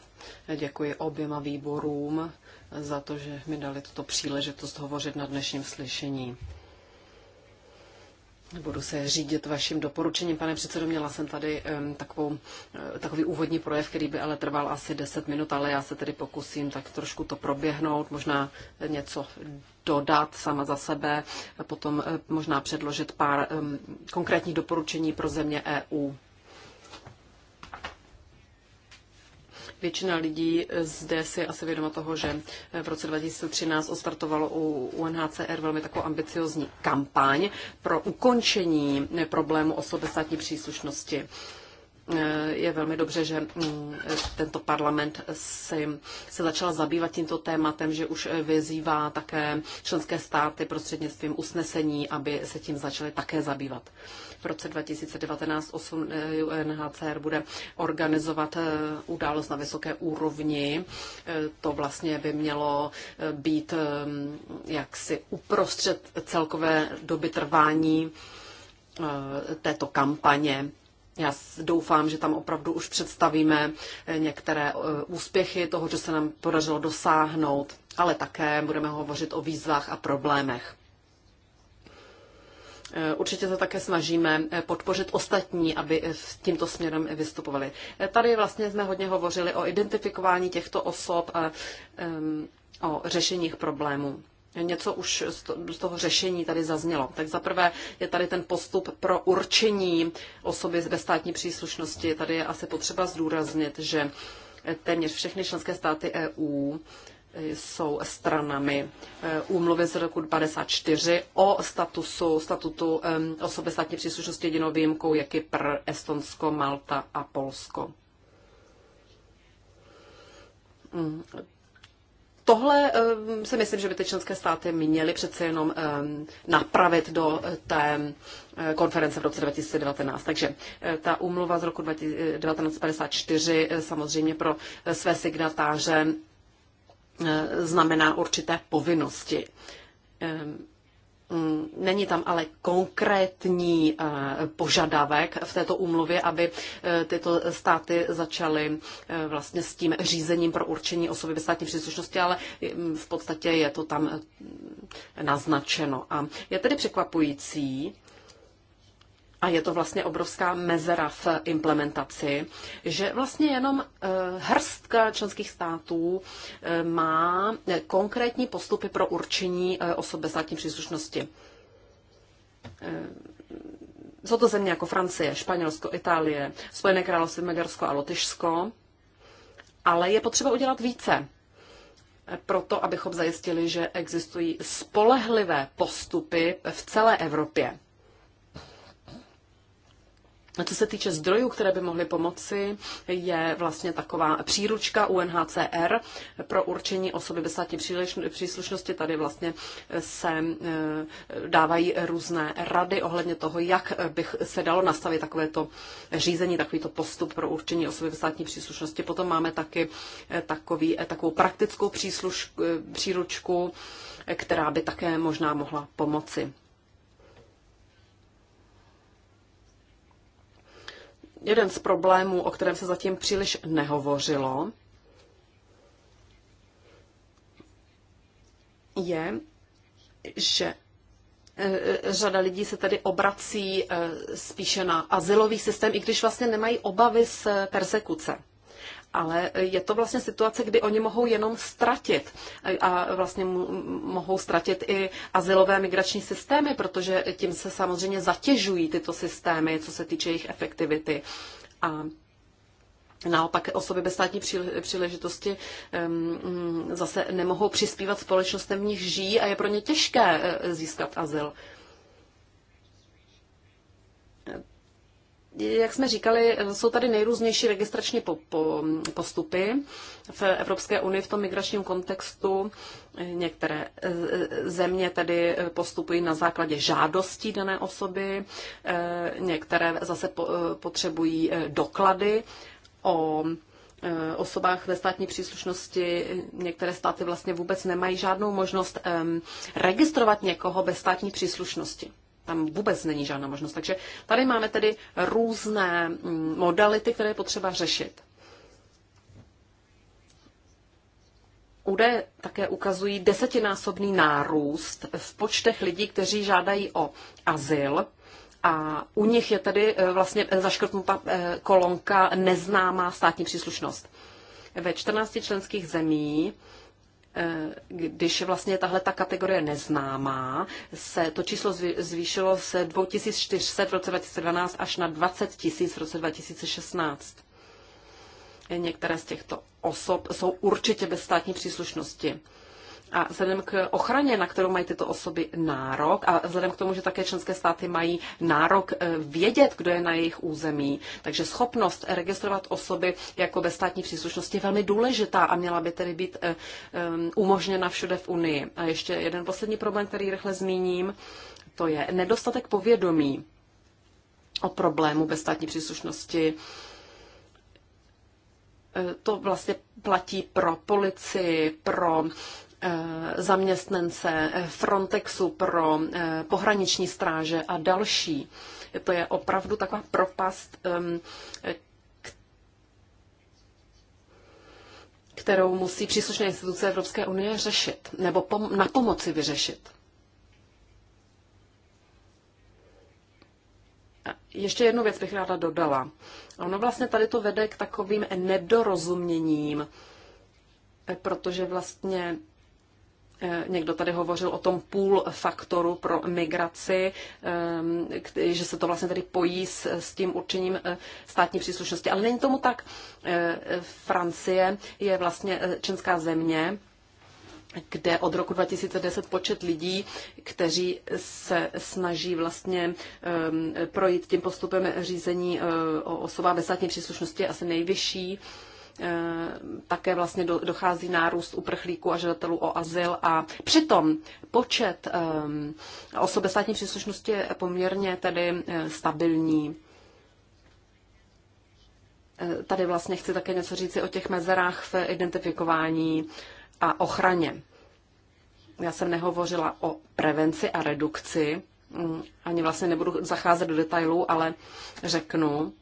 D: Děkuji oběma výborům za to, že mi dali tuto příležitost hovořit na dnešním slyšení. Budu se řídit vaším doporučením, pane předsedo. Měla jsem tady um, takovou, uh, takový úvodní projev, který by ale trval asi 10 minut, ale já se tedy pokusím tak trošku to proběhnout, možná něco dodat sama za sebe, potom uh, možná předložit pár um, konkrétních doporučení pro země EU. Většina lidí zde si asi vědoma toho, že v roce 2013 ostartovalo u UNHCR velmi takovou ambiciozní kampaň pro ukončení problému osob státní příslušnosti. Eh, je velmi dobře, že mm, eh, tento parlament si, se začal zabývat tímto tématem, že už eh, vyzývá také členské státy prostřednictvím usnesení, aby se tím začaly také zabývat. V roce 2019 8 UNHCR bude organizovat událost na vysoké úrovni. To vlastně by mělo být ehm, jaksi uprostřed celkové doby trvání této kampaně já doufám, že tam opravdu už představíme eh, některé eh, úspěchy toho, že se nám podařilo dosáhnout, ale také budeme hovořit o výzvách a problémech. Eh, určitě se také snažíme podpořit ostatní, aby s tímto směrem vystupovali. Tady vlastně jsme hodně hovořili o identifikování těchto osob a o řešeních problémů. Něco už z toho řešení tady zaznělo. Tak zaprvé je tady ten postup pro určení osoby ve státní příslušnosti. Tady je asi potřeba zdůraznit, že téměř všechny členské státy EU jsou stranami eh, úmluvy z roku 54 o statusu, statutu osoby státní příslušnosti jedinou výjimkou je pr Estonsko, Malta a Polsko. Mm tohle eh, si myslím, že by ty členské státy měly přece jenom eh, napravit do eh, té konference v roce 2019. Takže ta úmluva z roku 1954 samozřejmě pro své signatáře znamená určité povinnosti. Ehm, Mm, není tam ale konkrétní eh, požadavek v této úmluvě, aby eh, tyto státy začaly eh, vlastně s tím řízením pro určení osoby ve státní příslušnosti, ale mm, v podstatě je to tam naznačeno. A je tedy překvapující, a je to vlastně obrovská mezera v implementaci, že vlastně jenom eh, hrstka členských států eh, má konkrétní postupy pro určení eh, osob bez státní příslušnosti. Jsou to země jako Francie, Španělsko, Itálie, Spojené království, Maďarsko a Lotyšsko, ale je potřeba udělat více proto, abychom zajistili, že existují spolehlivé postupy v celé Evropě. Co se týče zdrojů, které by mohly pomoci, je vlastně taková příručka UNHCR pro určení osoby bez státní příslušnosti. Tady vlastně se eh, dávají různé rady ohledně toho, jak bych se dalo nastavit takovéto řízení, takovýto postup pro určení osoby bez státní příslušnosti. Potom máme taky eh, takový, eh, takovou praktickou příručku, která by také možná mohla pomoci. Jeden z problémů, o kterém se zatím příliš nehovořilo, je, že e, e, řada lidí se tady obrací e, spíše na asilový systém, i když vlastně nemají obavy z persekuce ale je to vlastně situace, kdy oni mohou jenom ztratit a vlastně mohou ztratit i asilové migrační systémy, protože tím se samozřejmě zatěžují tyto systémy, co se týče jejich efektivity. A Naopak osoby bez státní příležitosti mm, zase nemohou přispívat společnostem, v nich žijí a je pro ně těžké eh, získat azyl. jak jsme říkali, jsou tady nejrůznější registrační po, po, postupy v Evropské unii v tom migračním kontextu. Některé e, e, země tedy postupují na základě žádostí dané osoby, e, některé zase potřebují doklady o osobách ve státní příslušnosti. Některé státy vlastně vůbec nemají žádnou možnost registrovat někoho bez státní příslušnosti tam vůbec není žádná možnost. Takže tady máme tedy různé mm, modality, které je potřeba řešit. Údaje také ukazují desetinásobný nárůst v počtech lidí, kteří žádají o azyl. A u nich je tedy eh, vlastně eh, zaškrtnutá eh, kolonka neznámá státní příslušnost. Ve 14 členských zemí když vlastně tahle ta kategorie neznámá, se to číslo zvýšilo se 2400 v roce 2012 až na 20 000 v roce 2016. Některé z těchto osob jsou určitě bez státní příslušnosti. A vzhledem k ochraně, na kterou mají tyto osoby nárok, a vzhledem k tomu, že také členské státy mají nárok eh, vědět, kdo je na jejich území, takže schopnost registrovat osoby jako ve státní příslušnosti je velmi důležitá a měla by tedy být eh, eh, umožněna všude v Unii. A ještě jeden poslední problém, který rychle zmíním, to je nedostatek povědomí o problému ve státní příslušnosti. To vlastně platí pro policii, pro Eh, zaměstnance eh, Frontexu pro eh, pohraniční stráže a další. To je opravdu taková propast, kterou musí příslušné instituce Evropské unie řešit nebo na pomoci vyřešit. Ještě jednu věc bych ráda dodala. Ono vlastně tady to vede k takovým nedorozuměním, protože vlastně Eh, někdo tady hovořil o tom půl faktoru pro migraci, ehm, že se to vlastně tady pojí s, s tím určením eh, státní příslušnosti. Ale není tomu tak. Eh, Francie je vlastně členská země, kde od roku 2010 počet lidí, kteří se snaží vlastně ehm, projít tím postupem řízení o osobách ve státní příslušnosti, je asi nejvyšší. Eh, také vlastně dochází nárůst uprchlíků a žadatelů o azyl a přitom počet eh, osob bez státní příslušnosti je poměrně tedy eh, stabilní. Tady vlastně chci také něco říci o těch mezerách v identifikování a ochraně. Já jsem nehovořila o prevenci a redukci, mm, ani vlastně nebudu zacházet do detailů, ale řeknu,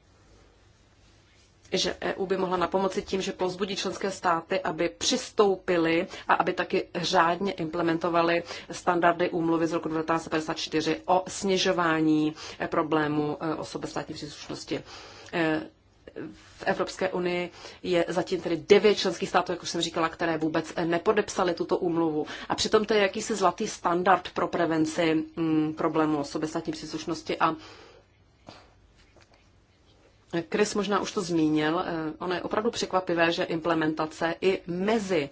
D: že EU by mohla napomoci tím, že pozbudí členské státy, aby přistoupili a aby taky řádně implementovali standardy úmluvy z roku 1954 o snižování eh, problémů eh, osob státní příslušnosti. Eh, v Evropské unii je zatím tedy devět členských států, jak už jsem říkala, které vůbec nepodepsali tuto úmluvu. A přitom to je jakýsi zlatý standard pro prevenci mm, problémů osoby státní příslušnosti a Chris možná už to zmínil, eh, ono je opravdu překvapivé, že implementace i mezi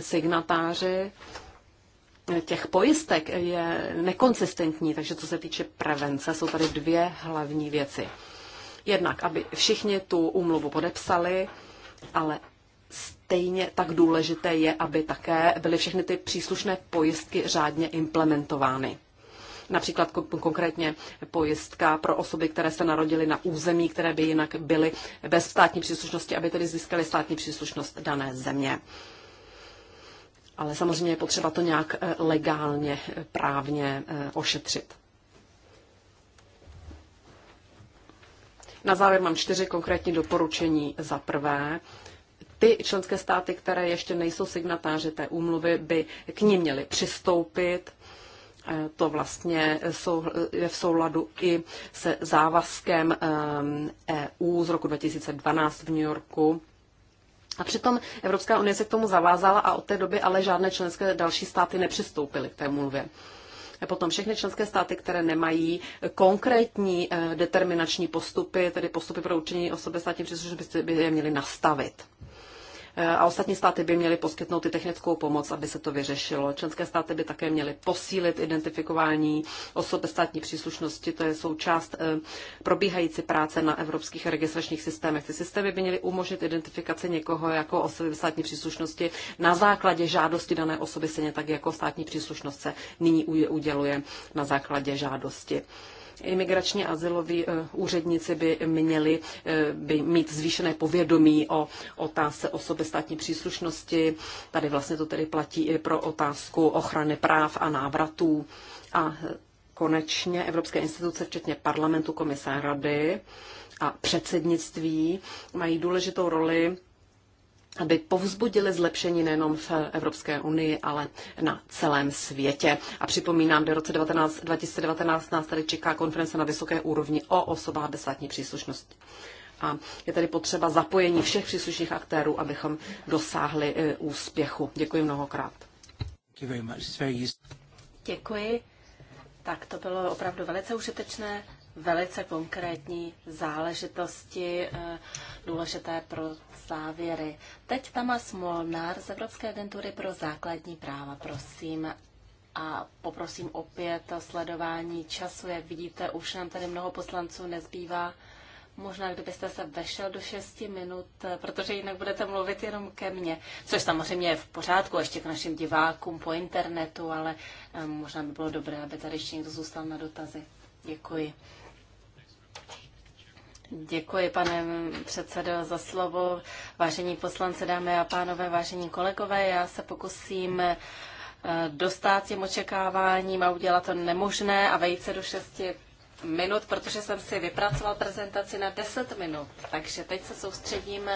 D: signatáři těch pojistek je nekonsistentní, takže co se týče prevence, jsou tady dvě hlavní věci. Jednak, aby všichni tu úmluvu podepsali, ale stejně tak důležité je, aby také byly všechny ty příslušné pojistky řádně implementovány například konkrétně pojistka pro osoby, které se narodily na území, které by jinak byly bez státní příslušnosti, aby tedy získaly státní příslušnost dané země. Ale samozřejmě je potřeba to nějak eh, legálně, eh, právně eh, ošetřit. Na závěr mám čtyři konkrétní doporučení. Za prvé, ty členské státy, které ještě nejsou signatáři té úmluvy, by k ní měly přistoupit to vlastně je v souladu i se závazkem EU ehm, e z roku 2012 v New Yorku. A přitom Evropská unie se k tomu zavázala a od té doby ale žádné členské další státy nepřistoupily k té mluvě. Potom všechny členské státy, které nemají konkrétní eh, determinační postupy, tedy postupy pro určení osoby státní příslušnosti, by je měly nastavit. Eh, a ostatní státy by měly poskytnout ty technickou pomoc, aby se to vyřešilo. Členské státy by také měly posílit identifikování osob bez státní příslušnosti. To je součást eh, probíhající práce na evropských registračních systémech. Ty systémy by měly umožnit identifikaci někoho jako osoby bez státní příslušnosti na základě žádosti dané osoby, stejně tak jako státní příslušnost se nyní uděluje na základě žádosti imigrační azyloví eh, úředníci by měli eh, by mít zvýšené povědomí o otázce osoby státní příslušnosti. Tady vlastně to tedy platí i pro otázku ochrany práv a návratů. A eh, konečně evropské instituce, včetně parlamentu, komise rady a předsednictví, mají důležitou roli aby povzbudili zlepšení nejenom v Evropské unii, ale na celém světě. A připomínám, že v roce 19, 2019 nás tady čeká konference na vysoké úrovni o osobách bez státní příslušnosti. A je tady potřeba zapojení všech příslušných aktérů, abychom dosáhli e, úspěchu. Děkuji mnohokrát.
B: Děkuji. Tak to bylo opravdu velice užitečné, velice konkrétní záležitosti, e, důležité pro závěry. Teď Tamas Molnár z Evropské agentury pro základní práva, prosím. A poprosím opět o sledování času. Jak vidíte, už nám tady mnoho poslanců nezbývá. Možná, kdybyste se vešel do 6 minut, protože jinak budete mluvit jenom ke mně, což samozřejmě je v pořádku, ještě k našim divákům po internetu, ale eh, možná by bylo dobré, aby tady ještě někdo zůstal na dotazy. Děkuji. Děkuji, pane předsedo, za slovo. Vážení poslance, dámy a pánové, vážení kolegové, já se pokusím eh, dostat těm očekáváním a udělat to nemožné a vejít se do šesti minut, protože jsem si vypracoval prezentaci na 10 minut. Takže teď se soustředím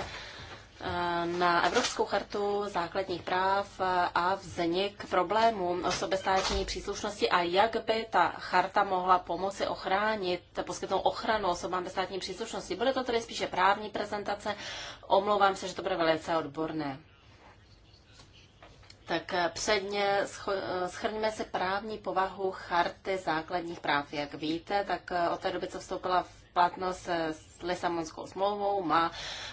B: Eh, na Evropskou chartu základních práv eh, a vznik problémů osoby státní příslušnosti a jak by ta charta mohla pomoci ochránit, poskytnout ochranu osobám bez státní příslušnosti. Bude to tedy spíše právní prezentace, omlouvám se, že to bude velice odborné. Tak eh, předně schrňme si právní povahu charty základních práv. Jak víte, tak od té doby, co vstoupila v platnost Lisabonskou smlouvou, má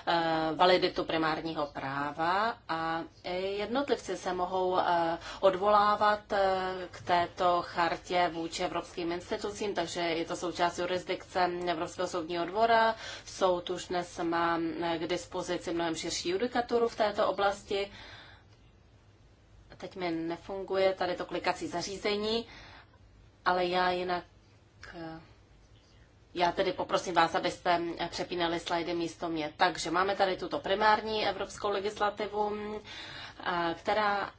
B: eh, validitu primárního práva a jednotlivci se mohou eh, odvolávat eh, k této chartě vůči evropským institucím, takže je to součást jurisdikce Evropského soudního dvora. Soud už dnes má k dispozici mnohem širší judikaturu v této oblasti. Teď mi nefunguje tady to klikací zařízení, ale já jinak já tedy poprosím vás, abyste eh, přepínali slajdy místo mě. Takže máme tady tuto primární evropskou legislativu, eh, která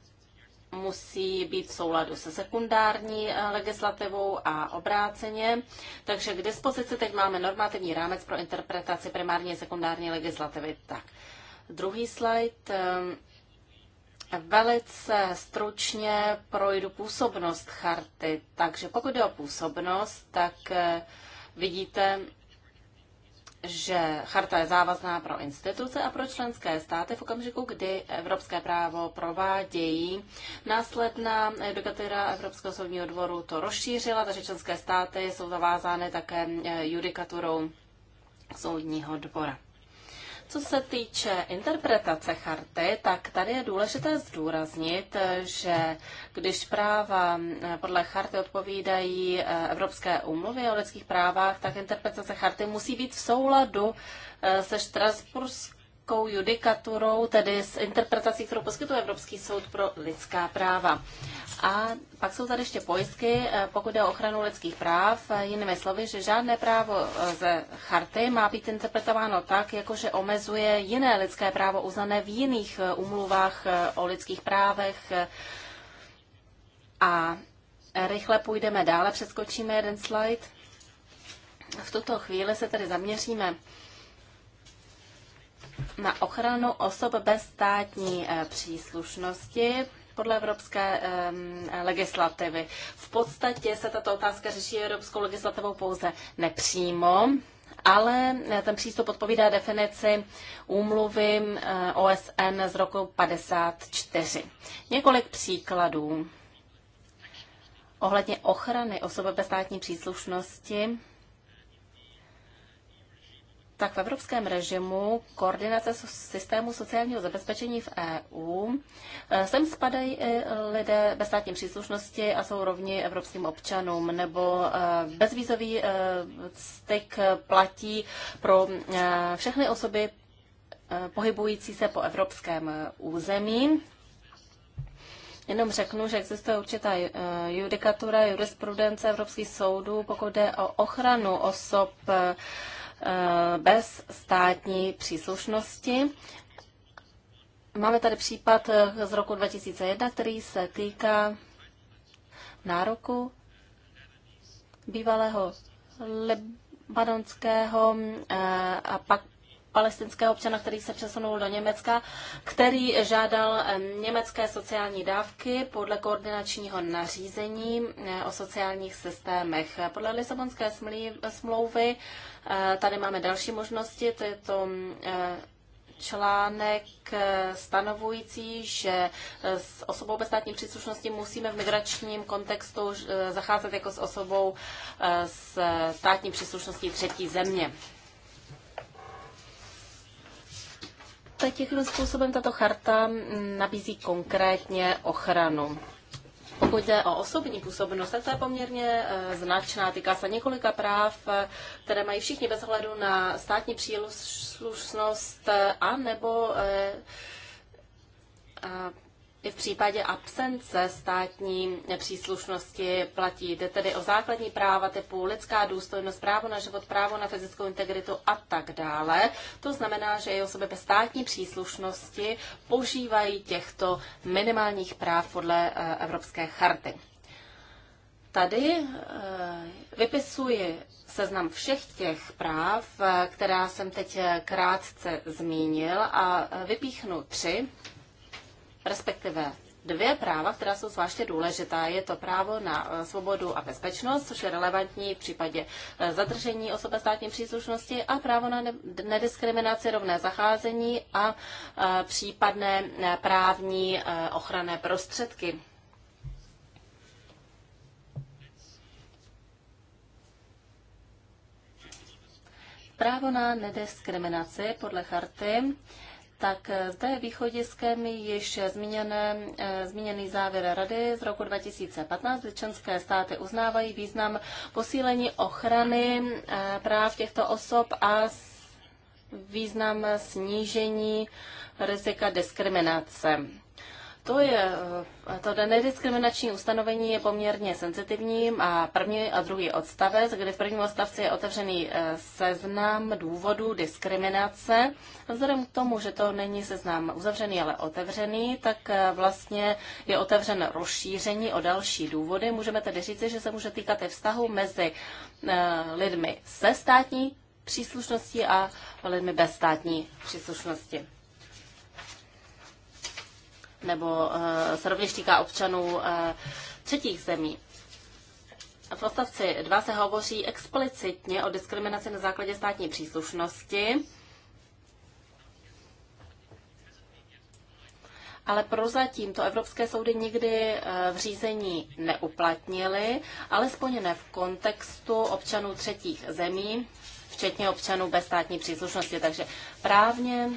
B: musí být v souladu se sekundární eh, legislativou a obráceně. Takže k dispozici teď máme normativní rámec pro interpretaci primární a sekundární legislativy. Tak, druhý slide. Velice stručně projdu působnost charty. Takže pokud jde o působnost, tak vidíte, že charta je závazná pro instituce a pro členské státy v okamžiku, kdy evropské právo provádějí. Následná judikatura Evropského soudního dvoru to rozšířila, takže členské státy jsou zavázány také judikaturou soudního dvora. Co se týče interpretace charty, tak tady je důležité zdůraznit, že když práva eh, podle charty odpovídají eh, Evropské úmluvě o lidských právách, tak interpretace charty musí být v souladu eh, se Štrasburskou evropskou judikaturou, tedy s interpretací, kterou poskytuje Evropský soud pro lidská práva. A pak jsou tady ještě pojistky, eh, pokud je o ochranu lidských práv, eh, jinými slovy, že žádné právo eh, ze charty má být interpretováno tak, jakože omezuje jiné lidské právo uznané v jiných umluvách o lidských právech a rychle půjdeme dále, přeskočíme jeden slide. V tuto chvíli se tedy zaměříme na ochranu osob bez státní eh, příslušnosti podle evropské um, legislativy. V podstatě se tato otázka řeší evropskou legislativou pouze nepřímo, ale eh, ten přístup odpovídá definici úmluvy eh, OSN z roku 54. Několik příkladů ohledně ochrany osoby bez státní příslušnosti tak v evropském režimu koordinace systému sociálního zabezpečení v EU eh, sem spadají i lidé ve státní příslušnosti a jsou rovni evropským občanům, nebo eh, bezvízový eh, styk platí pro všechny osoby pohybující se po evropském území. Jenom řeknu, že existuje určitá judikatura, jurisprudence Evropských soudů, pokud jde o ochranu osob Eh, bez státní příslušnosti. Máme tady případ eh, z roku 2001, který se týká nároku bývalého libanonského eh, a pak palestinského občana, který se přesunul do Německa, který žádal německé sociální dávky podle koordinačního nařízení eh, o sociálních systémech. Podle Lisabonské smlouvy eh, tady máme další možnosti, to je to mm, eh, článek stanovující, že s osobou bez státní příslušnosti musíme v migračním kontextu zacházet jako s osobou s státní příslušností třetí země. Teď jakým způsobem tato charta mm, nabízí konkrétně ochranu? Pokud jde o osobní působnost, tak to je poměrně e, značná. Týká se několika práv, e, které mají všichni bez ohledu na státní příslušnost e, a nebo i v případě absence státní příslušnosti platí. Jde tedy o základní práva typu lidská důstojnost, právo na život, právo na fyzickou integritu a tak dále. To znamená, že i osoby bez státní příslušnosti požívají těchto minimálních práv podle eh, Evropské charty. Tady eh, vypisuji seznam všech těch práv, eh, která jsem teď krátce zmínil a vypíchnu tři, respektive dvě práva, která jsou zvláště důležitá. Je to právo na eh, svobodu a bezpečnost, což je relevantní v případě eh, zadržení osoby státní příslušnosti a právo na nediskriminaci, rovné zacházení a eh, případné právní ochranné prostředky. Právo na nediskriminaci podle charty tak zde eh, je východiskem již zmíněné, eh, zmíněný závěr Rady z roku 2015, kdy členské státy uznávají význam posílení ochrany eh, práv těchto osob a význam snížení rizika diskriminace. To je, eh, to nediskriminační ustanovení je poměrně senzitivním a první a druhý odstavec, kde v prvním odstavci je otevřený eh, seznam důvodů diskriminace. Vzhledem k tomu, že to není seznam uzavřený, ale otevřený, tak eh, vlastně je otevřen rozšíření o další důvody. Můžeme tedy říci, že se může týkat i vztahu mezi lidmi se státní příslušností a lidmi bez státní příslušnosti nebo eh, se rovněž týká občanů eh, třetích zemí. V odstavci 2 se hovoří explicitně o diskriminaci na základě státní příslušnosti, ale prozatím to evropské soudy nikdy eh, v řízení neuplatnily, alespoň ne v kontextu občanů třetích zemí, včetně občanů bez státní příslušnosti. Takže právně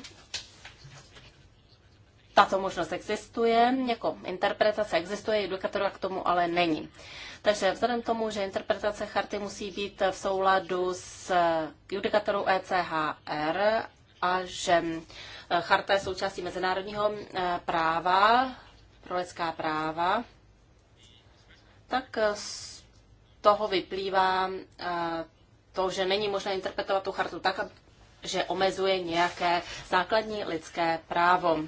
B: tato možnost existuje, jako interpretace existuje, judikatura k tomu ale není. Takže vzhledem k tomu, že interpretace charty musí být v souladu s judikatorou ECHR a že e, charta je součástí mezinárodního e, práva pro lidská práva, tak e, z toho vyplývá to, že není možné interpretovat tu chartu tak, že omezuje nějaké základní lidské právo.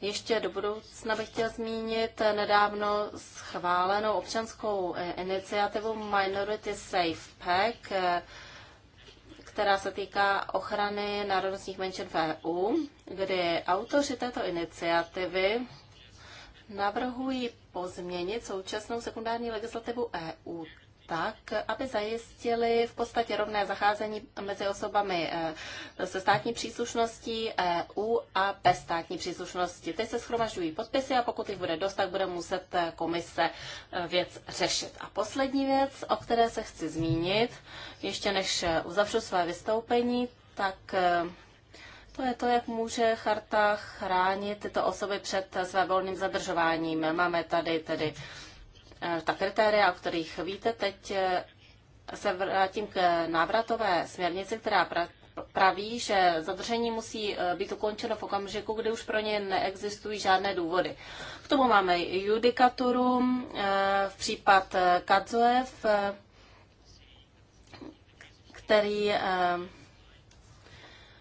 B: Ještě do budoucna bych chtěl zmínit nedávno schválenou občanskou eh, iniciativu Minority Safe Pack, eh, která se týká ochrany národnostních menšin v EU, kdy autoři této iniciativy navrhují pozměnit současnou sekundární legislativu EU tak, aby zajistili v podstatě rovné zacházení mezi osobami eh, se státní příslušností EU a bez státní příslušnosti. Teď se schromažďují podpisy a pokud jich bude dost, tak bude muset eh, komise eh, věc řešit. A poslední věc, o které se chci zmínit, ještě než uzavřu své vystoupení, tak to je to, jak může charta chránit tyto osoby před volným zadržováním. Máme tady tedy Eh, ta kritéria, o kterých víte, teď eh, se vrátím k návratové směrnici, která praví, že zadržení musí eh, být ukončeno v okamžiku, kdy už pro ně neexistují žádné důvody. K tomu máme judikaturu, v případ Kadzoev, který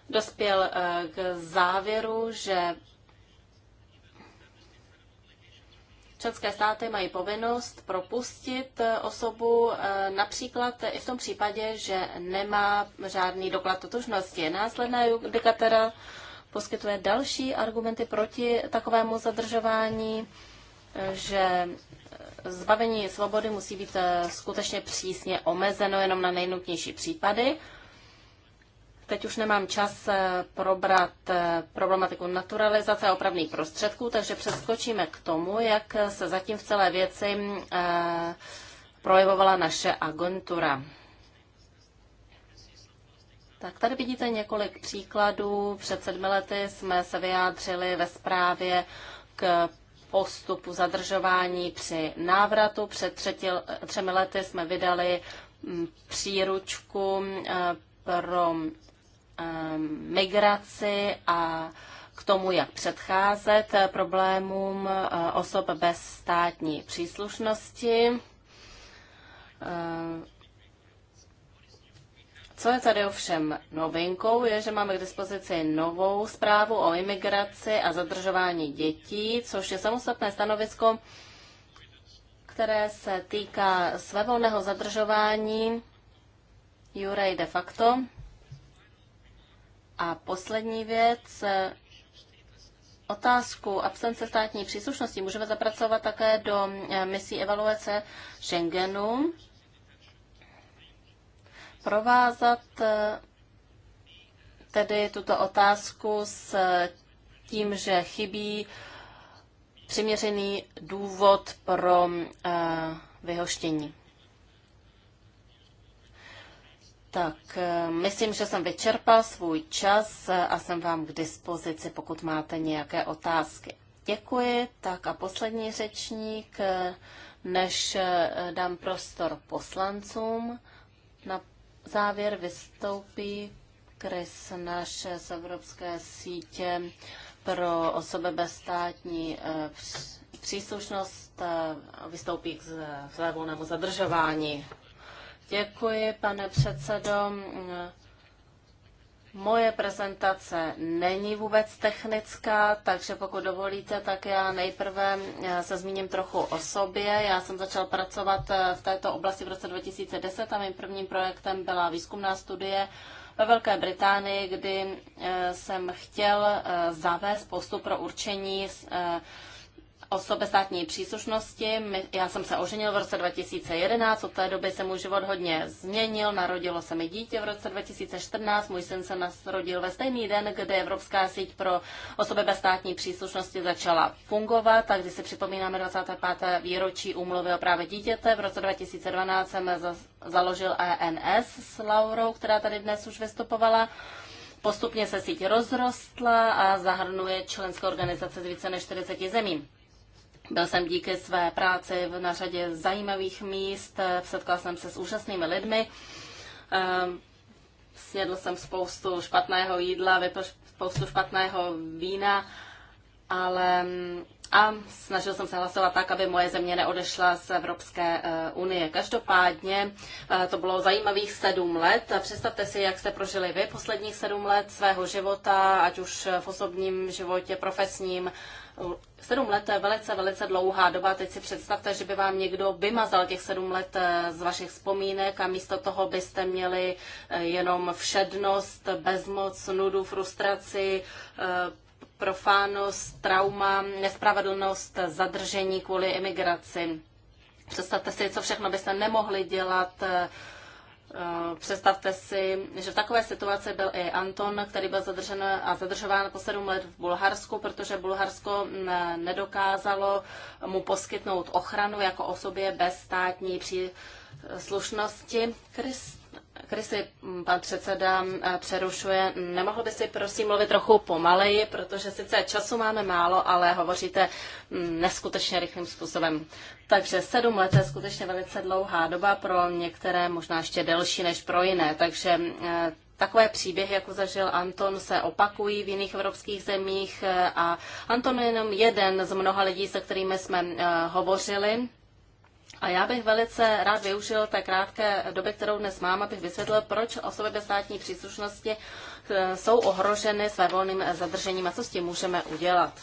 B: dospěl k závěru, že Členské státy mají povinnost propustit eh, osobu eh, například i v tom případě, že nemá žádný doklad totožnosti. Následná judikatera poskytuje další argumenty proti takovému zadržování, eh, že zbavení svobody musí být skutečně přísně omezeno jenom na nejnutnější případy Teď už nemám čas eh, probrat eh, problematiku naturalizace a opravných prostředků, takže přeskočíme k tomu, jak se zatím v celé věci eh, projevovala naše agentura. Tak tady vidíte několik příkladů. Před sedmi lety jsme se vyjádřili ve zprávě k postupu zadržování při návratu. Před třetí, třemi lety jsme vydali mm, příručku pro Um, migraci a k tomu, jak předcházet problémům uh, osob bez státní příslušnosti. Uh, co je tady ovšem novinkou, je, že máme k dispozici novou zprávu o imigraci a zadržování dětí, což je samostatné stanovisko, které se týká svévolného zadržování Jurej de facto. A poslední věc, otázku absence státní příslušnosti můžeme zapracovat také do eh, misí evaluace Schengenu, provázat eh, tedy tuto otázku s eh, tím, že chybí přiměřený důvod pro vyhoštění. Tak eh, myslím, že jsem vyčerpal svůj čas eh, a jsem vám k dispozici, pokud máte nějaké otázky. Děkuji. Tak a poslední řečník, eh, než dám prostor poslancům, na závěr vystoupí Chris Naš z Evropské sítě pro osoby bez státní příslušnost vystoupí k zlévolnému zadržování. Děkuji, pane předsedo. Moje prezentace není vůbec technická, takže pokud dovolíte, tak já nejprve se zmíním trochu o sobě. Já jsem začal pracovat eh, v této oblasti v roce 2010 a mým prvním projektem byla výzkumná studie ve Velké Británii, kdy eh, jsem chtěl eh, zavést postup pro určení osob státní příslušnosti. Já jsem se oženil v roce 2011, od té doby se můj život hodně změnil, narodilo se mi dítě v roce 2014, můj syn se narodil ve stejný den, kdy Evropská síť pro osoby bez státní příslušnosti začala fungovat tak když si připomínáme 25. výročí úmluvy o právě dítěte, v roce 2012 jsem založil ENS s Laurou, která tady dnes už vystupovala. Postupně se síť rozrostla a zahrnuje členské organizace z více než 40 zemí. Byl jsem díky své práci na řadě zajímavých míst, eh, setkal jsem se s úžasnými lidmi, ehm, snědl jsem spoustu špatného jídla, vypil spoustu špatného vína, ale mm, a snažil jsem se hlasovat tak, aby moje země neodešla z Evropské eh, unie. Každopádně eh, to bylo zajímavých sedm let. Představte si, jak jste prožili vy posledních sedm let svého života, ať už v osobním životě, profesním, Sedm let to je velice, velice dlouhá doba. Teď si představte, že by vám někdo vymazal těch sedm let eh, z vašich vzpomínek a místo toho byste měli eh, jenom všednost, bezmoc, nudu, frustraci, eh, profánost, trauma, nespravedlnost, zadržení kvůli imigraci. Představte si, co všechno byste nemohli dělat, Eh, představte si, že v takové situaci byl i Anton, který byl zadržen a zadržován po sedm let v Bulharsku, protože Bulharsko mm, nedokázalo mu poskytnout ochranu jako osobě bez státní příslušnosti. Chris Krysy, pan předseda eh, přerušuje. Nemohl by si prosím mluvit trochu pomaleji, protože sice času máme málo, ale hovoříte mm, neskutečně rychlým způsobem. Takže sedm let je skutečně velice dlouhá doba pro některé, možná ještě delší než pro jiné. Takže eh, Takové příběhy, jako zažil Anton, se opakují v jiných evropských zemích eh, a Anton je jenom jeden z mnoha lidí, se kterými jsme hovořili a já bych velice rád využil té krátké doby, kterou dnes mám, abych vysvětlil, proč osoby bez státní příslušnosti eh, jsou ohroženy své volným eh, zadržením a co s tím můžeme udělat.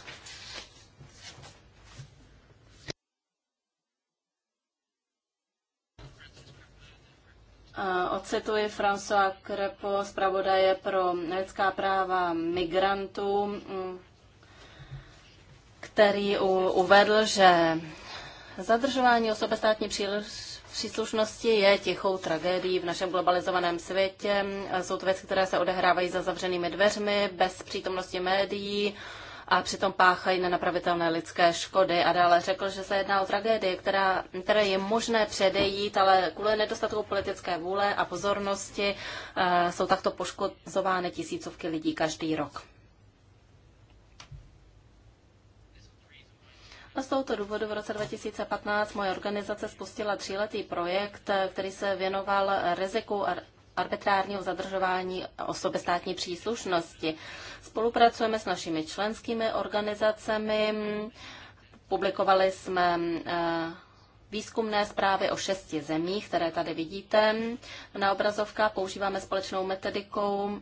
B: Eh, ocituji François Krepo, zpravodaje pro lidská práva migrantů, mm, který uvedl, že Zadržování osob státní příslušnosti je tichou tragédií v našem globalizovaném světě. Jsou to věci, které se odehrávají za zavřenými dveřmi, bez přítomnosti médií a přitom páchají nenapravitelné lidské škody. A dále řekl, že se jedná o tragédii, která, které je možné předejít, ale kvůli nedostatku politické vůle a pozornosti eh, jsou takto poškozovány tisícovky lidí každý rok. A z tohoto důvodu v roce 2015 moje organizace spustila tříletý projekt, který se věnoval riziku arbitrárního zadržování osoby státní příslušnosti. Spolupracujeme s našimi členskými organizacemi, publikovali jsme eh, výzkumné zprávy o šesti zemích, které tady vidíte na obrazovkách. Používáme společnou metodikou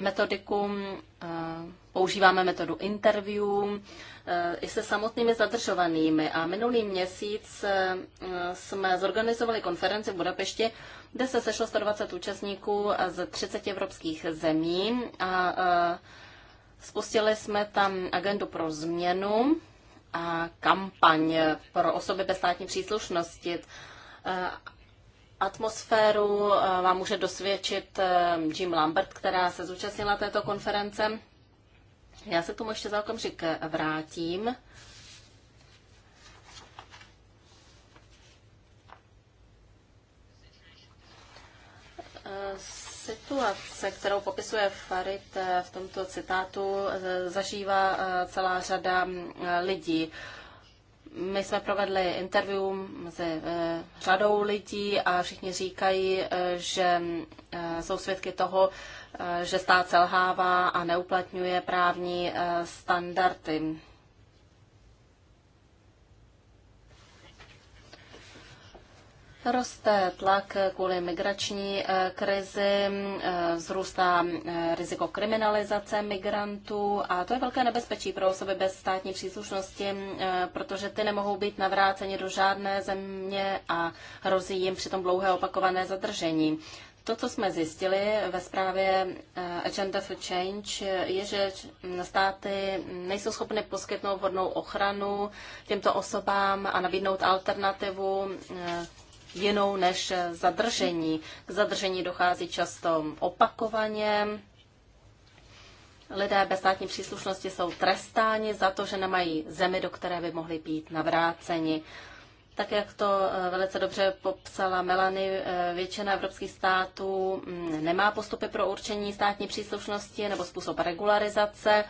B: metodiku, eh, používáme metodu interview eh, i se samotnými zadržovanými. A minulý měsíc eh, jsme zorganizovali konferenci v Budapešti, kde se sešlo 120 účastníků z 30 evropských zemí a spustili jsme tam agendu pro změnu a kampaň pro osoby bez státní příslušnosti Atmosféru eh, vám může dosvědčit eh, Jim Lambert, která se zúčastnila této konference. Já se tomu ještě za okamžik vrátím. Eh, situace, kterou popisuje Farid v tomto citátu, zažívá celá řada mm, lidí. My jsme provedli interview mezi eh, řadou lidí a všichni říkají, eh, že eh, jsou svědky toho, že stát selhává a neuplatňuje právní standardy. Roste tlak kvůli migrační eh, krizi, eh, vzrůstá eh, riziko kriminalizace migrantů a to je velké nebezpečí pro osoby bez státní příslušnosti, protože ty nemohou být navráceni do žádné země a hrozí jim přitom dlouhé opakované zadržení. To, co jsme zjistili ve zprávě Agenda for Change, je, že státy nejsou schopny poskytnout vhodnou ochranu těmto osobám a nabídnout alternativu jinou než zadržení. K zadržení dochází často opakovaně. Lidé bez státní příslušnosti jsou trestáni za to, že nemají zemi, do které by mohli být navráceni. Tak, jak to eh, velice dobře popsala Melanie, eh, většina evropských států mm, nemá postupy pro určení státní příslušnosti nebo způsob regularizace.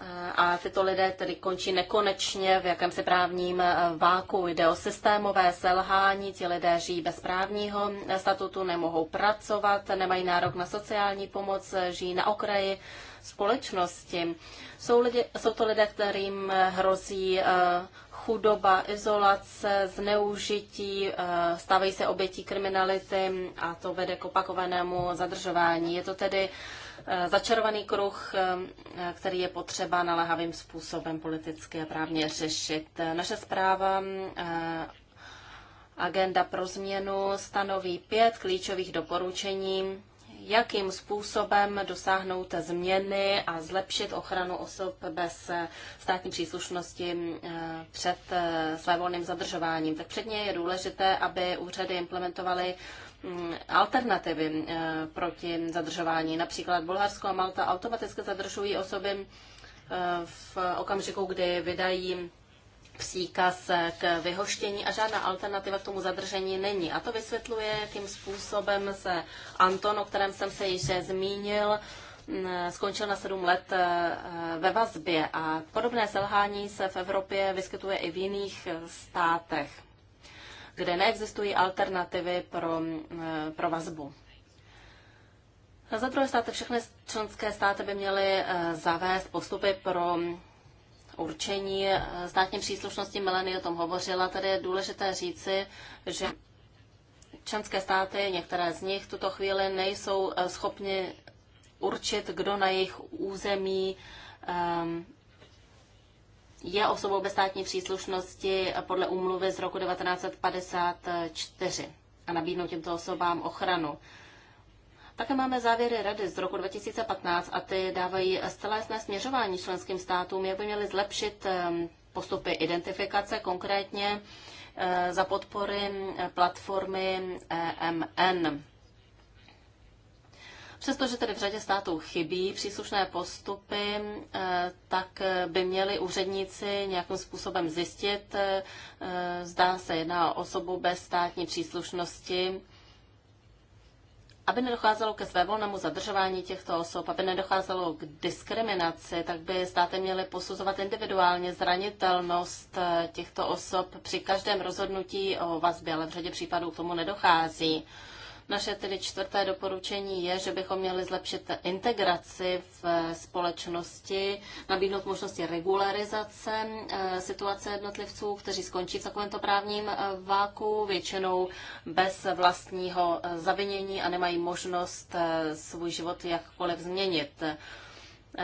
B: Eh, a tyto lidé tedy končí nekonečně v jakémsi právním eh, váku. Jde o systémové selhání, ti lidé žijí bez právního eh, statutu, nemohou pracovat, nemají nárok na sociální pomoc, žijí na okraji společnosti. Jsou, lidi, jsou to lidé, kterým hrozí chudoba, izolace, zneužití, stávají se obětí kriminality a to vede k opakovanému zadržování. Je to tedy Eh, začarovaný kruh, eh, který je potřeba naléhavým způsobem politicky a právně řešit. Eh, naše zpráva Agenda pro změnu stanoví pět klíčových doporučení, jakým způsobem dosáhnout změny a zlepšit ochranu osob bez státní příslušnosti před svévolným zadržováním. Tak předně je důležité, aby úřady implementovaly Mm, alternativy eh, proti zadržování. Například Bulharsko a Malta automaticky zadržují osoby eh, v okamžiku, kdy vydají příkaz k vyhoštění a žádná alternativa k tomu zadržení není. A to vysvětluje tím způsobem se Anton, o kterém jsem se již zmínil, mm, skončil na sedm let eh, ve vazbě a podobné selhání se v Evropě vyskytuje i v jiných státech kde neexistují alternativy pro, eh, pro vazbu. A za druhé státy, všechny členské státy by měly eh, zavést postupy pro určení eh, státní příslušnosti. Melanie o tom hovořila. Tady je důležité říci, že členské státy, některé z nich, v tuto chvíli nejsou schopni určit, kdo na jejich území ehm, je osobou bez státní příslušnosti podle úmluvy z roku 1954 a nabídnout těmto osobám ochranu. Také máme závěry Rady z roku 2015 a ty dávají zcela jasné směřování členským státům, jak by měly zlepšit ehm, postupy identifikace, konkrétně eh, za podpory platformy eh, MN. Přestože tedy v řadě států chybí příslušné postupy, eh, tak eh, by měli úředníci nějakým způsobem zjistit, eh, zdá se jedná o osobu bez státní příslušnosti, aby nedocházelo ke svévolnému zadržování těchto osob, aby nedocházelo k diskriminaci, tak by státy měly posuzovat individuálně zranitelnost těchto osob při každém rozhodnutí o vazbě, ale v řadě případů k tomu nedochází. Naše tedy čtvrté doporučení je, že bychom měli zlepšit integraci v eh, společnosti, nabídnout možnosti regularizace eh, situace jednotlivců, kteří skončí v takovémto právním eh, váku, většinou bez vlastního zavinění a nemají možnost svůj život jakkoliv změnit.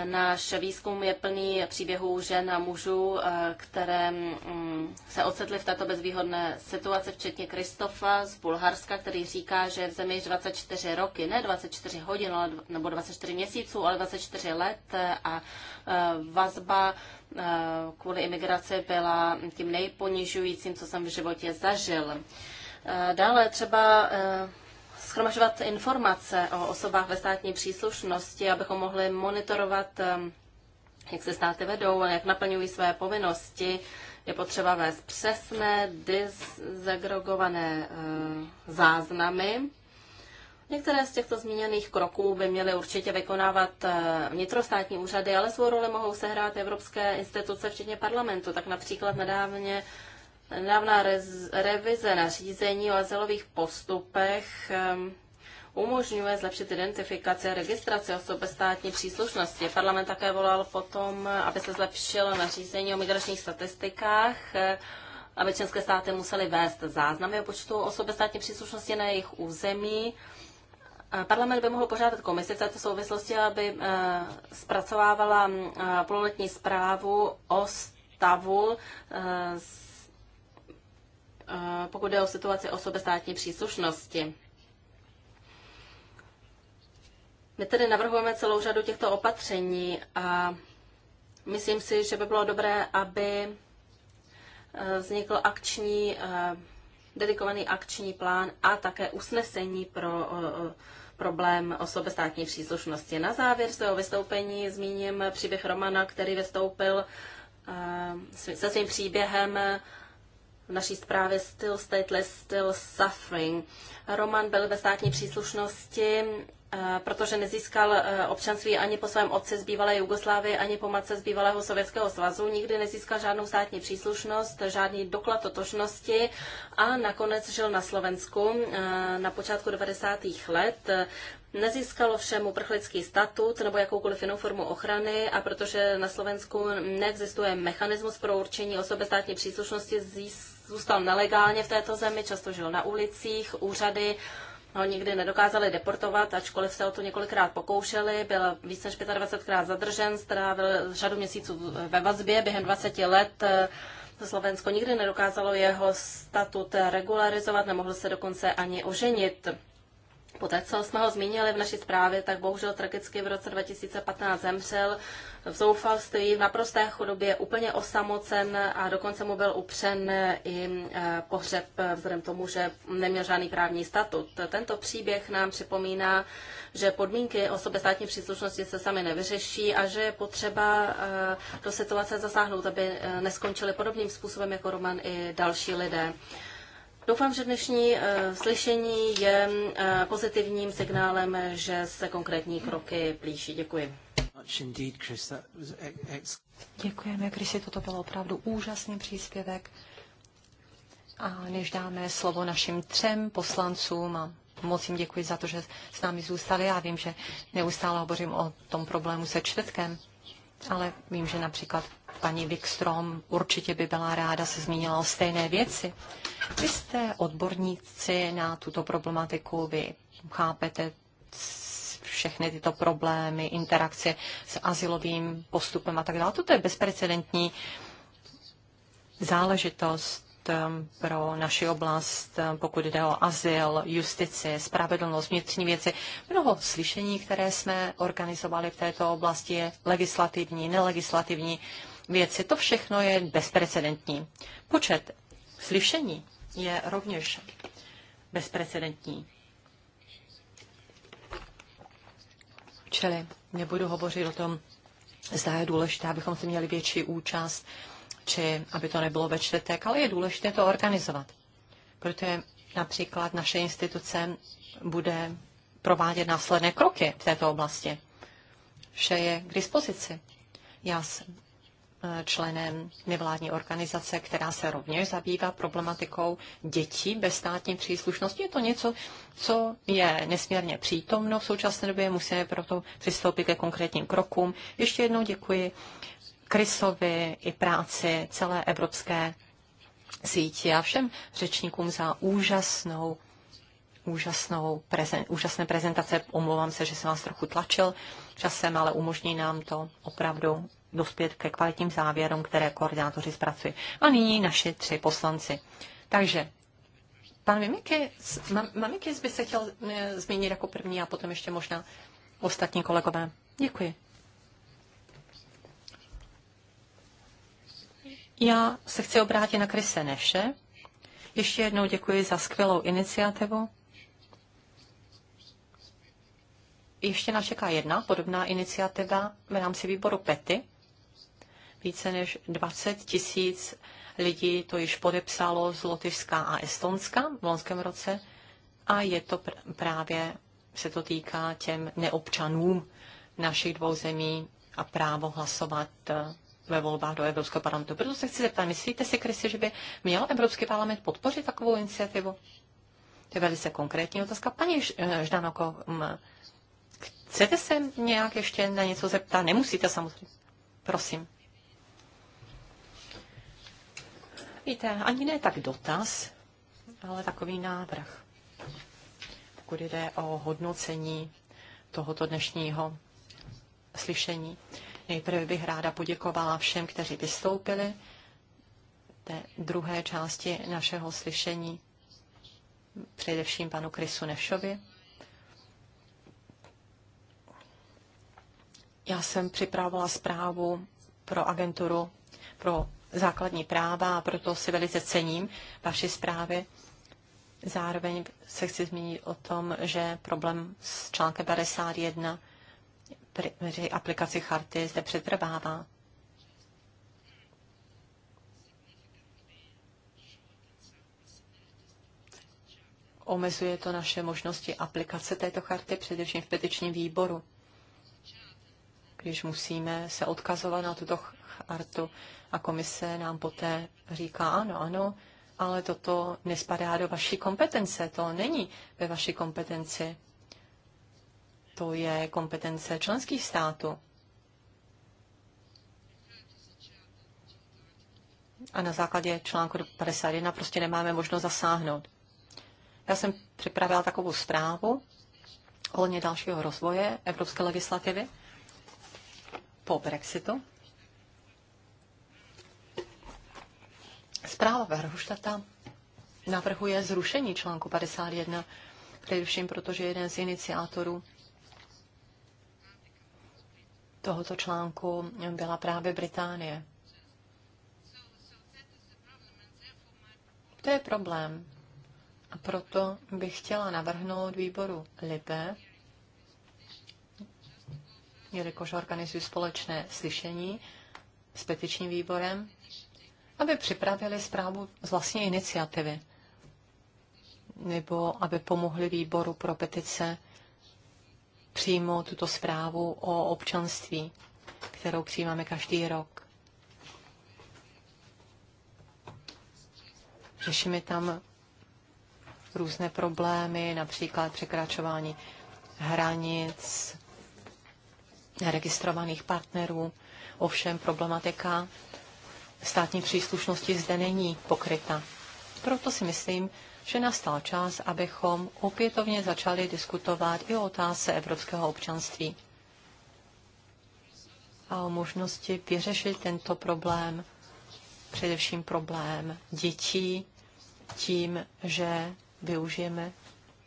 B: Náš výzkum je plný příběhů žen a mužů, eh, které mm, se ocitly v této bezvýhodné situaci, včetně Kristofa z Bulharska, který říká, že v zemi již 24 roky, ne 24 hodin nebo 24 měsíců, ale 24 let eh, a eh, vazba kvůli imigraci byla tím nejponižujícím, co jsem v životě zažil. Dále třeba schromažovat informace o osobách ve státní příslušnosti, abychom mohli monitorovat, ehm, jak se státy vedou, jak naplňují své povinnosti. Je potřeba vést přesné, dizagregované eh, záznamy. Některé z těchto zmíněných kroků by měly určitě vykonávat eh, vnitrostátní úřady, ale svou roli mohou sehrát evropské instituce, včetně parlamentu. Tak například nedávně Nedávná revize nařízení o azylových postupech ehm, umožňuje zlepšit identifikaci a registraci osob bez státní příslušnosti. Parlament také volal potom, eh, aby se zlepšilo nařízení o migračních statistikách, eh, aby členské státy musely vést záznamy o počtu osob bez státní příslušnosti na jejich území. Parlament by mohl požádat komisi v této souvislosti, aby eh, zpracovávala mm, pololetní zprávu o stavu Eh, pokud jde o situaci osoby státní příslušnosti. My tedy navrhujeme celou řadu těchto opatření a myslím si, že by bylo dobré, aby eh, vznikl akční, eh, dedikovaný akční plán a také usnesení pro problém osoby státní příslušnosti. Na závěr svého vystoupení zmíním příběh Romana, který vystoupil se svým příběhem v naší zprávě Still Stateless, Still Suffering. Roman byl ve státní příslušnosti eh, protože nezískal eh, občanství ani po svém otci z bývalé Jugoslávie, ani po matce z bývalého Sovětského svazu, nikdy nezískal žádnou státní příslušnost, žádný doklad totožnosti a nakonec žil na Slovensku eh, na počátku 90. let. Nezískal všem uprchlický statut nebo jakoukoliv jinou formu ochrany a protože na Slovensku neexistuje mechanismus pro určení osoby státní příslušnosti, získal zůstal nelegálně v této zemi, často žil na ulicích, úřady ho nikdy nedokázali deportovat, ačkoliv se o to několikrát pokoušeli, byl více než 25krát zadržen, strávil řadu měsíců ve vazbě, během 20 let eh, Slovensko nikdy nedokázalo jeho statut regularizovat, nemohl se dokonce ani oženit. Poté, co jsme ho zmínili v naší zprávě, tak bohužel tragicky v roce 2015 zemřel v zoufalství, v naprosté chudobě, úplně osamocen a dokonce mu byl upřen i e, pohřeb vzhledem tomu, že neměl žádný právní statut. Tento příběh nám připomíná, že podmínky osoby státní příslušnosti se sami nevyřeší a že je potřeba e, do situace zasáhnout, aby e, neskončili podobným způsobem jako Roman i další lidé. Doufám, že dnešní eh, slyšení je eh, pozitivním signálem, že se konkrétní kroky blíží.
A: Děkuji.
C: Děkujeme, Krisi, toto bylo opravdu úžasný příspěvek. A než dáme slovo našim třem poslancům a moc jim děkuji za to, že s námi zůstali. Já vím, že neustále hovořím o tom problému se čtvrtkem, ale vím, že například paní Wikstrom určitě by byla ráda se zmínila o stejné věci. Vy jste odborníci na tuto problematiku, vy chápete všechny tyto problémy, interakce s asilovým postupem a tak dále. Toto je bezprecedentní záležitost um, pro naši oblast, um, pokud jde o azyl, justici, spravedlnost, vnitřní věci. Mnoho slyšení, které jsme organizovali v této oblasti, je legislativní, nelegislativní věci. To všechno je bezprecedentní. Počet slyšení je rovněž bezprecedentní. Čili nebudu hovořit o tom, zda je důležité, abychom si měli větší účast, či aby to nebylo ve čtvrtek, ale je důležité to organizovat. Protože například naše instituce bude provádět následné kroky v této oblasti. Vše je k dispozici. Já jsem členem nevládní organizace, která se rovněž zabývá problematikou dětí bez státní příslušnosti. Je to něco, co je nesmírně přítomno v současné době, musíme proto přistoupit ke konkrétním krokům. Ještě jednou děkuji Krysovi i práci celé evropské síti a všem řečníkům za úžasnou úžasnou prezen, úžasné prezentace. Omlouvám se, že jsem vás trochu tlačil časem, ale umožní nám to opravdu dospět ke kvalitním závěrům, které koordinátoři zpracují. A nyní naši tři poslanci. Takže pan Mimikis, Mimikis by se chtěl eh, zmínit jako první a potom ještě možná ostatní kolegové. Děkuji. Já se chci obrátit na Krise Neše. Ještě jednou děkuji za skvělou iniciativu. Ještě nás čeká jedna podobná iniciativa v rámci výboru PETY. Více než 20 tisíc lidí to již podepsalo z Lotyšska a Estonska v loňském roce a je to pr- právě, se to týká těm neobčanům našich dvou zemí a právo hlasovat eh, ve volbách do Evropského parlamentu. Proto se chci zeptat, myslíte si, Kristi, že by měl Evropský parlament podpořit takovou iniciativu? To je velice konkrétní otázka. Paní eh, Ždanoko, mm, chcete se nějak ještě na něco zeptat? Nemusíte samozřejmě. Prosím. Víte, ani ne tak dotaz, ale takový návrh, pokud jde o hodnocení tohoto dnešního slyšení. Nejprve bych ráda poděkovala všem, kteří vystoupili té druhé části našeho slyšení, především panu Krisu Nešovi. Já jsem připravovala zprávu pro agenturu pro základní práva a proto si velice cením vaši zprávy. Zároveň se chci zmínit o tom, že problém s článkem 51 při aplikaci charty zde přetrvává. Omezuje to naše možnosti aplikace této charty, především v petičním výboru, když musíme se odkazovat na tuto artu a komise nám poté říká ano, ano, ale toto nespadá do vaší kompetence, to není ve vaší kompetenci. To je kompetence členských států. A na základě článku 51 prostě nemáme možnost zasáhnout. Já jsem připravila takovou zprávu ohledně dalšího rozvoje evropské legislativy po Brexitu. Zpráva Verhoštata navrhuje zrušení článku 51, především protože jeden z iniciátorů tohoto článku byla právě Británie. To je problém. A proto bych chtěla navrhnout výboru LIBE, jelikož organizuji společné slyšení s petičním výborem, aby připravili zprávu z vlastní iniciativy nebo aby pomohli výboru pro petice přijmout tuto zprávu o občanství, kterou přijímáme každý rok. Řešíme tam různé problémy, například překračování hranic, registrovaných partnerů. Ovšem problematika státní příslušnosti zde není pokryta. Proto si myslím, že nastal čas, abychom opětovně začali diskutovat i o otázce evropského občanství a o možnosti vyřešit tento problém, především problém dětí, tím, že využijeme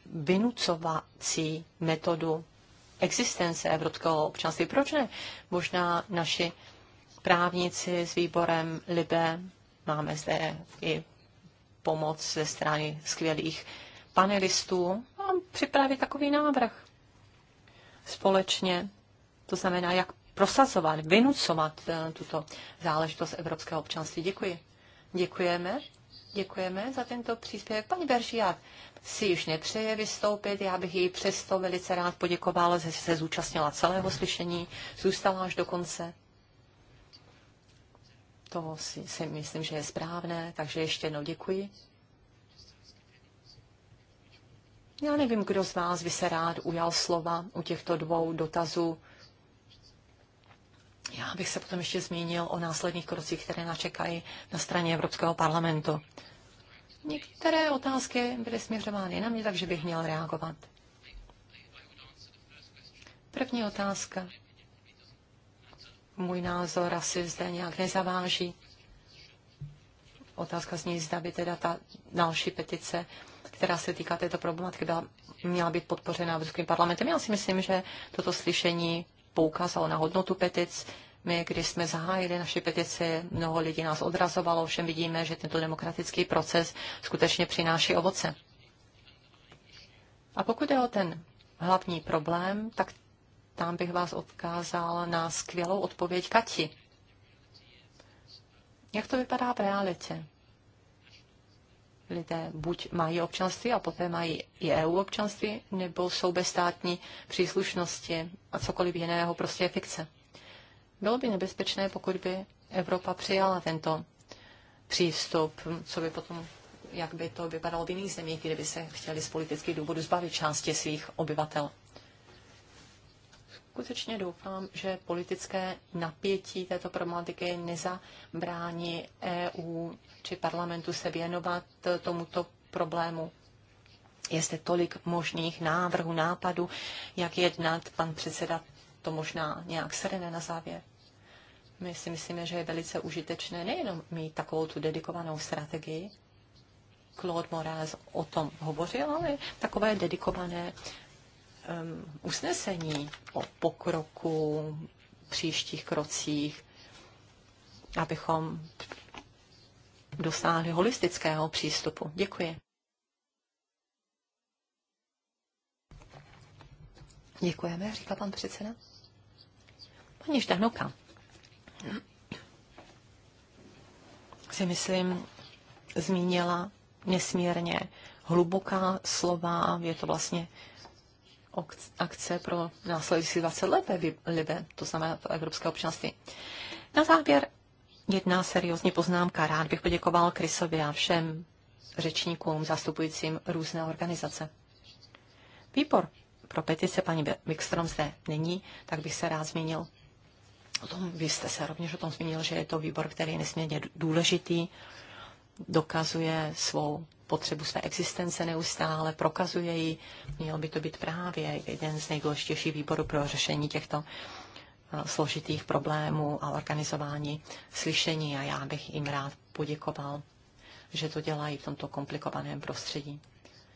C: vynucovací metodu existence evropského občanství. Proč ne? Možná naši právníci s výborem LIBE. Máme zde i pomoc ze strany skvělých panelistů a připravit takový návrh společně. To znamená, jak prosazovat, vynucovat eh, tuto záležitost evropského občanství. Děkuji. Děkujeme. Děkujeme za tento příspěvek. Paní Beržiak si již nepřeje vystoupit, já bych jí přesto velice rád poděkovala, že se zúčastnila celého slyšení, zůstala až do konce. To si, si myslím, že je správné, takže ještě jednou děkuji. Já nevím, kdo z vás by se rád ujal slova u těchto dvou dotazů. Já bych se potom ještě zmínil o následných krocích, které nás čekají na straně Evropského parlamentu. Některé otázky byly směřovány na mě, takže bych měl reagovat. První otázka můj názor asi zde nějak nezaváží. Otázka zní, zda by teda ta další petice, která se týká této problematiky, byla, měla být podpořena Evropským parlamentem. Já si myslím, že toto slyšení poukázalo na hodnotu petic. My, když jsme zahájili naši petici, mnoho lidí nás odrazovalo, ovšem vidíme, že tento demokratický proces skutečně přináší ovoce. A pokud je o ten hlavní problém, tak tam bych vás odkázal na skvělou odpověď Kati. Jak to vypadá v realitě? Lidé buď mají občanství a poté mají i EU občanství, nebo jsou bezstátní státní příslušnosti a cokoliv jiného, prostě je fikce. Bylo by nebezpečné, pokud by Evropa přijala tento přístup, co by potom, jak by to vypadalo v jiných zemích, kdyby se chtěli z politických důvodů zbavit části svých obyvatel skutečně doufám, že politické napětí této problematiky nezabrání EU či parlamentu se věnovat tomuto problému. Jestli tolik možných návrhů, nápadů, jak jednat. Pan předseda to možná nějak srne na závěr. My si myslíme, že je velice užitečné nejenom mít takovou tu dedikovanou strategii, Claude Moraes o tom hovořil, ale takové dedikované Um, usnesení o pokroku, příštích krocích, abychom dosáhli holistického přístupu. Děkuji. Děkujeme, říká pan předseda. Paní Štanuka, si myslím, zmínila nesmírně hluboká slova, je to vlastně akce pro následující 20 let ve Libe, to znamená v evropské občanství. Na závěr jedna seriózní poznámka. Rád bych poděkoval Krysovi a všem řečníkům zastupujícím různé organizace. Výbor pro petice paní Wikstrom zde není, tak bych se rád zmínil o tom, vy jste se rovněž o tom zmínil, že je to výbor, který je nesmírně důležitý dokazuje svou potřebu své existence neustále, prokazuje ji. Měl by to být právě jeden z nejdůležitějších výborů pro řešení těchto eh, složitých problémů a organizování slyšení a já bych jim rád poděkoval, že to dělají v tomto komplikovaném prostředí.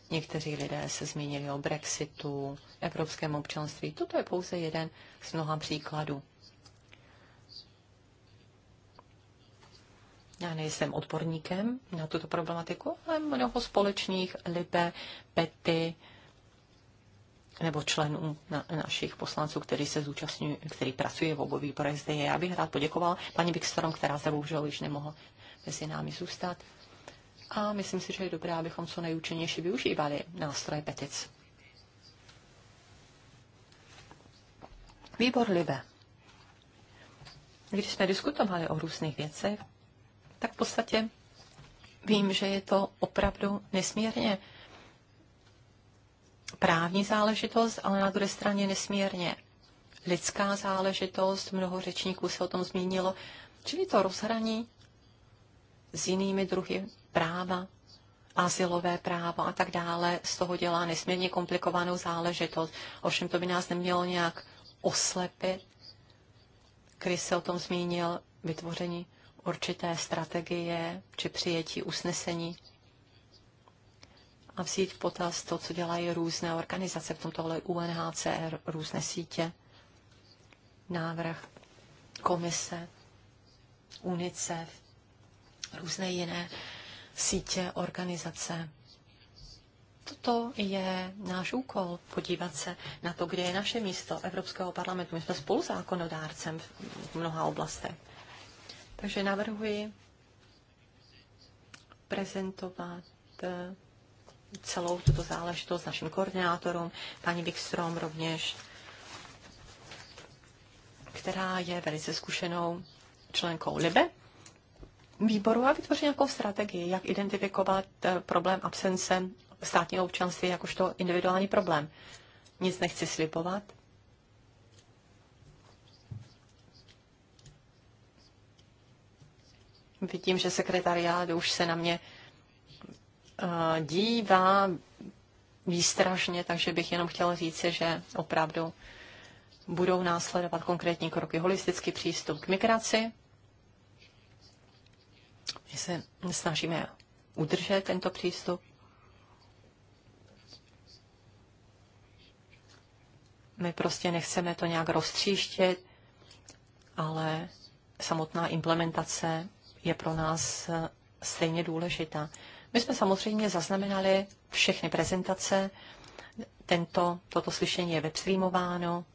C: Někteří lidé se zmínili o Brexitu, evropském občanství. Toto je pouze jeden z mnoha příkladů. já nejsem odborníkem na tuto problematiku, ale mnoho společných libe, pety nebo členů na, našich poslanců, kteří se zúčastňují, kteří pracují v obou výborech zde. Já bych rád poděkoval paní Bixterom, která se bohužel již nemohla mezi námi zůstat. A myslím si, že je dobré, abychom co nejúčinnější využívali nástroje petic. Výbor Libe. Když jsme diskutovali o různých věcech, tak v podstatě vím, že je to opravdu nesmírně právní záležitost, ale na druhé straně nesmírně lidská záležitost. Mnoho řečníků se o tom zmínilo. Čili to rozhraní s jinými druhy práva, asilové právo a tak dále, z toho dělá nesmírně komplikovanou záležitost. Ovšem to by nás nemělo nějak oslepit. Chris se o tom zmínil, vytvoření určité strategie či přijetí usnesení a vzít v potaz to, co dělají různé organizace, v tomto UNHCR, různé sítě, návrh komise, UNICEF, různé jiné sítě, organizace. Toto je náš úkol, podívat se na to, kde je naše místo Evropského parlamentu. My jsme spoluzákonodárcem v mnoha oblastech. Takže navrhuji prezentovat eh, celou tuto záležitost našim koordinátorům, paní Wikstrom rovněž, která je velice zkušenou členkou LIBE výboru a vytvoří nějakou strategii, jak identifikovat eh, problém absence státního občanství jakožto individuální problém. Nic nechci slibovat, Vidím, že sekretariát už se na mě eh, dívá výstražně, takže bych jenom chtěla říci, že opravdu budou následovat konkrétní kroky. Holistický přístup k migraci. My se snažíme udržet tento přístup. My prostě nechceme to nějak roztříštit, ale samotná implementace je pro nás eh, stejně důležitá. My jsme samozřejmě zaznamenali všechny prezentace. Tento, toto slyšení je webstreamováno.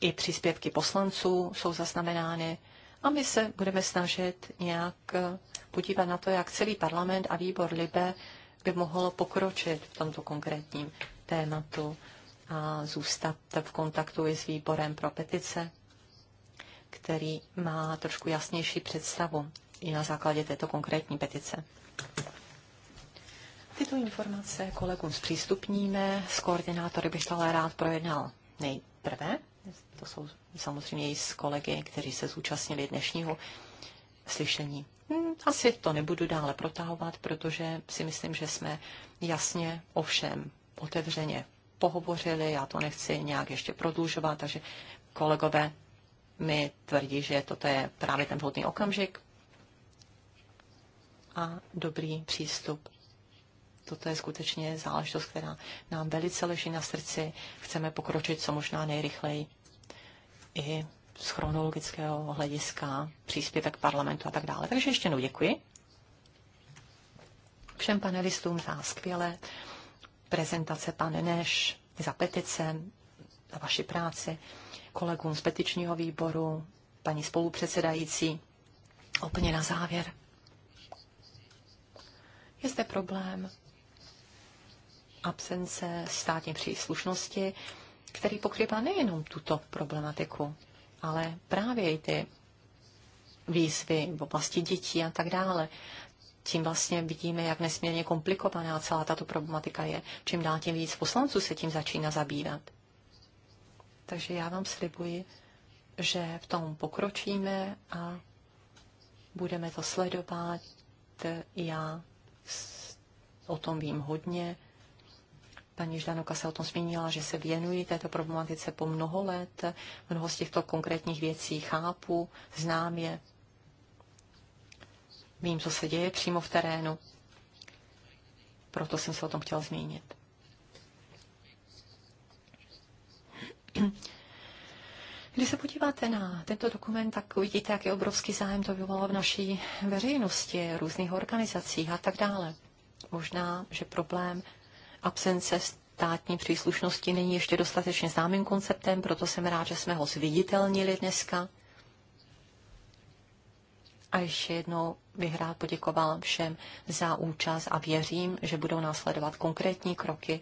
C: I příspěvky poslanců jsou zaznamenány. A my se budeme snažit nějak eh, podívat na to, jak celý parlament a výbor Libe by mohlo pokročit v tomto konkrétním tématu a zůstat v kontaktu i s výborem pro petice který má trošku jasnější představu i na základě této konkrétní petice. Tyto informace kolegům zpřístupníme. S koordinátory bych ale rád projednal nejprve. To jsou samozřejmě i s kolegy, kteří se zúčastnili dnešního slyšení. Hmm, asi to nebudu dále protahovat, protože si myslím, že jsme jasně ovšem otevřeně pohovořili. Já to nechci nějak ještě prodlužovat, takže kolegové, mi tvrdí, že toto je právě ten vhodný okamžik a dobrý přístup. Toto je skutečně záležitost, která nám velice leží na srdci. Chceme pokročit co možná nejrychleji. I z chronologického hlediska, příspěvek parlamentu a tak dále. Takže ještě jednou děkuji všem panelistům za skvělé prezentace, pane Neš, za petice, za vaši práci kolegům z petičního výboru, paní spolupředsedající. Úplně na závěr. Je zde problém absence státní příslušnosti, který pokrývá nejenom tuto problematiku, ale právě i ty výzvy v oblasti dětí a tak dále. Tím vlastně vidíme, jak nesmírně komplikovaná celá tato problematika je. Čím dál tím víc poslanců se tím začíná zabývat. Takže já vám slibuji, že v tom pokročíme a budeme to sledovat. Já o tom vím hodně. Paní Ždanoka se o tom zmínila, že se věnuji této problematice po mnoho let. Mnoho z těchto konkrétních věcí chápu, znám je. Vím, co se děje přímo v terénu. Proto jsem se o tom chtěla zmínit. Když se podíváte na tento dokument, tak uvidíte, jaký obrovský zájem to vyvolalo v naší veřejnosti, různých organizacích a tak dále. Možná, že problém absence státní příslušnosti není ještě dostatečně známým konceptem, proto jsem rád, že jsme ho zviditelnili dneska. A ještě jednou bych rád poděkoval všem za účast a věřím, že budou následovat konkrétní kroky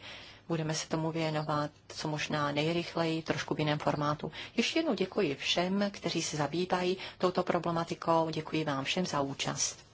C: budeme se tomu věnovat co možná nejrychleji, trošku v jiném formátu. Ještě jednou děkuji všem, kteří se zabývají touto problematikou. Děkuji vám všem za účast.